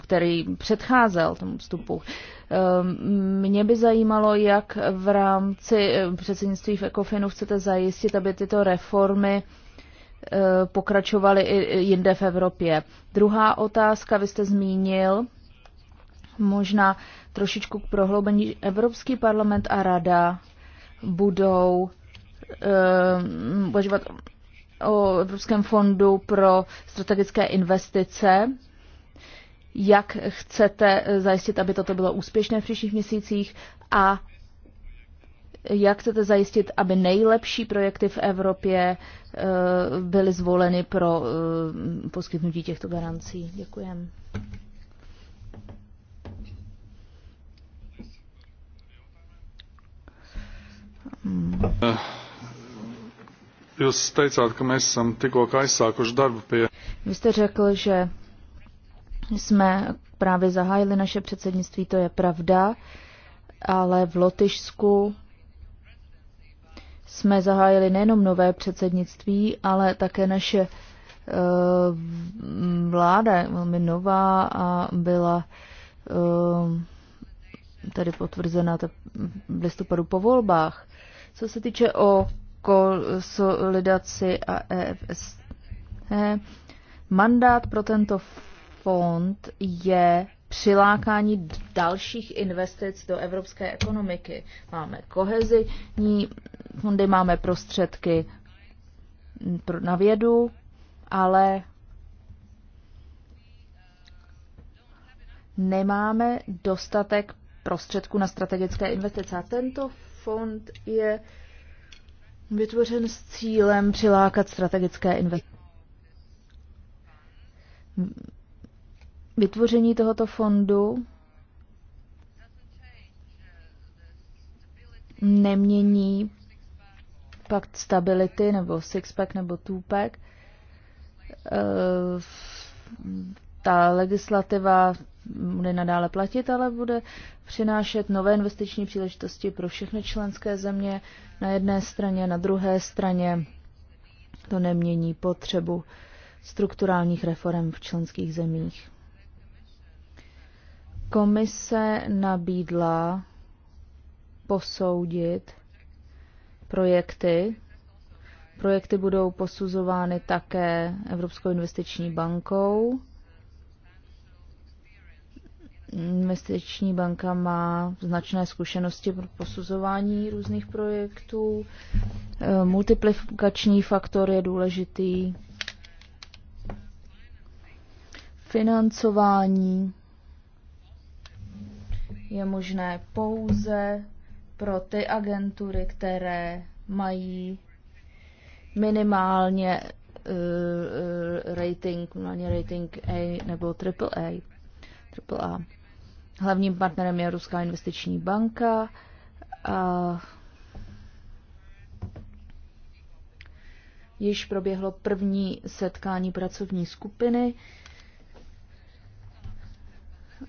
který předcházel tomu vstupu. Ehm, mě by zajímalo, jak v rámci eh, předsednictví v Ekofinu chcete zajistit, aby tyto reformy eh, pokračovaly i jinde v Evropě. Druhá otázka, vy jste zmínil, možná trošičku k prohloubení, Evropský parlament a rada budou ehm, uvažovat o Evropském fondu pro strategické investice jak chcete eh, zajistit, aby toto bylo úspěšné v příštích měsících a jak chcete zajistit, aby nejlepší projekty v Evropě eh, byly zvoleny pro eh, poskytnutí těchto garancí. Děkujem. Vy jste řekl, že jsme právě zahájili naše předsednictví, to je pravda, ale v Lotyšsku jsme zahájili nejenom nové předsednictví, ale také naše eh, vláda je velmi nová a byla eh, tady potvrzena v listopadu po volbách. Co se týče o konsolidaci a EFS, mandát pro tento fond je přilákání dalších investic do evropské ekonomiky. Máme kohezní fondy, máme prostředky na vědu, ale nemáme dostatek prostředků na strategické investice. A tento fond je vytvořen s cílem přilákat strategické investice vytvoření tohoto fondu nemění pakt stability nebo sixpack nebo twopack. Eh, ta legislativa bude nadále platit, ale bude přinášet nové investiční příležitosti pro všechny členské země na jedné straně, na druhé straně to nemění potřebu strukturálních reform v členských zemích. Komise nabídla posoudit projekty. Projekty budou posuzovány také Evropskou investiční bankou. Investiční banka má značné zkušenosti pro posuzování různých projektů. Eh, multiplikační faktor je důležitý. Financování je možné pouze pro ty agentury, které mají minimálně uh, rating, minimálně no, rating A nebo AAA. AAA. Hlavním partnerem je Ruská investiční banka a již proběhlo první setkání pracovní skupiny. Uh,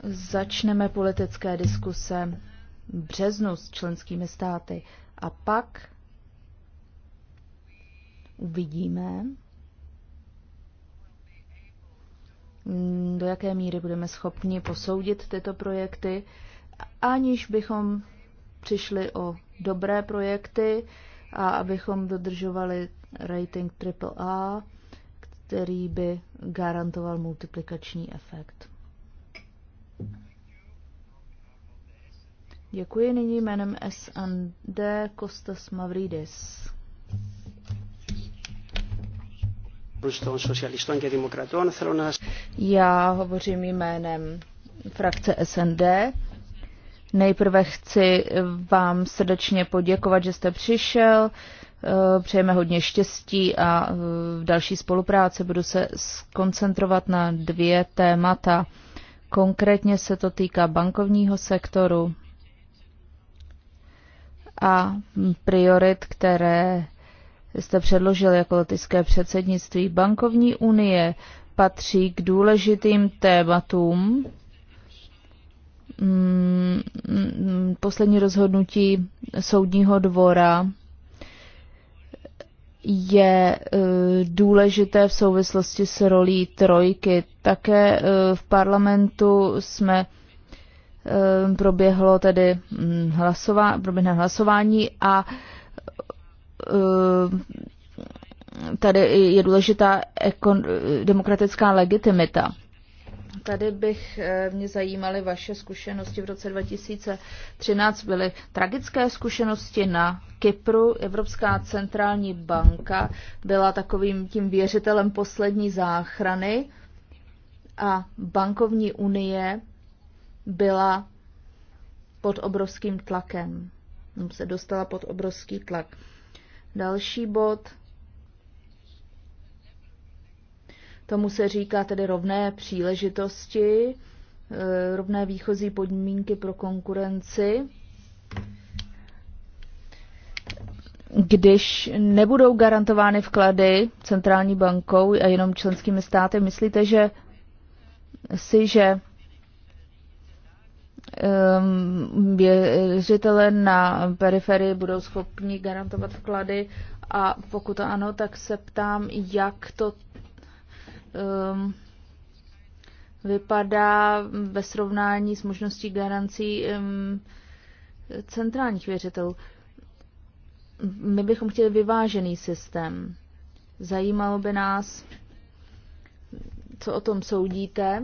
Začneme politické diskuse v březnu s členskými státy a pak uvidíme, do jaké míry budeme schopni posoudit tyto projekty, aniž bychom přišli o dobré projekty a abychom dodržovali rating AAA, který by garantoval multiplikační efekt. Děkuji nyní jménem SND Kostas Mavridis. Já hovořím jménem frakce SND. Nejprve chci vám srdečně poděkovat, že jste přišel. Eh, přejeme hodně štěstí a eh, v další spolupráci budu se skoncentrovat na dvě témata. Konkrétně se to týká bankovního sektoru a priorit, které jste předložil jako letické předsednictví. Bankovní unie patří k důležitým tématům. Mm, poslední rozhodnutí soudního dvora je e, důležité v souvislosti s rolí trojky. Také e, v parlamentu jsme Ehm, proběhlo tedy mm, hlasová, proběhne hlasování a ehm, tady je důležitá ekon, demokratická legitimita. Tady bych eh, mě zajímaly vaše zkušenosti v roce 2013. Byly tragické zkušenosti na Kypru. Evropská centrální banka byla takovým tím věřitelem poslední záchrany a bankovní unie byla pod obrovským tlakem. Se dostala pod obrovský tlak. Další bod. Tomu se říká tedy rovné příležitosti, eh, rovné výchozí podmínky pro konkurenci. Když nebudou garantovány vklady centrální bankou a jenom členskými státy, myslíte, že si, že Ehm, věřitele na periferii budou schopni garantovat vklady a pokud to ano, tak se ptám, jak to ehm, vypadá ve srovnání s možností garancí ehm, centrálních věřitelů. My bychom chtěli vyvážený systém. Zajímalo by nás, co o tom soudíte.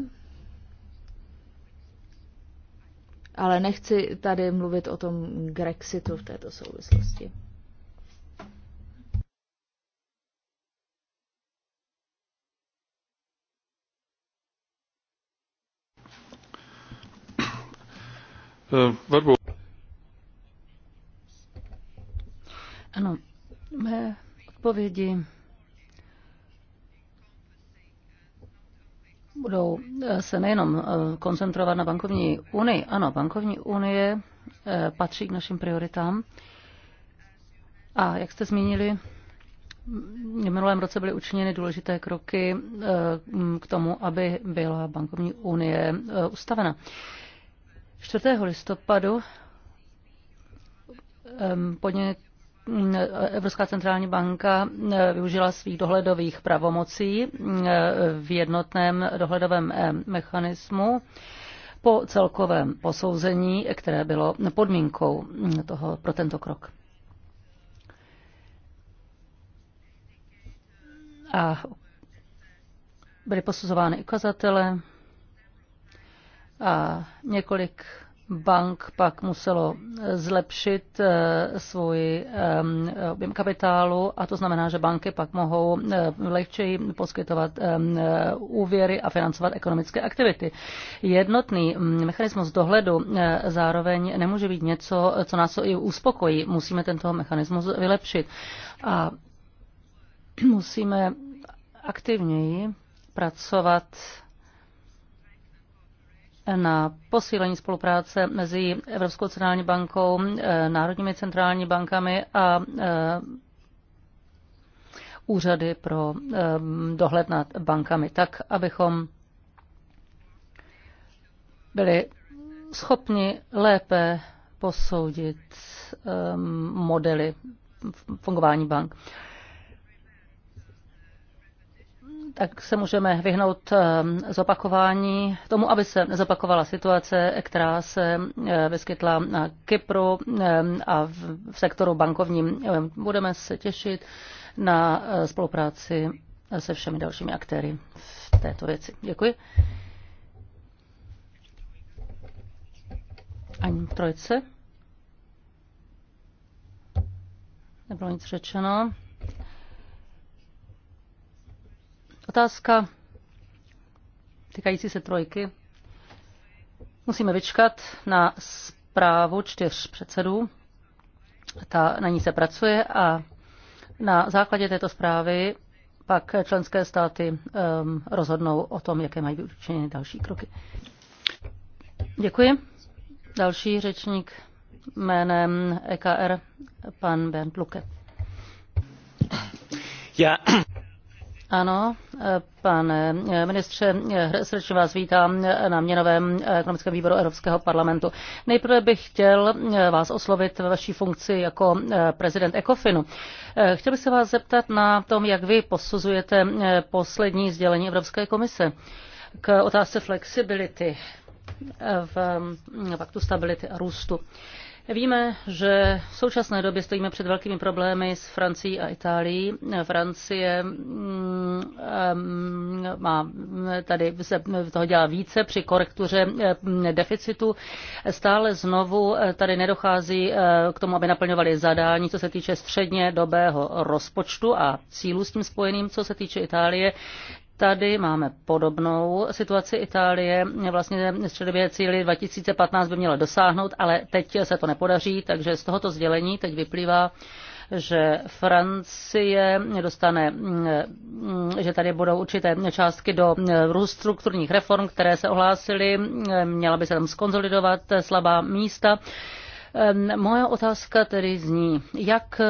Ale nechci tady mluvit o tom Grexitu v této souvislosti. Ano, mé odpovědi budou eh, se nejenom eh, koncentrovat na bankovní unii. Ano, bankovní unie eh, patří k našim prioritám. A jak jste zmínili, mm, v minulém roce byly učiněny důležité kroky mm, k tomu, aby byla bankovní unie ustavena. 4. listopadu podnik Mm, Evropská centrální banka mm, využila svých dohledových pravomocí mm, v jednotném dohledovém eh, mechanismu po celkovém posouzení, které bylo podmínkou toho, pro tento krok. A byly posuzovány ukazatele a několik bank pak muselo eh, zlepšit eh, svůj objem kapitálu a to znamená, že banky pak mohou eh, lehčeji poskytovat úvěry a financovat ekonomické aktivity. Jednotný mm, mechanismus dohledu zároveň nemůže být něco, co nás i uspokojí. Musíme tento mechanismus vylepšit a musíme aktivněji pracovat na posílení spolupráce mezi Evropskou centrální bankou, eh, národními centrální bankami a eh, úřady pro eh, dohled nad bankami, tak abychom byli schopni lépe posoudit modely fungování bank tak se můžeme vyhnout eh, zopakování tomu, aby se zopakovala situace, která se eh, vyskytla na Kypru eh, a v sektoru bankovním. Budeme se těšit na spolupráci se všemi dalšími aktéry v této věci. Děkuji. Ani trojce. Nebylo nic řečeno. Otázka týkající se trojky. Musíme vyčkat na zprávu čtyř předsedů. Ta, na ní se pracuje a na základě této zprávy pak členské státy um, rozhodnou o tom, jaké mají být učiněny další kroky. Děkuji. Další řečník jménem EKR, pan Bernd Luke. Já ano, pane ministře, srdečně vás vítám na měnovém ekonomickém výboru Evropského parlamentu. Nejprve bych chtěl vás oslovit ve vaší funkci jako prezident ECOFINu. Chtěl bych se vás zeptat na tom, jak vy posuzujete poslední sdělení Evropské komise k otázce flexibility v paktu stability a růstu. Víme, že v současné době stojíme před velkými problémy s Francií a Itálií. Francie mm, mm, má tady se toho dělá více při korektuře mm, deficitu. Stále znovu eh, tady nedochází eh, k tomu, aby naplňovali zadání, co se týče středně dobého rozpočtu a cílů s tím spojeným, co se týče Itálie. Tady máme podobnou situaci Itálie. Vlastně středově cíly 2015 by měla dosáhnout, ale teď se to nepodaří, takže z tohoto sdělení teď vyplývá, že Francie dostane, mm, že tady budou určité částky do růst strukturních reform, které se ohlásily, měla by se tam skonzolidovat slabá místa Moje otázka tedy zní, jak eh,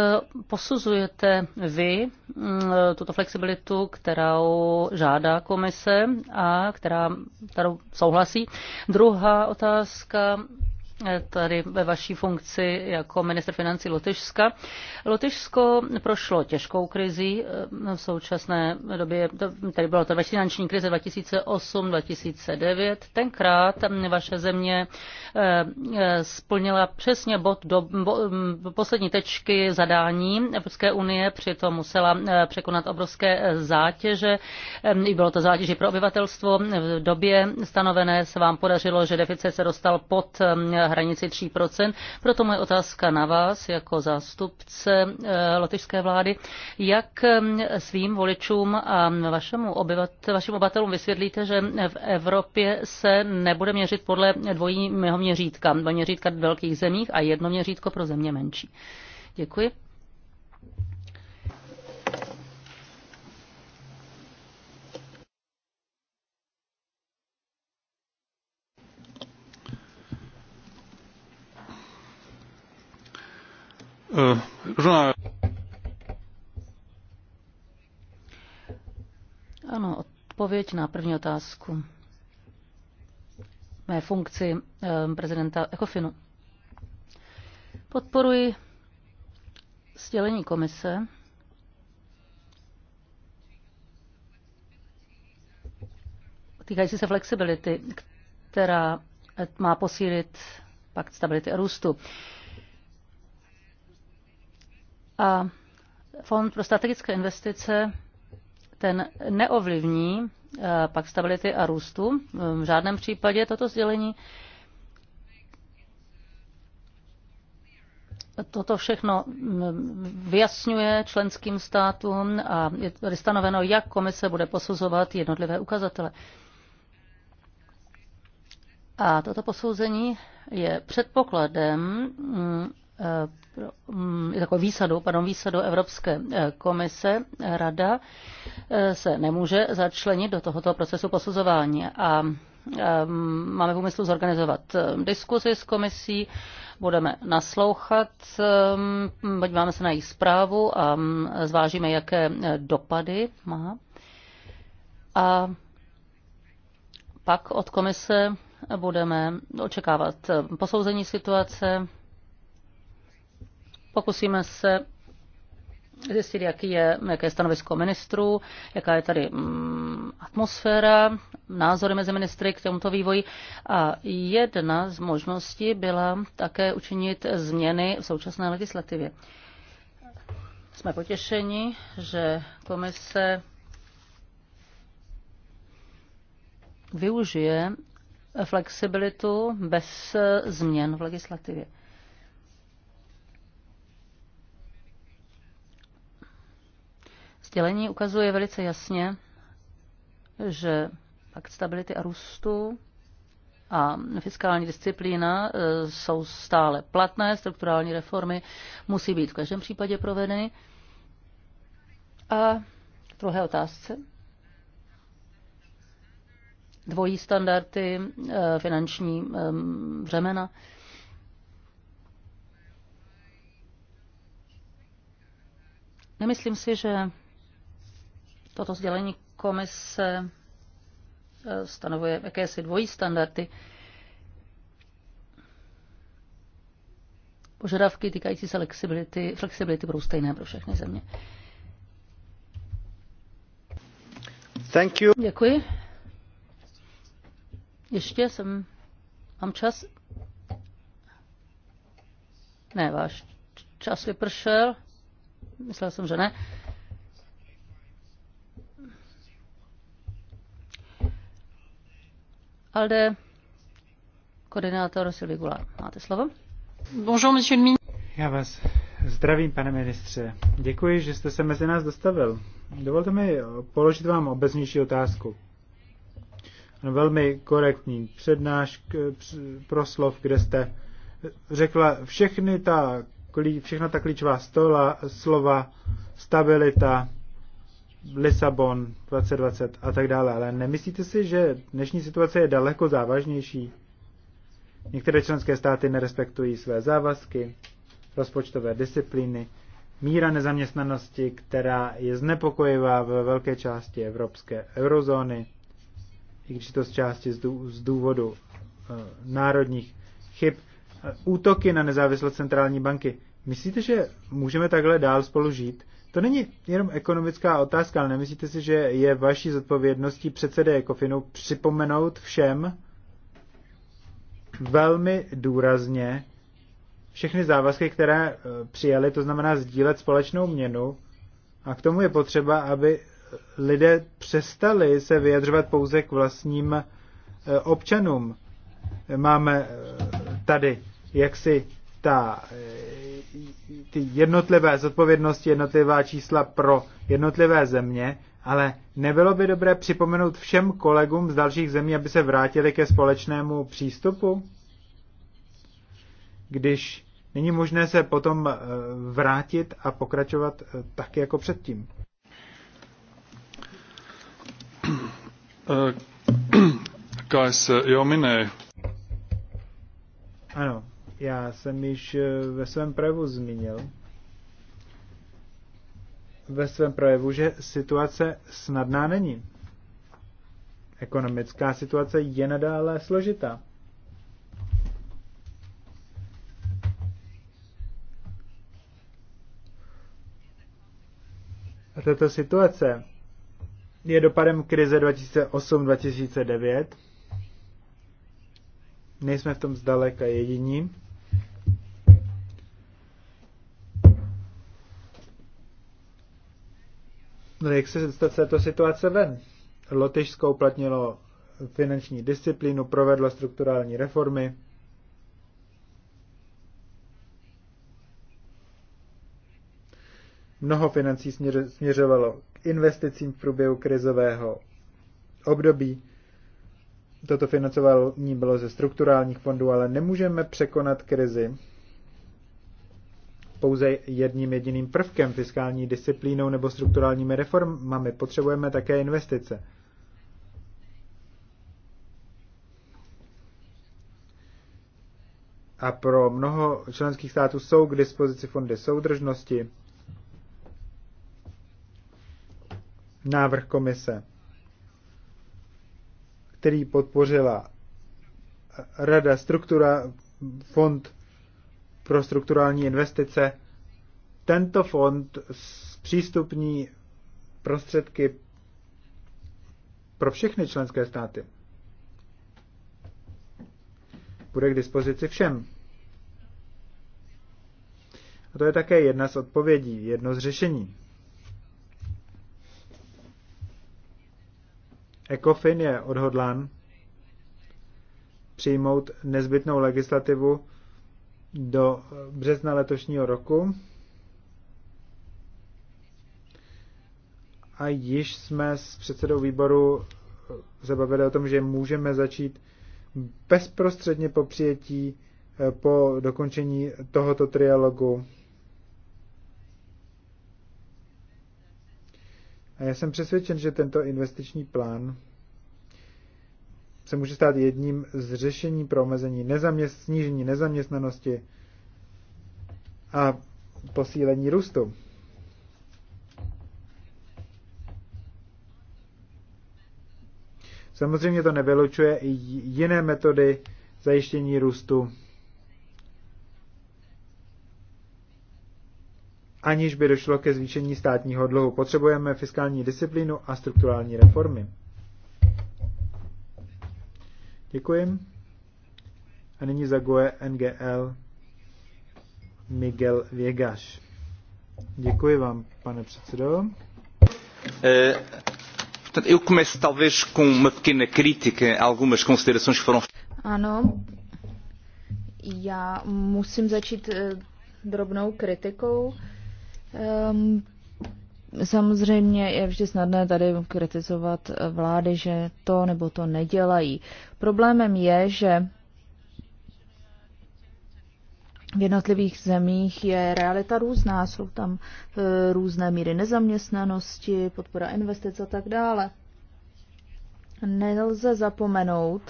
posuzujete vy mm, eh, tuto flexibilitu, kterou žádá komise a která, kterou souhlasí? Druhá otázka tady ve vaší funkci jako minister financí Lotyšska. Lotyšsko prošlo těžkou krizi eh, v současné době, tady bylo to finanční krize 2008-2009. Tenkrát vaše země eh, eh, splnila přesně bod do bo, mm, poslední tečky zadání Evropské unie, přitom musela překonat obrovské zátěže. I bylo to zátěže pro obyvatelstvo. V době stanovené se vám podařilo, že deficit se dostal pod hranici 3%. Proto moje otázka na vás jako zástupce eh, lotyšské vlády, jak eh, svým voličům a vašemu obyvat, vašim obyvatelům vysvětlíte, že v Evropě se nebude měřit podle dvojího měřítka, měřítka velkých zemích a jedno měřítko pro země menší. Děkuji. Eh, ano, odpověď na první otázku. Mé funkci eh, prezidenta Ekofinu. Podporuji sdělení komise, týkající se flexibility, která má posílit pakt stability a růstu. A Fond pro strategické investice ten neovlivní eh, pak stability a růstu. V žádném případě toto sdělení Toto všechno mm, vyjasňuje členským státům a je tady stanoveno, jak komise bude posuzovat jednotlivé ukazatele. A toto posouzení je předpokladem mm, Eh, mm, takovou výsadu, pardon, výsadu Evropské eh, komise, rada eh, se nemůže začlenit do tohoto procesu posuzování a máme v úmyslu zorganizovat diskuzi s komisí, budeme naslouchat, podíváme se na jejich zprávu a zvážíme, jaké dopady má. A pak od komise budeme očekávat posouzení situace, Pokusíme se zjistit, jaký je, jaké je stanovisko ministrů, jaká je tady mm, atmosféra, názory mezi ministry k tomuto vývoji. A jedna z možností byla také učinit změny v současné legislativě. Jsme potěšeni, že komise využije flexibilitu bez změn v legislativě. Sdělení ukazuje velice jasně, že pakt stability a růstu a fiskální disciplína e, jsou stále platné, strukturální reformy musí být v každém případě provedeny. A k druhé otázce. Dvojí standardy, e, finanční e, řemena. Nemyslím si, že Toto sdělení komise eh, stanovuje jakési dvojí standardy. Požadavky týkající se flexibility, flexibility budou stejné pro všechny země. Thank you. Děkuji. Ještě jsem... Mám čas? Ne, váš čas vypršel. Myslel jsem, že ne. Alde, koordinátor Silvi máte slovo. Bonjour, monsieur le ministre. Já vás zdravím, pane ministře. Děkuji, že jste se mezi nás dostavil. Dovolte mi položit vám obecnější otázku. Velmi korektní přednášk, proslov, kde jste řekla všechny ta, všechna ta klíčová stola, slova, stabilita, Lisabon 2020 a tak dále, ale nemyslíte si, že dnešní situace je daleko závažnější? Některé členské státy nerespektují své závazky, rozpočtové disciplíny, míra nezaměstnanosti, která je znepokojivá ve velké části evropské eurozóny, i když to z části z důvodu eh, národních chyb, eh, útoky na nezávislost centrální banky. Myslíte, že můžeme takhle dál spolu žít? To není jenom ekonomická otázka, ale nemyslíte si, že je vaší zodpovědností předsedy Ekofinu připomenout všem velmi důrazně všechny závazky, které eh, přijali, to znamená sdílet společnou měnu a k tomu je potřeba, aby lidé přestali se vyjadřovat pouze k vlastním eh, občanům. Máme eh, tady jaksi ta ty jednotlivé zodpovědnosti, jednotlivá čísla pro jednotlivé země, ale nebylo by dobré připomenout všem kolegům z dalších zemí, aby se vrátili ke společnému přístupu? Když není možné se potom eh, vrátit a pokračovat eh, tak jako předtím. Kā eh, es Ano, já jsem již eh, ve svém projevu zmínil, ve svém projevu, že situace snadná není. Ekonomická situace je nadále složitá. A tato situace je dopadem krize 2008-2009. Nejsme v tom zdaleka jediní. No, jak se z této situace ven. Lotyšsko uplatnilo finanční disciplínu, provedlo strukturální reformy. Mnoho financí směřovalo k investicím v průběhu krizového období. Toto financování bylo ze strukturálních fondů, ale nemůžeme překonat krizi pouze jedním jediným prvkem, fiskální disciplínou nebo strukturálními reformami. Potřebujeme také investice. A pro mnoho členských států jsou k dispozici fondy soudržnosti. Návrh komise, který podpořila Rada struktura fond pro strukturální investice. Tento fond přístupní prostředky pro všechny členské státy. Bude k dispozici všem. A to je také jedna z odpovědí, jedno z řešení. ECOFIN je odhodlán přijmout nezbytnou legislativu do března letošního roku. A již jsme s předsedou výboru zabavili o tom, že můžeme začít bezprostředně po přijetí, eh, po dokončení tohoto trialogu. A já jsem přesvědčen, že tento investiční plán se může stát jedním z řešení pro omezení nezaměst, snížení nezaměstnanosti a posílení růstu. Samozřejmě to nevylučuje i jiné metody zajištění růstu, aniž by došlo ke zvýšení státního dluhu. Potřebujeme fiskální disciplínu a strukturální reformy. Děkuji. A nyní za GOE NGL Miguel Věgaš. Děkuji vám, pane předsedo. Eh, portanto, eu começo talvez com uma pequena crítica a algumas considerações que foram... Ano, já musím začít eh, drobnou kritikou. Um, Samozřejmě je vždy snadné tady kritizovat vlády, že to nebo to nedělají. Problémem je, že v jednotlivých zemích je realita různá, jsou tam e, různé míry nezaměstnanosti, podpora investic a tak dále. Nelze zapomenout,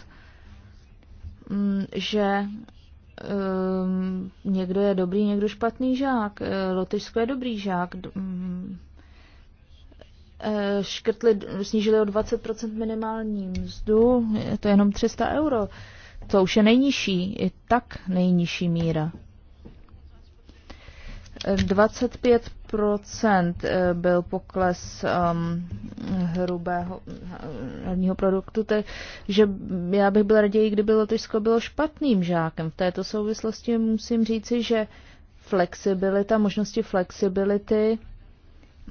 mm, že um, někdo je dobrý, někdo špatný žák. E, Lotyšsko je dobrý žák, mm, Eh, škrtli, snížili o 20% minimální mzdu, je to je jenom 300 euro. To už je nejnižší, i tak nejnižší míra. 25% eh, eh, byl pokles um, hrubého hlavního produktu, takže já bych byl raději, kdyby Lotyšsko bylo špatným žákem. V této souvislosti musím říci, že flexibilita, možnosti flexibility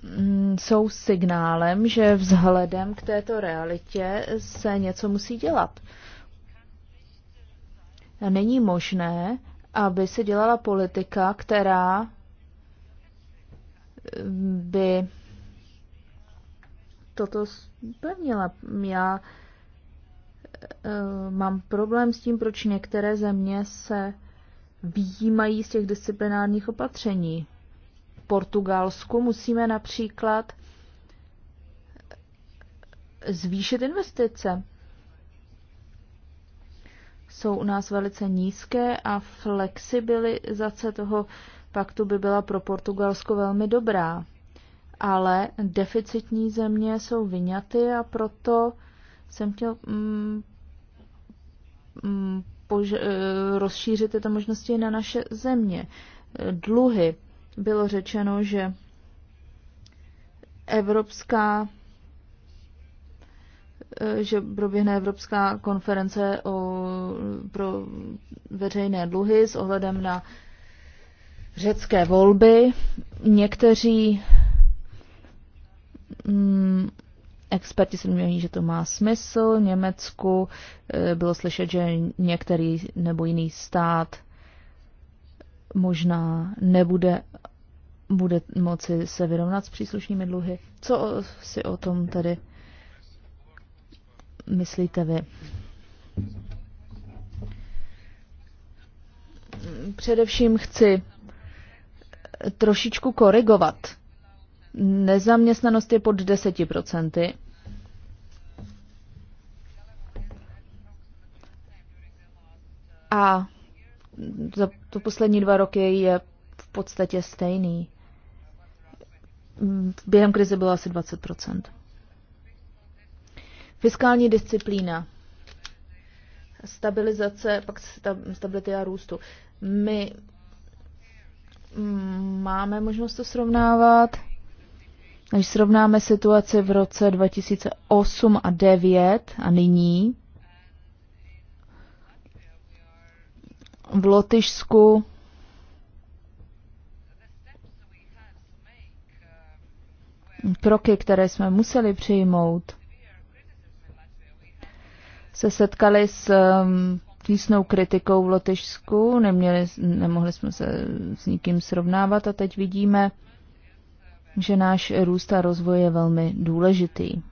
Mm, jsou signálem, že vzhledem k této realitě se něco musí dělat. Není možné, aby se dělala politika, která by toto splnila. Já eh, mám problém s tím, proč některé země se výjímají z těch disciplinárních opatření. Portugalsku musíme například zvýšit investice. Jsou u nás velice nízké a flexibilizace toho paktu by byla pro Portugalsko velmi dobrá. Ale deficitní země jsou vyňaty a proto jsem chtěl mm, mm, pož- eh, rozšířit tyto možnosti na naše země. Dluhy bylo řečeno, že evropská eh, že proběhne Evropská konference o, pro veřejné dluhy s ohledem na řecké volby. Někteří mm, experti se domnívají, že to má smysl. V Německu eh, bylo slyšet, že některý nebo jiný stát možná nebude bude moci se vyrovnat s příslušnými dluhy. Co si o tom tady myslíte vy? Především chci trošičku korigovat. Nezaměstnanost je pod 10%. A za to poslední dva roky je v podstatě stejný. Během krize bylo asi 20 Fiskální disciplína. Stabilizace, pak stability a růstu. My máme možnost to srovnávat. Když srovnáme situaci v roce 2008 a 2009 a nyní, v Lotyšsku kroky, které jsme museli přijmout, se setkali s um, přísnou kritikou v Lotyšsku, neměli, nemohli jsme se s nikým srovnávat a teď vidíme, že náš růst a rozvoj je velmi důležitý.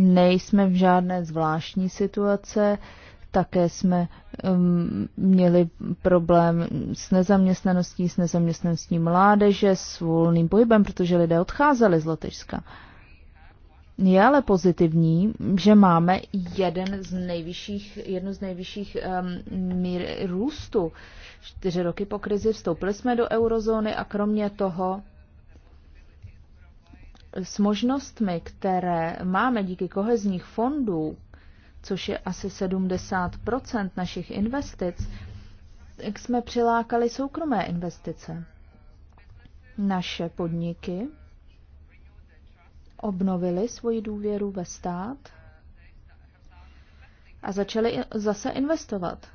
nejsme v žádné zvláštní situace, také jsme um, měli problém s nezaměstnaností, s nezaměstnaností mládeže, s volným pohybem, protože lidé odcházeli z Lotyšska. Je ale pozitivní, že máme jeden z nejvyšších, jednu z nejvyšších um, mír růstu. Čtyři roky po krizi vstoupili jsme do eurozóny a kromě toho s možnostmi, které máme díky kohezních fondů, což je asi 70 našich investic, jak jsme přilákali soukromé investice. Naše podniky obnovili svoji důvěru ve stát a začali zase investovat.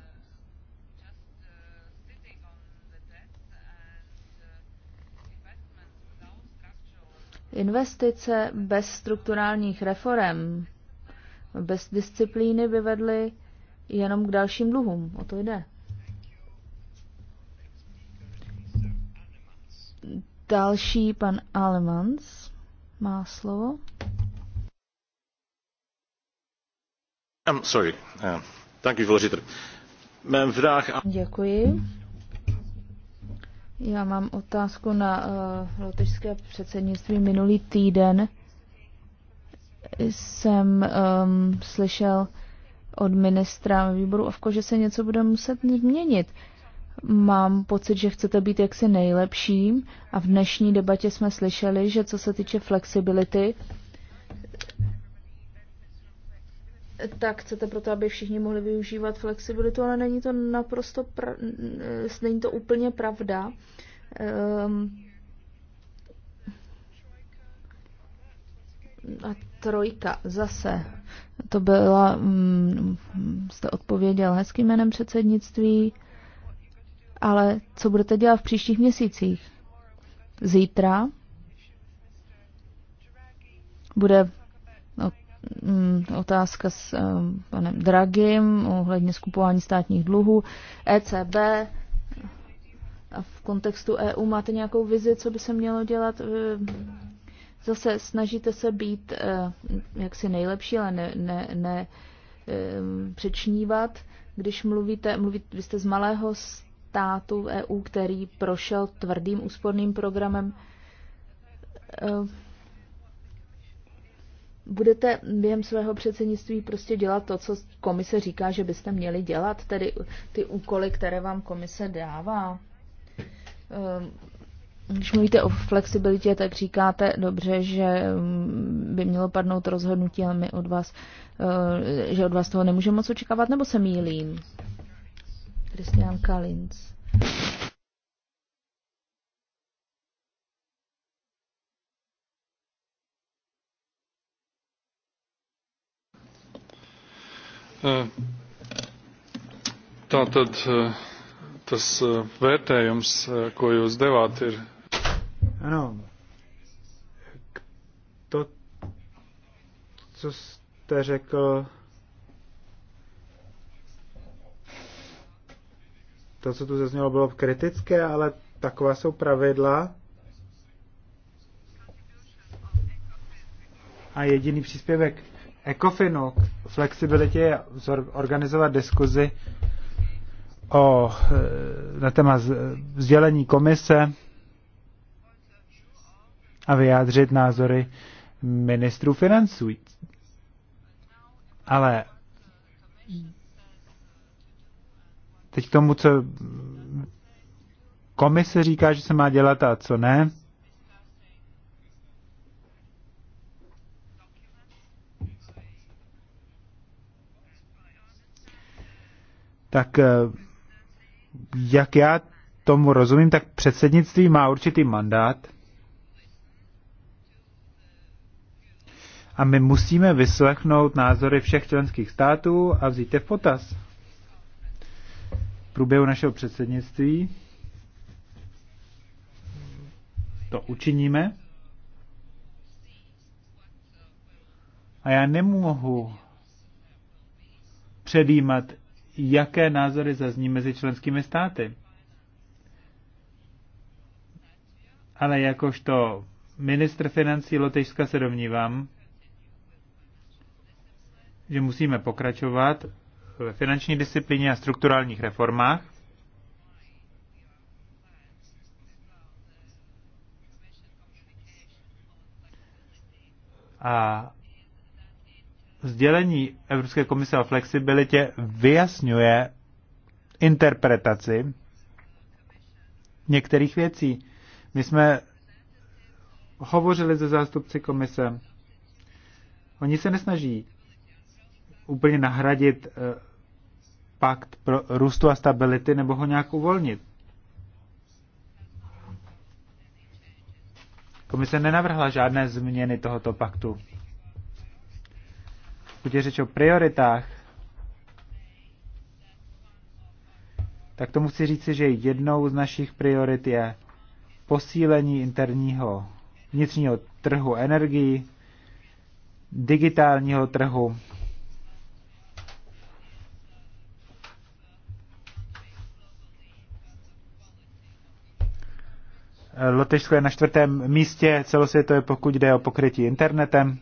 Investice bez strukturálních reform, bez disciplíny by vedly jenom k dalším dluhům. O to jde. Další pan Alemans má slovo. I'm um, sorry. Uh, thank you, for Děkuji. Já mám otázku na uh, lotyšské předsednictví. Minulý týden jsem um, slyšel od ministra výboru Ovko, že se něco bude muset změnit. Mám pocit, že chcete být jaksi nejlepším a v dnešní debatě jsme slyšeli, že co se týče flexibility, tak chcete proto, aby všichni mohli využívat flexibilitu, ale není to naprosto, pra- není to úplně pravda. Um, a trojka zase. To byla, um, jste odpověděl hezkým jménem předsednictví, ale co budete dělat v příštích měsících? Zítra bude Mm, otázka s eh, panem Dragim ohledně skupování státních dluhů, ECB. A v kontextu EU máte nějakou vizi, co by se mělo dělat? Eh, zase snažíte se být eh, jaksi nejlepší, ale ne, ne, ne přečnívat. Když mluvíte, mluvíte, vy jste z malého státu EU, který prošel tvrdým úsporným programem budete během svého předsednictví prostě dělat to, co komise říká, že byste měli dělat, tedy ty úkoly, které vám komise dává? Ehm, když mluvíte o flexibilitě, tak říkáte dobře, že ehm, by mělo padnout rozhodnutí, ale my od vás, ehm, že od vás toho nemůžeme moc očekávat, nebo se mýlím? Christian Kalins. E, tātad e, tas e, vērtējums, ko jūs devāt, ir. Ano. To, co jste řekl, to, co tu zaznělo, bylo kritické, ale taková jsou pravidla. A jediný příspěvek ECOFINu k flexibilitě je organizovat diskuzi o, eh, na téma vzdělení komise a vyjádřit názory ministrů financí. Ale teď k tomu, co komise říká, že se má dělat a co ne. tak eh, jak já tomu rozumím, tak předsednictví má určitý mandát a my musíme vyslechnout názory všech členských států a vzít je v potaz. V průběhu našeho předsednictví to učiníme a já nemohu předjímat, jaké názory zazní mezi členskými státy. Ale jakožto ministr financí Lotyšska se domnívám, že musíme pokračovat ve finanční disciplíně a strukturálních reformách. A sdělení Evropské komise o flexibilitě vyjasňuje interpretaci některých věcí. My jsme hovořili ze zástupci komise. Oni se nesnaží úplně nahradit eh, pakt pro růstu a stability nebo ho nějak uvolnit. Komise nenavrhla žádné změny tohoto paktu pokud je řeč o prioritách, tak to chci říci, že jednou z našich priorit je posílení interního vnitřního trhu energií, digitálního trhu. Lotyšsko je na čtvrtém místě celosvětově, pokud jde o pokrytí internetem.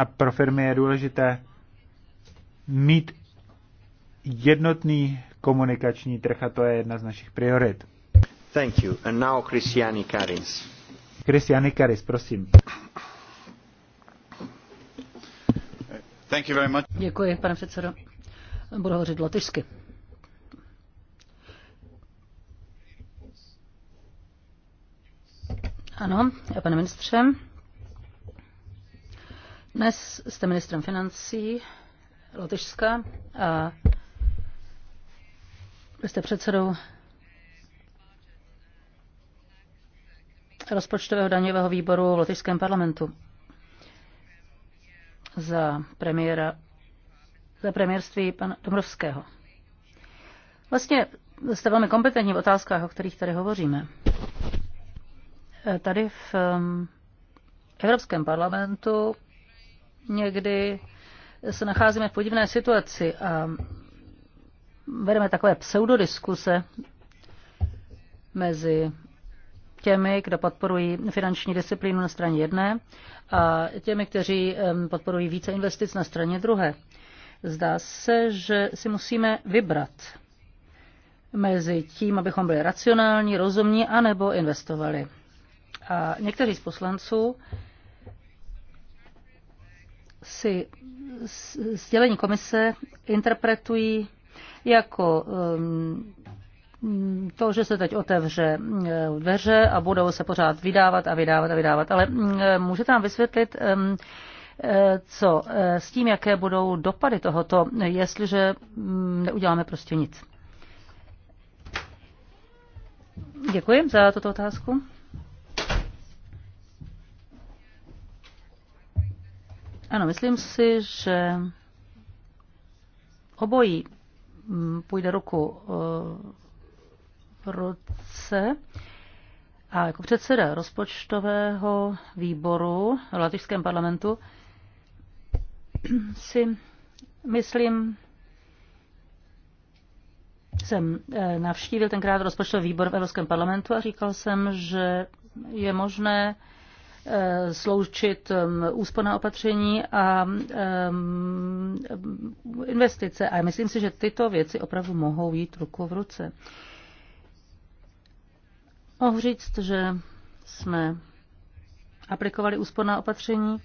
a pro firmy je důležité mít jednotný komunikační trh a to je jedna z našich priorit. Thank you. And now Christiani Karis. Christiani Karis, prosím. Thank you very much. Děkuji, pane předsedo. Budu hovořit lotyšsky. Ano, pane ministře. Dnes jste ministrem financí Lotyšska a jste předsedou rozpočtového daňového výboru v Lotyšském parlamentu za, premiéra, za premiérství pana Domrovského. Vlastně jste velmi kompetentní v otázkách, o kterých tady hovoříme. Tady v ehm, Evropském parlamentu Někdy se nacházíme v podivné situaci a vedeme takové pseudodiskuse mezi těmi, kdo podporují finanční disciplínu na straně jedné a těmi, kteří podporují více investic na straně druhé. Zdá se, že si musíme vybrat mezi tím, abychom byli racionální, rozumní, anebo investovali. A někteří z poslanců si sdělení komise interpretují jako um, to, že se teď otevře uh, dveře a budou se pořád vydávat a vydávat a vydávat. Ale uh, můžete nám vysvětlit, um, uh, co s tím, jaké budou dopady tohoto, jestliže mm, neuděláme prostě nic. Děkuji za tuto otázku. Ano, myslím si, že obojí mm, půjde ruku e, v ruce. A jako předseda rozpočtového výboru v Latvijském parlamentu si myslím, jsem e, navštívil tenkrát rozpočtový výbor v Evropském parlamentu a říkal jsem, že je možné Eh, sloučit úsporná opatření a investice. A myslím si, že tyto věci opravdu mohou jít ruku v ruce. Mohu říct, že jsme aplikovali úsporná opatření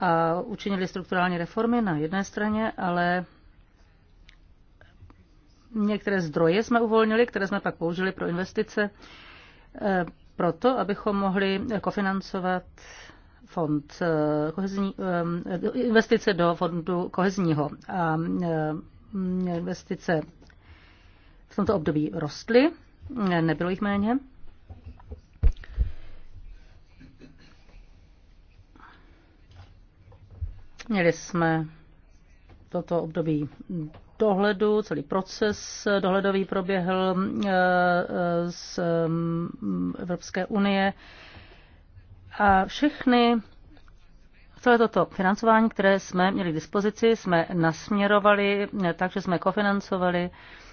a učinili strukturální reformy na jedné straně, ale některé zdroje jsme uvolnili, které jsme pak použili pro investice eh, proto, abychom mohli kofinancovat fond eh, kohezní, eh, investice do fondu kohezního. A eh, investice v tomto období rostly, nebylo jich méně. Měli jsme toto období dohledu, celý proces dohledový proběhl eh, eh, z mm, Evropské unie a všechny Celé toto financování, které jsme měli k dispozici, jsme nasměrovali eh, tak, že jsme kofinancovali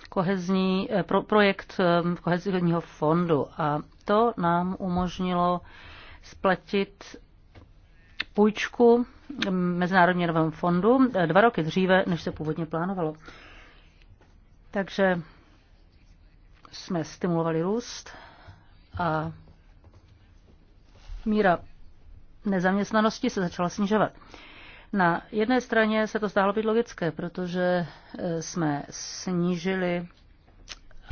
kohezní, pro, projekt kohezního fondu a to nám umožnilo splatit půjčku Mezinárodního fondu eh, dva roky dříve, než se původně plánovalo. Takže jsme stimulovali růst a míra nezaměstnanosti se začala snižovat. Na jedné straně se to zdálo být logické, protože eh, jsme snížili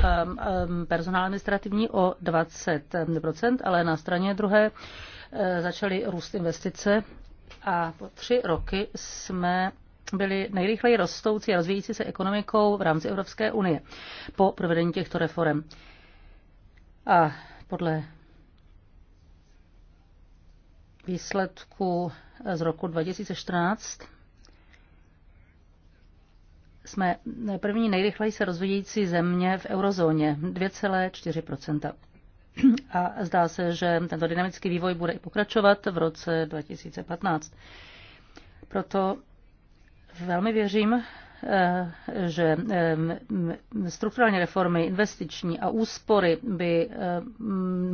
eh, personál administrativní o 20%, ale na straně druhé Eh, začaly růst investice a po tři roky jsme byli nejrychleji rostoucí a rozvíjící se ekonomikou v rámci Evropské unie po provedení těchto reform. A podle výsledku z roku 2014 jsme první nejrychleji se rozvíjící země v eurozóně 2,4 a zdá se, že tento dynamický vývoj bude i pokračovat v roce 2015. Proto velmi věřím, eh, že eh, strukturální reformy, investiční a úspory by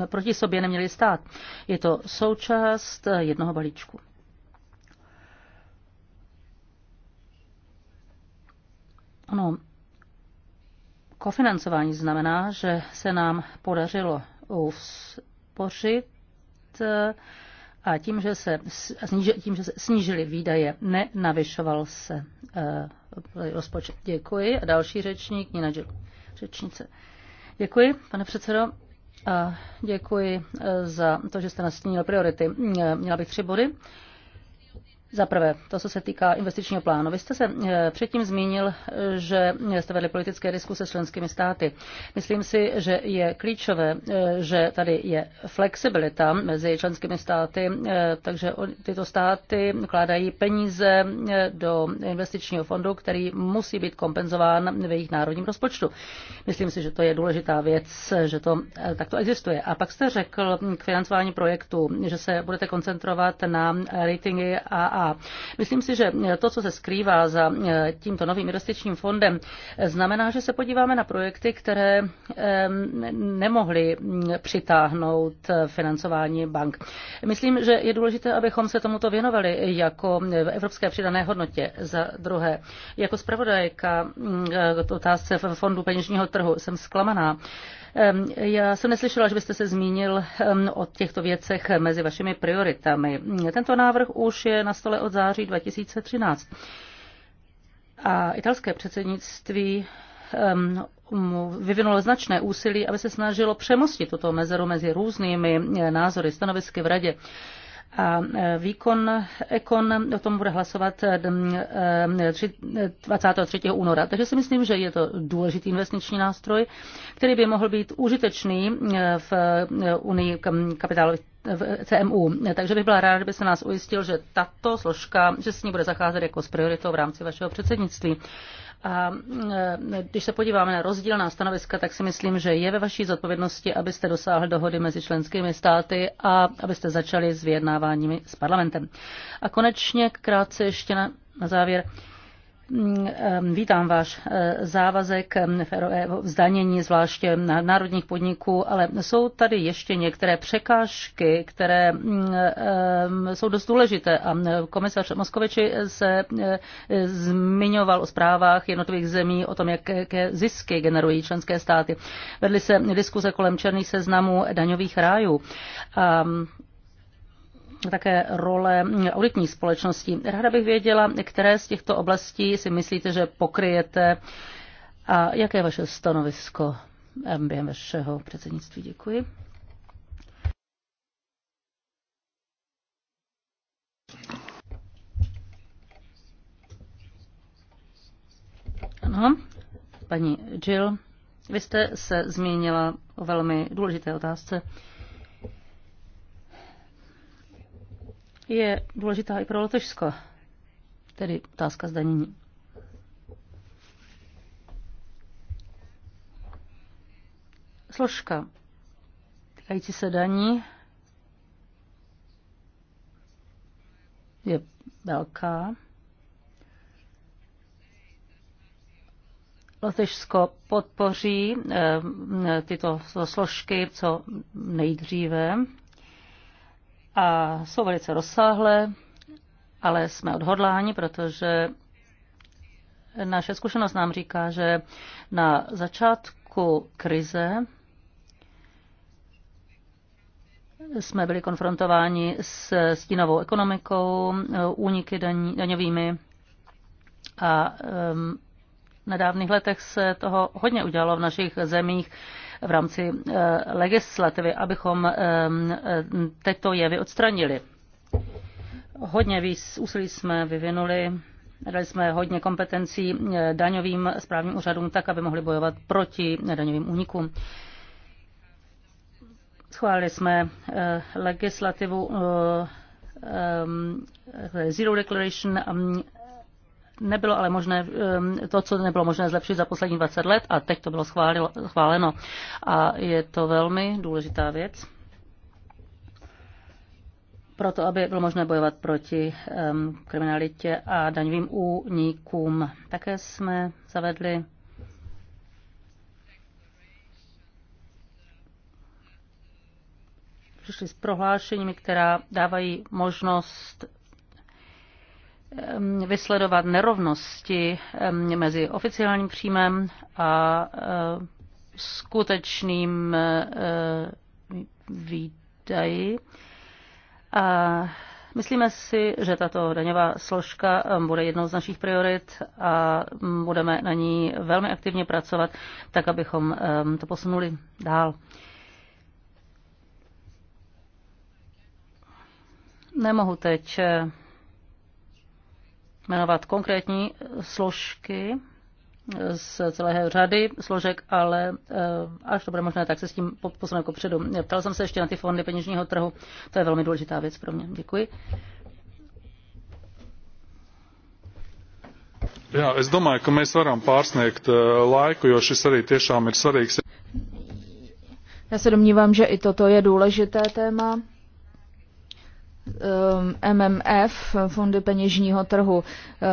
eh, proti sobě neměly stát. Je to součást jednoho balíčku. Ano, kofinancování znamená, že se nám podařilo uspořit a tím, že se, sniži, tím, že se snížily výdaje, nenavyšoval se uh, rozpočet. Děkuji. A další řečník, Nina Džil, řečnice. Děkuji, pane předsedo. A děkuji eh, za to, že jste nastínil priority. Měla bych tři body. Uh, za prvé, to, co se týká investičního plánu. Vy jste se eh, předtím zmínil, eh, že jste vedli politické diskuse s členskými státy. Myslím si, že je klíčové, eh, že tady je flexibilita mezi členskými státy, takže tyto státy kládají peníze do investičního fondu, který musí být kompenzován v jejich národním rozpočtu. Myslím si, že to je důležitá věc, že to takto existuje. A pak jste řekl k financování projektu, že se budete koncentrovat na ratingy a a myslím si, že to, co se skrývá za eh, tímto novým investičním fondem, eh, znamená, že se podíváme na projekty, které nemohly mm, přitáhnout eh, financování bank. Myslím, že je důležité, abychom se tomuto věnovali jako v evropské přidané hodnotě. Za druhé, jako zpravodajka mm, k otázce fondu peněžního trhu jsem zklamaná, já jsem neslyšela, že byste se zmínil o těchto věcech mezi vašimi prioritami. Tento návrh už je na stole od září 2013. A italské předsednictví vyvinulo značné úsilí, aby se snažilo přemostit tuto mezeru mezi různými názory, stanovisky v radě a e, výkon Ekon o tom bude hlasovat 23. E, e, února. Takže si myslím, že je to důležitý investiční nástroj, který by mohl být užitečný v Unii kapitálových v CMU. Takže bych byla ráda, kdyby se nás ujistil, že tato složka, že s ní bude zacházet jako s prioritou v rámci vašeho předsednictví. A mm, e, když se podíváme na rozdílná stanoviska, tak si myslím, že je ve vaší zodpovědnosti, abyste dosáhli dohody mezi členskými státy a abyste začali s vyjednáváními s parlamentem. A konečně krátce ještě na, na závěr. Mm, vítám váš eh, závazek eh, zdanění zvláště národních podniků, ale jsou tady ještě některé překážky, které mm, jsou dost důležité a eh, komisař Moskoviči se zmiňoval o zprávách jednotlivých zemí, o tom, jaké zisky generují členské státy. Vedly se diskuze kolem černých seznamů daňových rájů. A také role auditní společnosti. Ráda bych věděla, které z těchto oblastí si myslíte, že pokryjete a jaké je vaše stanovisko během vašeho předsednictví. Děkuji. Ano, paní Jill, vy jste se zmínila o velmi důležité otázce. je důležitá i pro Lotyšsko, tedy otázka zdanění. Složka týkající se daní je velká. Lotyšsko podpoří eh, tyto složky co nejdříve a jsou velice rozsáhlé, ale jsme odhodláni, protože naše zkušenost nám říká, že na začátku krize jsme byli konfrontováni s stínovou ekonomikou, úniky daň, daňovými a um, nedávných letech se toho hodně udělalo v našich zemích v rámci eh, legislativy, abychom eh, eh, tyto jevy odstranili. Hodně víc úsilí jsme vyvinuli, dali jsme hodně kompetencí daňovým správním úřadům tak, aby mohli bojovat proti daňovým únikům. Schválili jsme legislativu Zero Declaration mm, nebylo ale možné, to, co nebylo možné zlepšit za poslední 20 let a teď to bylo schváleno. A je to velmi důležitá věc proto, aby bylo možné bojovat proti um, kriminalitě a daňovým únikům. Také jsme zavedli přišli s prohlášeními, která dávají možnost vysledovat nerovnosti mezi oficiálním příjmem a eh, skutečným eh, výdaji. A myslíme si, že tato daňová složka bude jednou z našich priorit a budeme na ní velmi aktivně pracovat, tak abychom to posunuli dál. Nemohu teď eh, jmenovat konkrétní složky z celé řady složek, ale eh, až to bude možné, tak se s tím posuneme jako předu. Ptal jsem se ještě na ty fondy peněžního trhu, to je velmi důležitá věc pro mě. Děkuji. Já es domāju, ka mēs varam pārsniegt eh, laiku, jo šis arī tiešām ir svarīgs. Já se domnívám, že i toto je důležité téma. MMF, um, fondy peněžního trhu.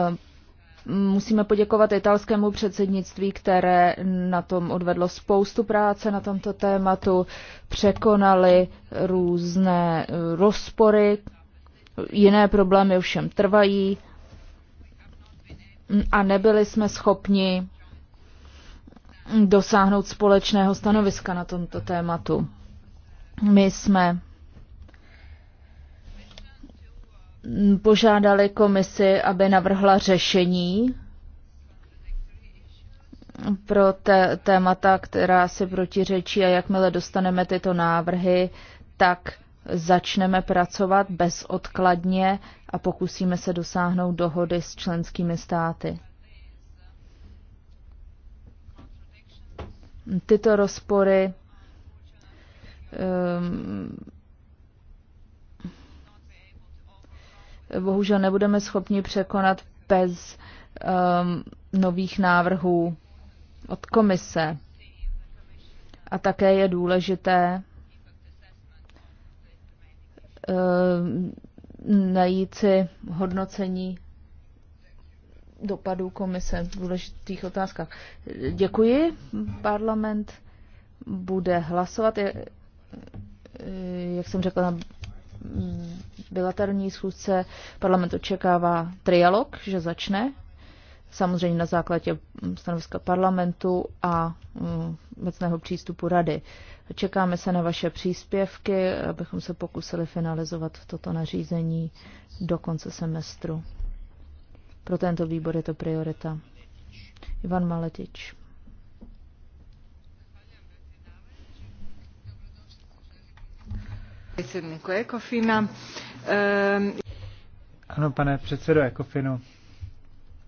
Um, musíme poděkovat italskému předsednictví, které na tom odvedlo spoustu práce na tomto tématu, překonali různé rozpory, jiné problémy ovšem trvají a nebyli jsme schopni dosáhnout společného stanoviska na tomto tématu. My jsme požádali komisi, aby navrhla řešení pro te, témata, která se protiřečí a jakmile dostaneme tyto návrhy, tak začneme pracovat bezodkladně a pokusíme se dosáhnout dohody s členskými státy. Tyto rozpory um, bohužel nebudeme schopni překonat bez um, nových návrhů od komise. A také je důležité um, najít si hodnocení dopadů komise v důležitých otázkách. Děkuji. Parlament bude hlasovat, jak jsem řekla, na Mm, bilaterní schůzce parlament očekává trialog, že začne, samozřejmě na základě mm, stanoviska parlamentu a mm, obecného přístupu rady. Čekáme se na vaše příspěvky, abychom se pokusili finalizovat toto nařízení do konce semestru. Pro tento výbor je to priorita. Ivan Maletič. Ano, pane předsedo Ekofinu.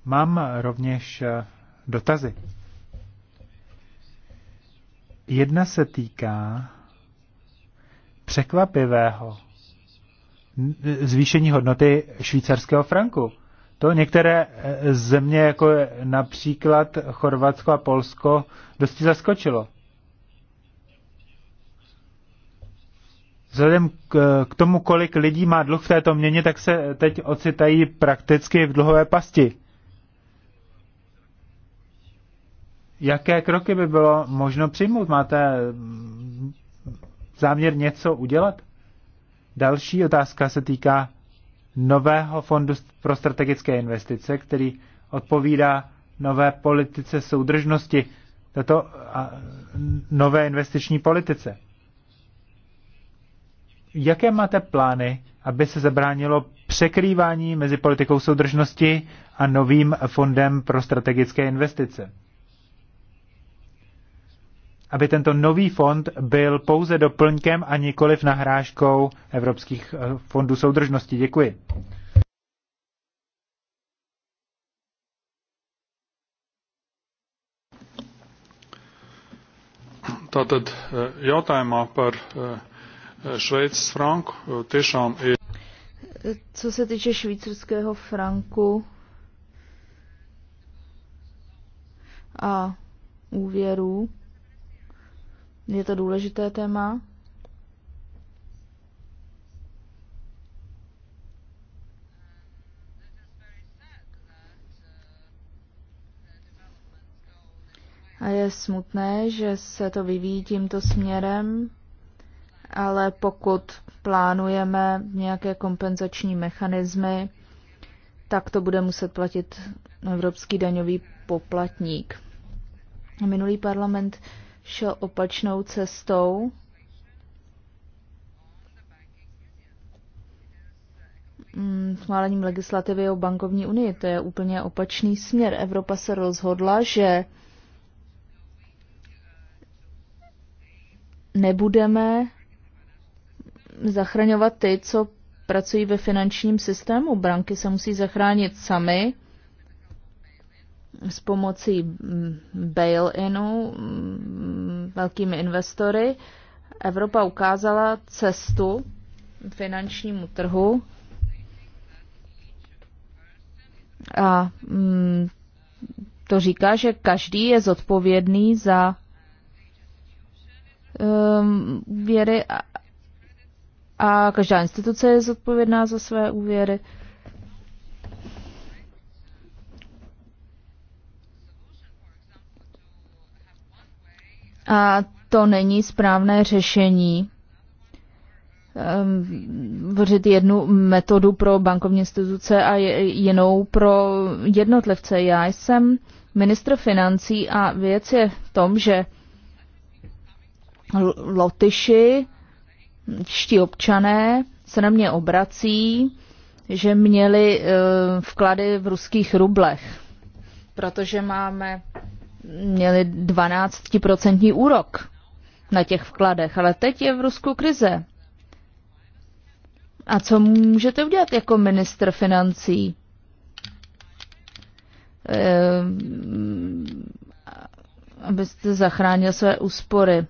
Mám rovněž eh, dotazy. Jedna se týká překvapivého zvýšení hodnoty švýcarského franku. To některé eh, země, jako například Chorvatsko a Polsko, dosti zaskočilo. Vzhledem k, k tomu, kolik lidí má dluh v této měně, tak se teď ocitají prakticky v dluhové pasti. Jaké kroky by bylo možno přijmout? Máte mm, záměr něco udělat? Další otázka se týká nového fondu pro strategické investice, který odpovídá nové politice soudržnosti, tato nové investiční politice jaké máte plány, aby se zabránilo překrývání mezi politikou soudržnosti a novým fondem pro strategické investice? Aby tento nový fond byl pouze doplňkem a nikoliv nahrážkou evropských eh, fondů soudržnosti. Děkuji. Tātad eh, jautājumā par eh, i... Co se týče švýcarského franku a úvěrů, je to důležité téma. A je smutné, že se to vyvíjí tímto směrem ale pokud plánujeme nějaké kompenzační mechanismy, tak to bude muset platit evropský daňový poplatník. Minulý parlament šel opačnou cestou. Mm, schválením legislativy o bankovní unii. To je úplně opačný směr. Evropa se rozhodla, že nebudeme zachraňovat ty, co pracují ve finančním systému. Branky se musí zachránit sami s pomocí mm, bail-inu mm, velkými investory. Evropa ukázala cestu finančnímu trhu a mm, to říká, že každý je zodpovědný za um, věry a každá instituce je zodpovědná za své úvěry. A to není správné řešení um, vořit jednu metodu pro bankovní instituce a jinou pro jednotlivce. Já jsem ministr financí a věc je v tom, že Lotyši čtí občané se na mě obrací, že měli eh, vklady v ruských rublech, protože máme měli 12% úrok na těch vkladech, ale teď je v Rusku krize. A co můžete udělat jako ministr financí? Ehm, abyste zachránil své úspory.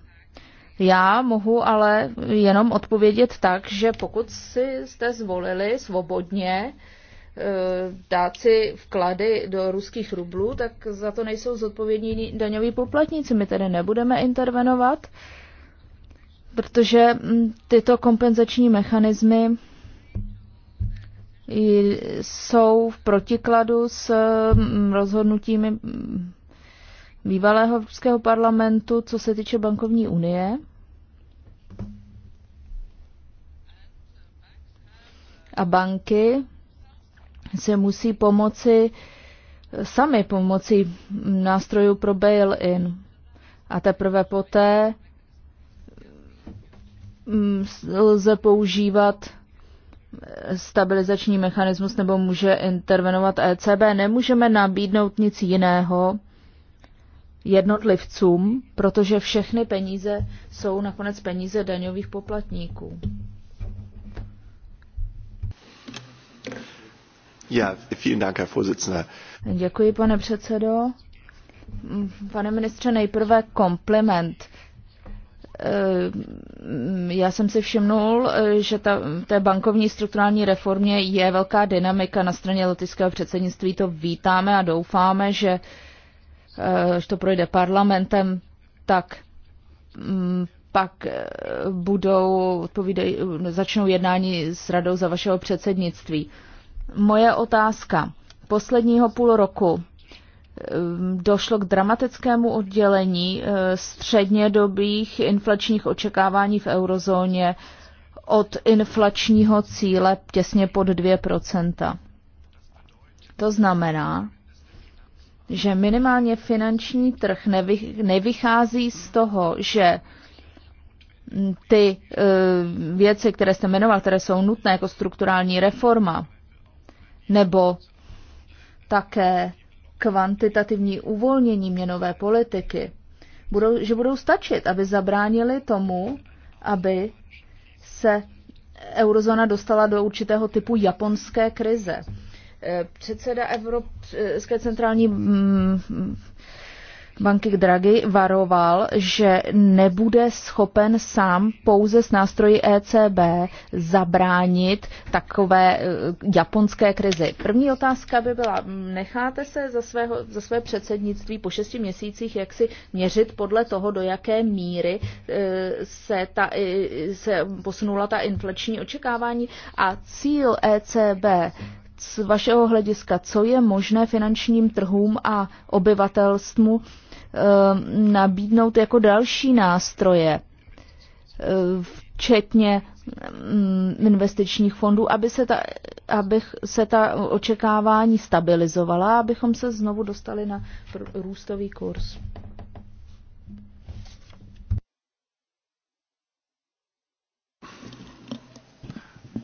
Já mohu ale jenom odpovědět tak, že pokud si jste zvolili svobodně eh, dát si vklady do ruských rublů, tak za to nejsou zodpovědní daňoví poplatníci. My tedy nebudeme intervenovat, protože mm, tyto kompenzační mechanismy jsou v protikladu s mm, rozhodnutími mm, bývalého Evropského parlamentu, co se týče bankovní unie. a banky se musí pomoci sami pomocí nástrojů pro bail-in. A teprve poté mm, lze používat stabilizační mechanismus nebo může intervenovat ECB. Nemůžeme nabídnout nic jiného jednotlivcům, protože všechny peníze jsou nakonec peníze daňových poplatníků. Děkuji, pane předsedo. Pane ministře, nejprve kompliment. Ehm, já jsem si všimnul, že ta, té bankovní strukturální reformě je velká dynamika na straně lotyského předsednictví. To vítáme a doufáme, že, eh, že to projde parlamentem, tak mm, pak eh, budou, začnou jednání s radou za vašeho předsednictví. Moje otázka. Posledního půl roku ehm, došlo k dramatickému oddělení eh, střednědobých inflačních očekávání v eurozóně od inflačního cíle těsně pod 2 To znamená, že minimálně finanční trh nevychází z toho, že mm, ty eh, věci, které jste jmenoval, které jsou nutné jako strukturální reforma, nebo také kvantitativní uvolnění měnové politiky, budou, že budou stačit, aby zabránili tomu, aby se eurozona dostala do určitého typu japonské krize. Eh, předseda eh, Evropské centrální mm, banky Draghi varoval, že nebude schopen sám pouze s nástroji ECB zabránit takové eh, japonské krizi. První otázka by byla, necháte se za, svého, za své předsednictví po šesti měsících jak si měřit podle toho, do jaké míry eh, se, ta, eh, se posunula ta inflační očekávání a cíl ECB z vašeho hlediska, co je možné finančním trhům a obyvatelstvu Eh, nabídnout jako další nástroje, eh, včetně mm, investičních fondů, aby se ta, abych se ta očekávání stabilizovala, abychom se znovu dostali na růstový kurz.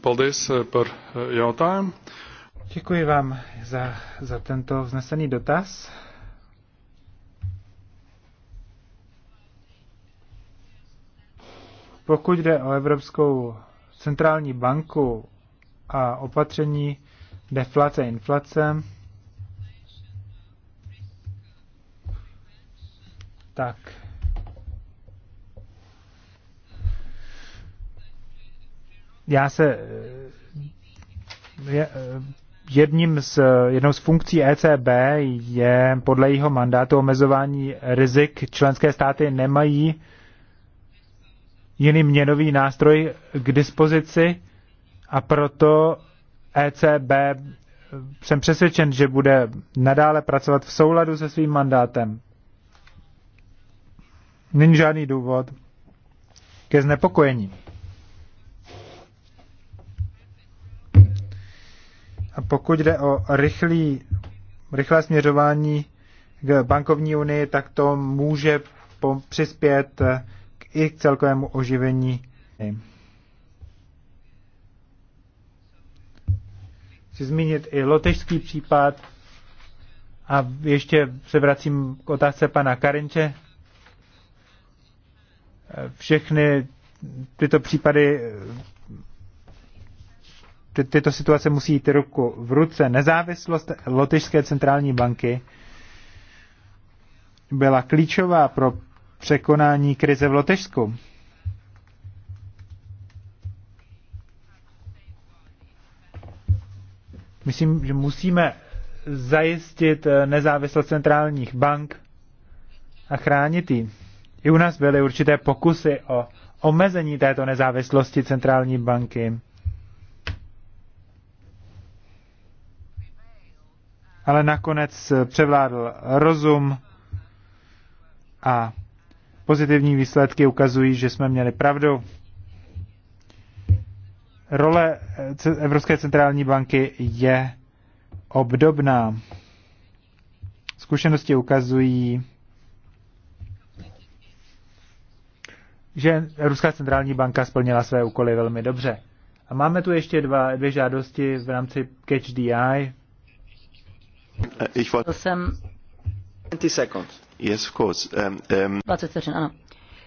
Eh, Děkuji vám za, za tento vznesený dotaz. Pokud jde o Evropskou centrální banku a opatření deflace inflace, tak já se eh, eh, jedním z, jednou z funkcí ECB je podle jeho mandátu omezování rizik. Členské státy nemají jiný měnový nástroj k dispozici a proto ECB jsem přesvědčen, že bude nadále pracovat v souladu se svým mandátem. Není žádný důvod ke znepokojení. A pokud jde o rychlý, rychlé směřování k bankovní unii, tak to může přispět i k celkovému oživení. Chci zmínit i lotežský případ a ještě se vracím k otázce pana Karinče. Všechny tyto případy, ty, tyto situace musí jít ruku v ruce. Nezávislost Lotyšské centrální banky byla klíčová pro překonání krize v Lotyšsku. Myslím, že musíme zajistit eh, nezávislost centrálních bank a chránit ji. I u nás byly určité pokusy o omezení této nezávislosti centrální banky. Ale nakonec eh, převládl rozum a Pozitivní výsledky ukazují, že jsme měli pravdu. Role eh, Evropské centrální banky je obdobná. Zkušenosti ukazují, že Ruská centrální banka splnila své úkoly velmi dobře. A máme tu ještě dva, dvě žádosti v rámci Catch DI. Uh, ich wollte... 20 sekund. Yes, of course. Um, um... 20 vteřin, ano.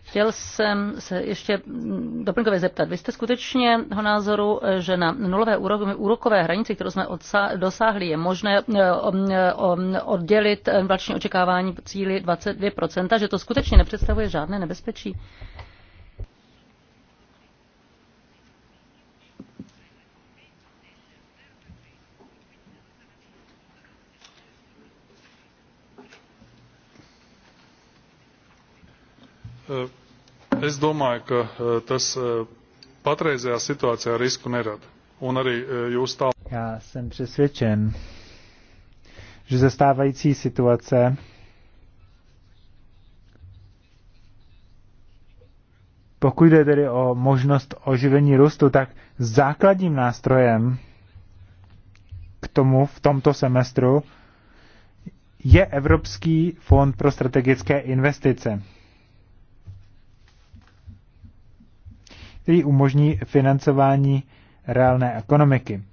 Chtěl jsem se ještě doplňkově zeptat. Vy jste skutečně ho názoru, že na nulové úrokové hranici, kterou jsme dosáhli, je možné eh, eh, oddělit inflační očekávání cíli 22%, že to skutečně nepředstavuje žádné nebezpečí? Eh, es domāju, ka eh, tas eh, patreizējā situācijā risku nerada. Un arī jūs tā. Já jsem přesvědčen, že ze stávající situace Pokud jde tedy o možnost oživení růstu, tak základním nástrojem k tomu v tomto semestru je Evropský fond pro strategické investice. který umožní financování reálné ekonomiky.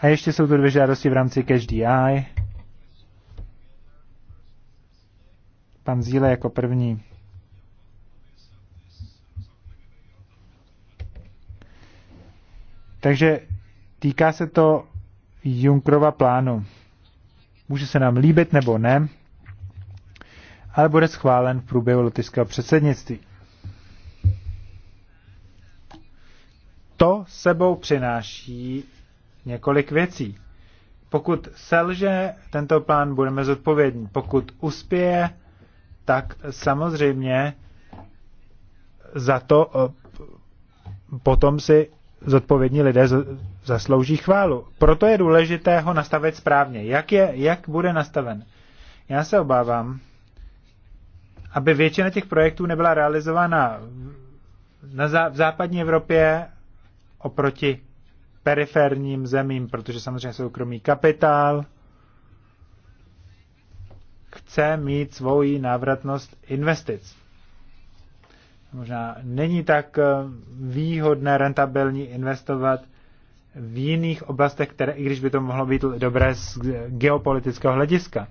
A ještě jsou tu dvě žádosti v rámci CashDI. Pan Zíle jako první. Takže týká se to Junkrova plánu. Může se nám líbit nebo ne, ale bude schválen v průběhu lotyšského předsednictví. To sebou přináší několik věcí. Pokud selže tento plán, budeme zodpovědní. Pokud uspěje, tak samozřejmě za to potom si zodpovědní lidé zaslouží chválu. Proto je důležité ho nastavit správně. Jak, je, jak bude nastaven? Já se obávám, aby většina těch projektů nebyla realizována na zá, v západní Evropě oproti periferním zemím, protože samozřejmě soukromý kapitál chce mít svoji návratnost investic. Možná není tak eh, výhodné, rentabilní investovat v jiných oblastech, které, i když by to mohlo být dobré z geopolitického hlediska.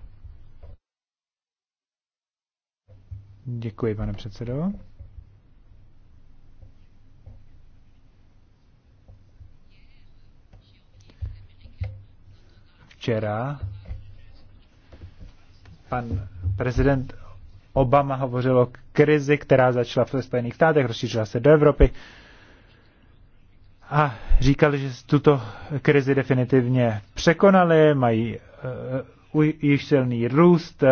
Děkuji, pane předsedo. Včera pan prezident Obama hovořil o krizi, která začala v Spojených státech, rozšířila se do Evropy a říkali, že tuto krizi definitivně překonali, mají uh, již silný růst,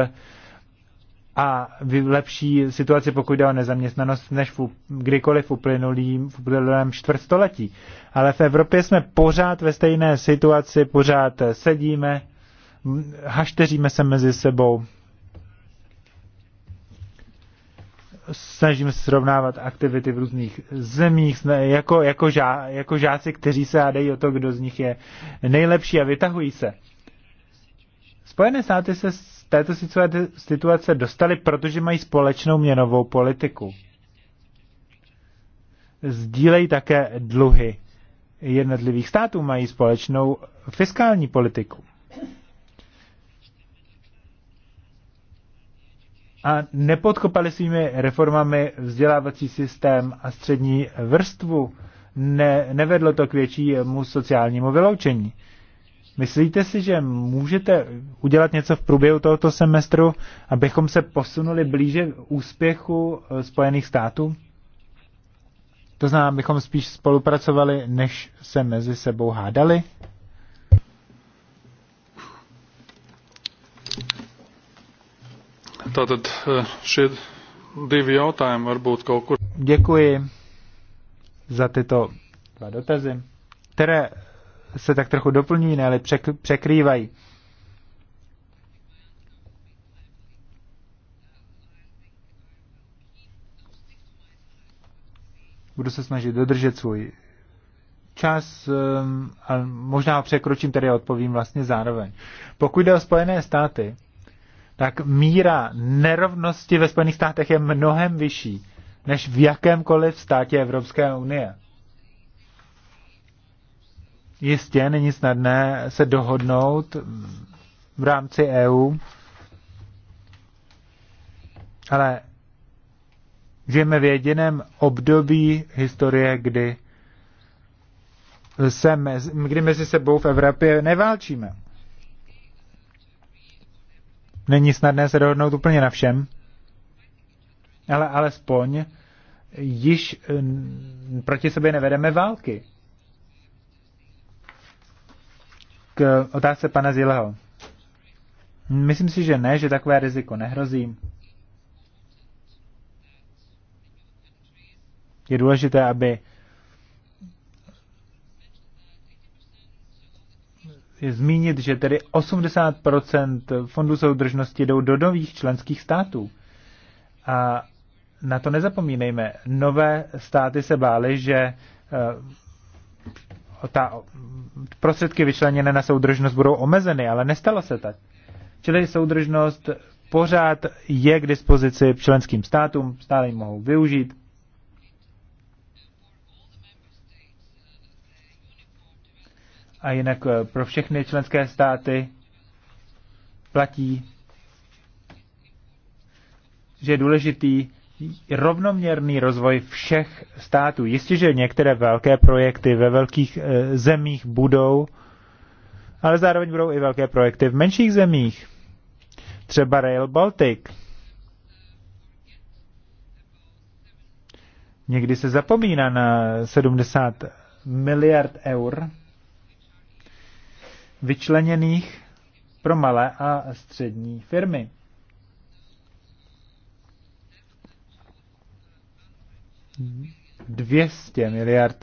a lepší situaci, pokud jde o nezaměstnanost, než v, kdykoliv v uplynulém, v uplynulém čtvrtstoletí. Ale v Evropě jsme pořád ve stejné situaci, pořád sedíme, hašteříme se mezi sebou, snažíme se srovnávat aktivity v různých zemích, jako, jako, žá, jako žáci, kteří se hádají o to, kdo z nich je nejlepší a vytahují se. Spojené státy se této situace dostali, protože mají společnou měnovou politiku. Sdílejí také dluhy jednotlivých států, mají společnou fiskální politiku. A nepodkopali svými reformami vzdělávací systém a střední vrstvu, ne, nevedlo to k většímu sociálnímu vyloučení. Myslíte si, že můžete udělat něco v průběhu tohoto semestru, abychom se posunuli blíže úspěchu eh, Spojených států? To znamená, abychom spíš spolupracovali, než se mezi sebou hádali? Tātad eh, šie divi jautājumi varbūt kaut kur. Děkuji za tyto dva dotazy, které se tak trochu doplňují, ne, ale překrývají. Budu se snažit dodržet svůj čas um, a možná překročím, tedy odpovím vlastně zároveň. Pokud jde o Spojené státy, tak míra nerovnosti ve Spojených státech je mnohem vyšší než v jakémkoliv státě Evropské unie. Jistě není snadné se dohodnout v rámci EU, ale žijeme v jediném období historie, kdy, se mezi, kdy mezi sebou v Evropě neválčíme. Není snadné se dohodnout úplně na všem, ale alespoň již proti sobě nevedeme války. k otázce pana Zileho. Myslím si, že ne, že takové riziko nehrozí. Je důležité, aby je zmínit, že tedy 80% fondů soudržnosti jdou do nových členských států. A na to nezapomínejme. Nové státy se bály, že eh, ta prostředky vyčleněné na soudržnost budou omezeny, ale nestalo se tak. Čili soudržnost pořád je k dispozici členským státům, stále ji mohou využít. A jinak eh, pro všechny členské státy platí, že je důležitý rovnoměrný rozvoj všech států. Jistě, že některé velké projekty ve velkých eh, zemích budou, ale zároveň budou i velké projekty v menších zemích. Třeba Rail Baltic. Někdy se zapomíná na 70 miliard eur vyčleněných pro malé a střední firmy. 200 miliard,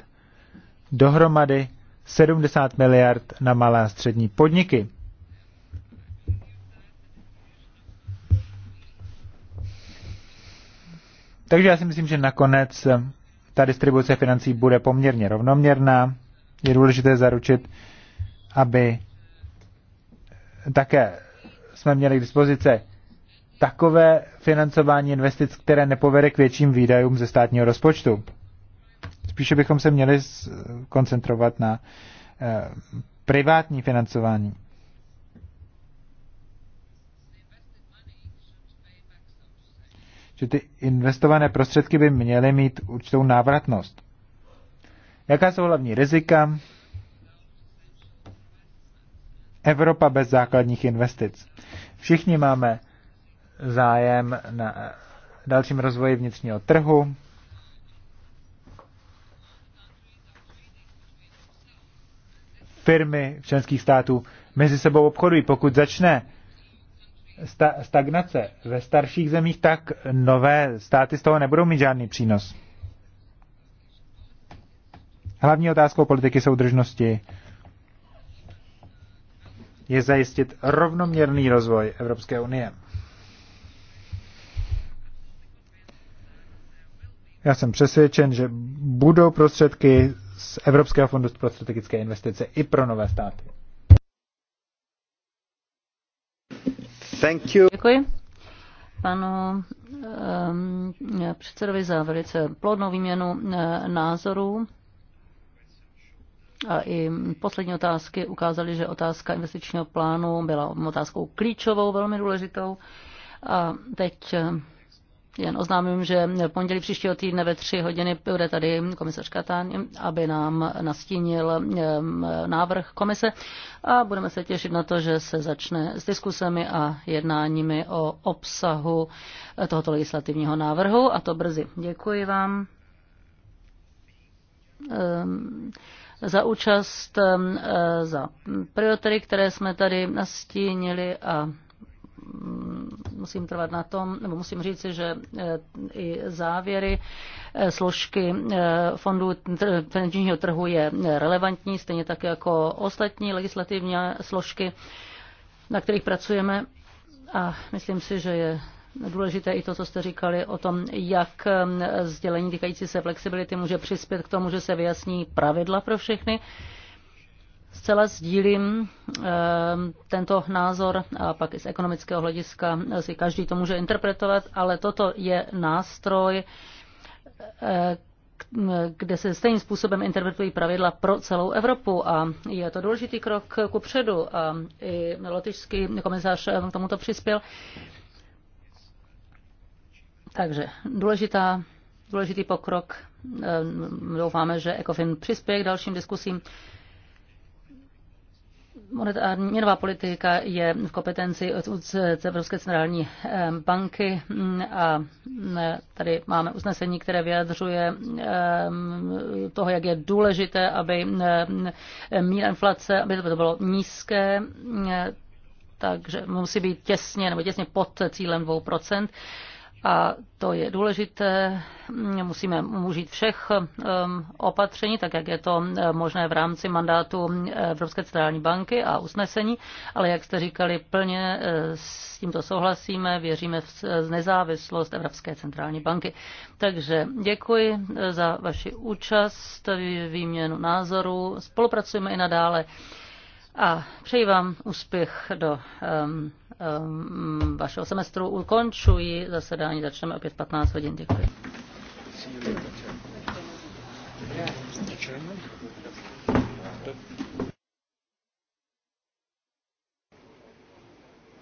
dohromady 70 miliard na malé a střední podniky. Takže já si myslím, že nakonec eh, ta distribuce financí bude poměrně rovnoměrná. Je důležité zaručit, aby také jsme měli k dispozici takové financování investic, které nepovede k větším výdajům ze státního rozpočtu. Spíše bychom se měli koncentrovat na eh, privátní financování. Že ty investované prostředky by měly mít určitou návratnost. Jaká jsou hlavní rizika? Evropa bez základních investic. Všichni máme zájem na dalším rozvoji vnitřního trhu. Firmy členských států mezi sebou obchodují. Pokud začne sta- stagnace ve starších zemích, tak nové státy z toho nebudou mít žádný přínos. Hlavní otázkou politiky soudržnosti je zajistit rovnoměrný rozvoj Evropské unie. Já jsem přesvědčen, že budou prostředky z Evropského fondu pro strategické investice i pro nové státy. Thank you. Děkuji panu um, předsedovi za velice plodnou výměnu eh, názorů. A i poslední otázky ukázaly, že otázka investičního plánu byla otázkou klíčovou, velmi důležitou. A teď eh, jen oznámím, že v pondělí příštího týdne ve tři hodiny bude tady komisař Katán, aby nám nastínil návrh komise a budeme se těšit na to, že se začne s diskusemi a jednáními o obsahu tohoto legislativního návrhu a to brzy. Děkuji vám za účast, za priority, které jsme tady nastínili a musím trvat na tom, nebo musím říct, že eh, i závěry eh, složky eh, fondu finančního trhu je relevantní, stejně tak jako ostatní legislativní složky, na kterých pracujeme. A myslím si, že je důležité i to, co jste říkali o tom, jak sdělení týkající se flexibility může přispět k tomu, že se vyjasní pravidla pro všechny Zcela sdílím eh, tento názor a pak i z ekonomického hlediska si každý to může interpretovat, ale toto je nástroj, eh, kde se stejným způsobem interpretují pravidla pro celou Evropu a je to důležitý krok ku předu a i lotyšský komisář k tomuto přispěl. Takže důležitá, důležitý pokrok. Eh, doufáme, že ECOFIN přispěje k dalším diskusím. Monetární měnová politika je v kompetenci Evropské centrální banky mm, a mm, tady máme usnesení, které vyjadřuje toho, jak je důležité, aby míra inflace, aby to bylo nízké, mm, takže musí být těsně nebo těsně pod cílem 2% a to je důležité. Musíme užít všech um, opatření, tak jak je to uh, možné v rámci mandátu uh, Evropské centrální banky a usnesení, ale jak jste říkali, plně uh, s tímto souhlasíme, věříme v nezávislost Evropské centrální banky. Takže děkuji za vaši účast, výměnu názoru. spolupracujeme i nadále a přeji vám úspěch do um, Ehm, vašeho semestru. Ukončuji zasedání, začneme opět 15 hodin. Děkuji. See you later.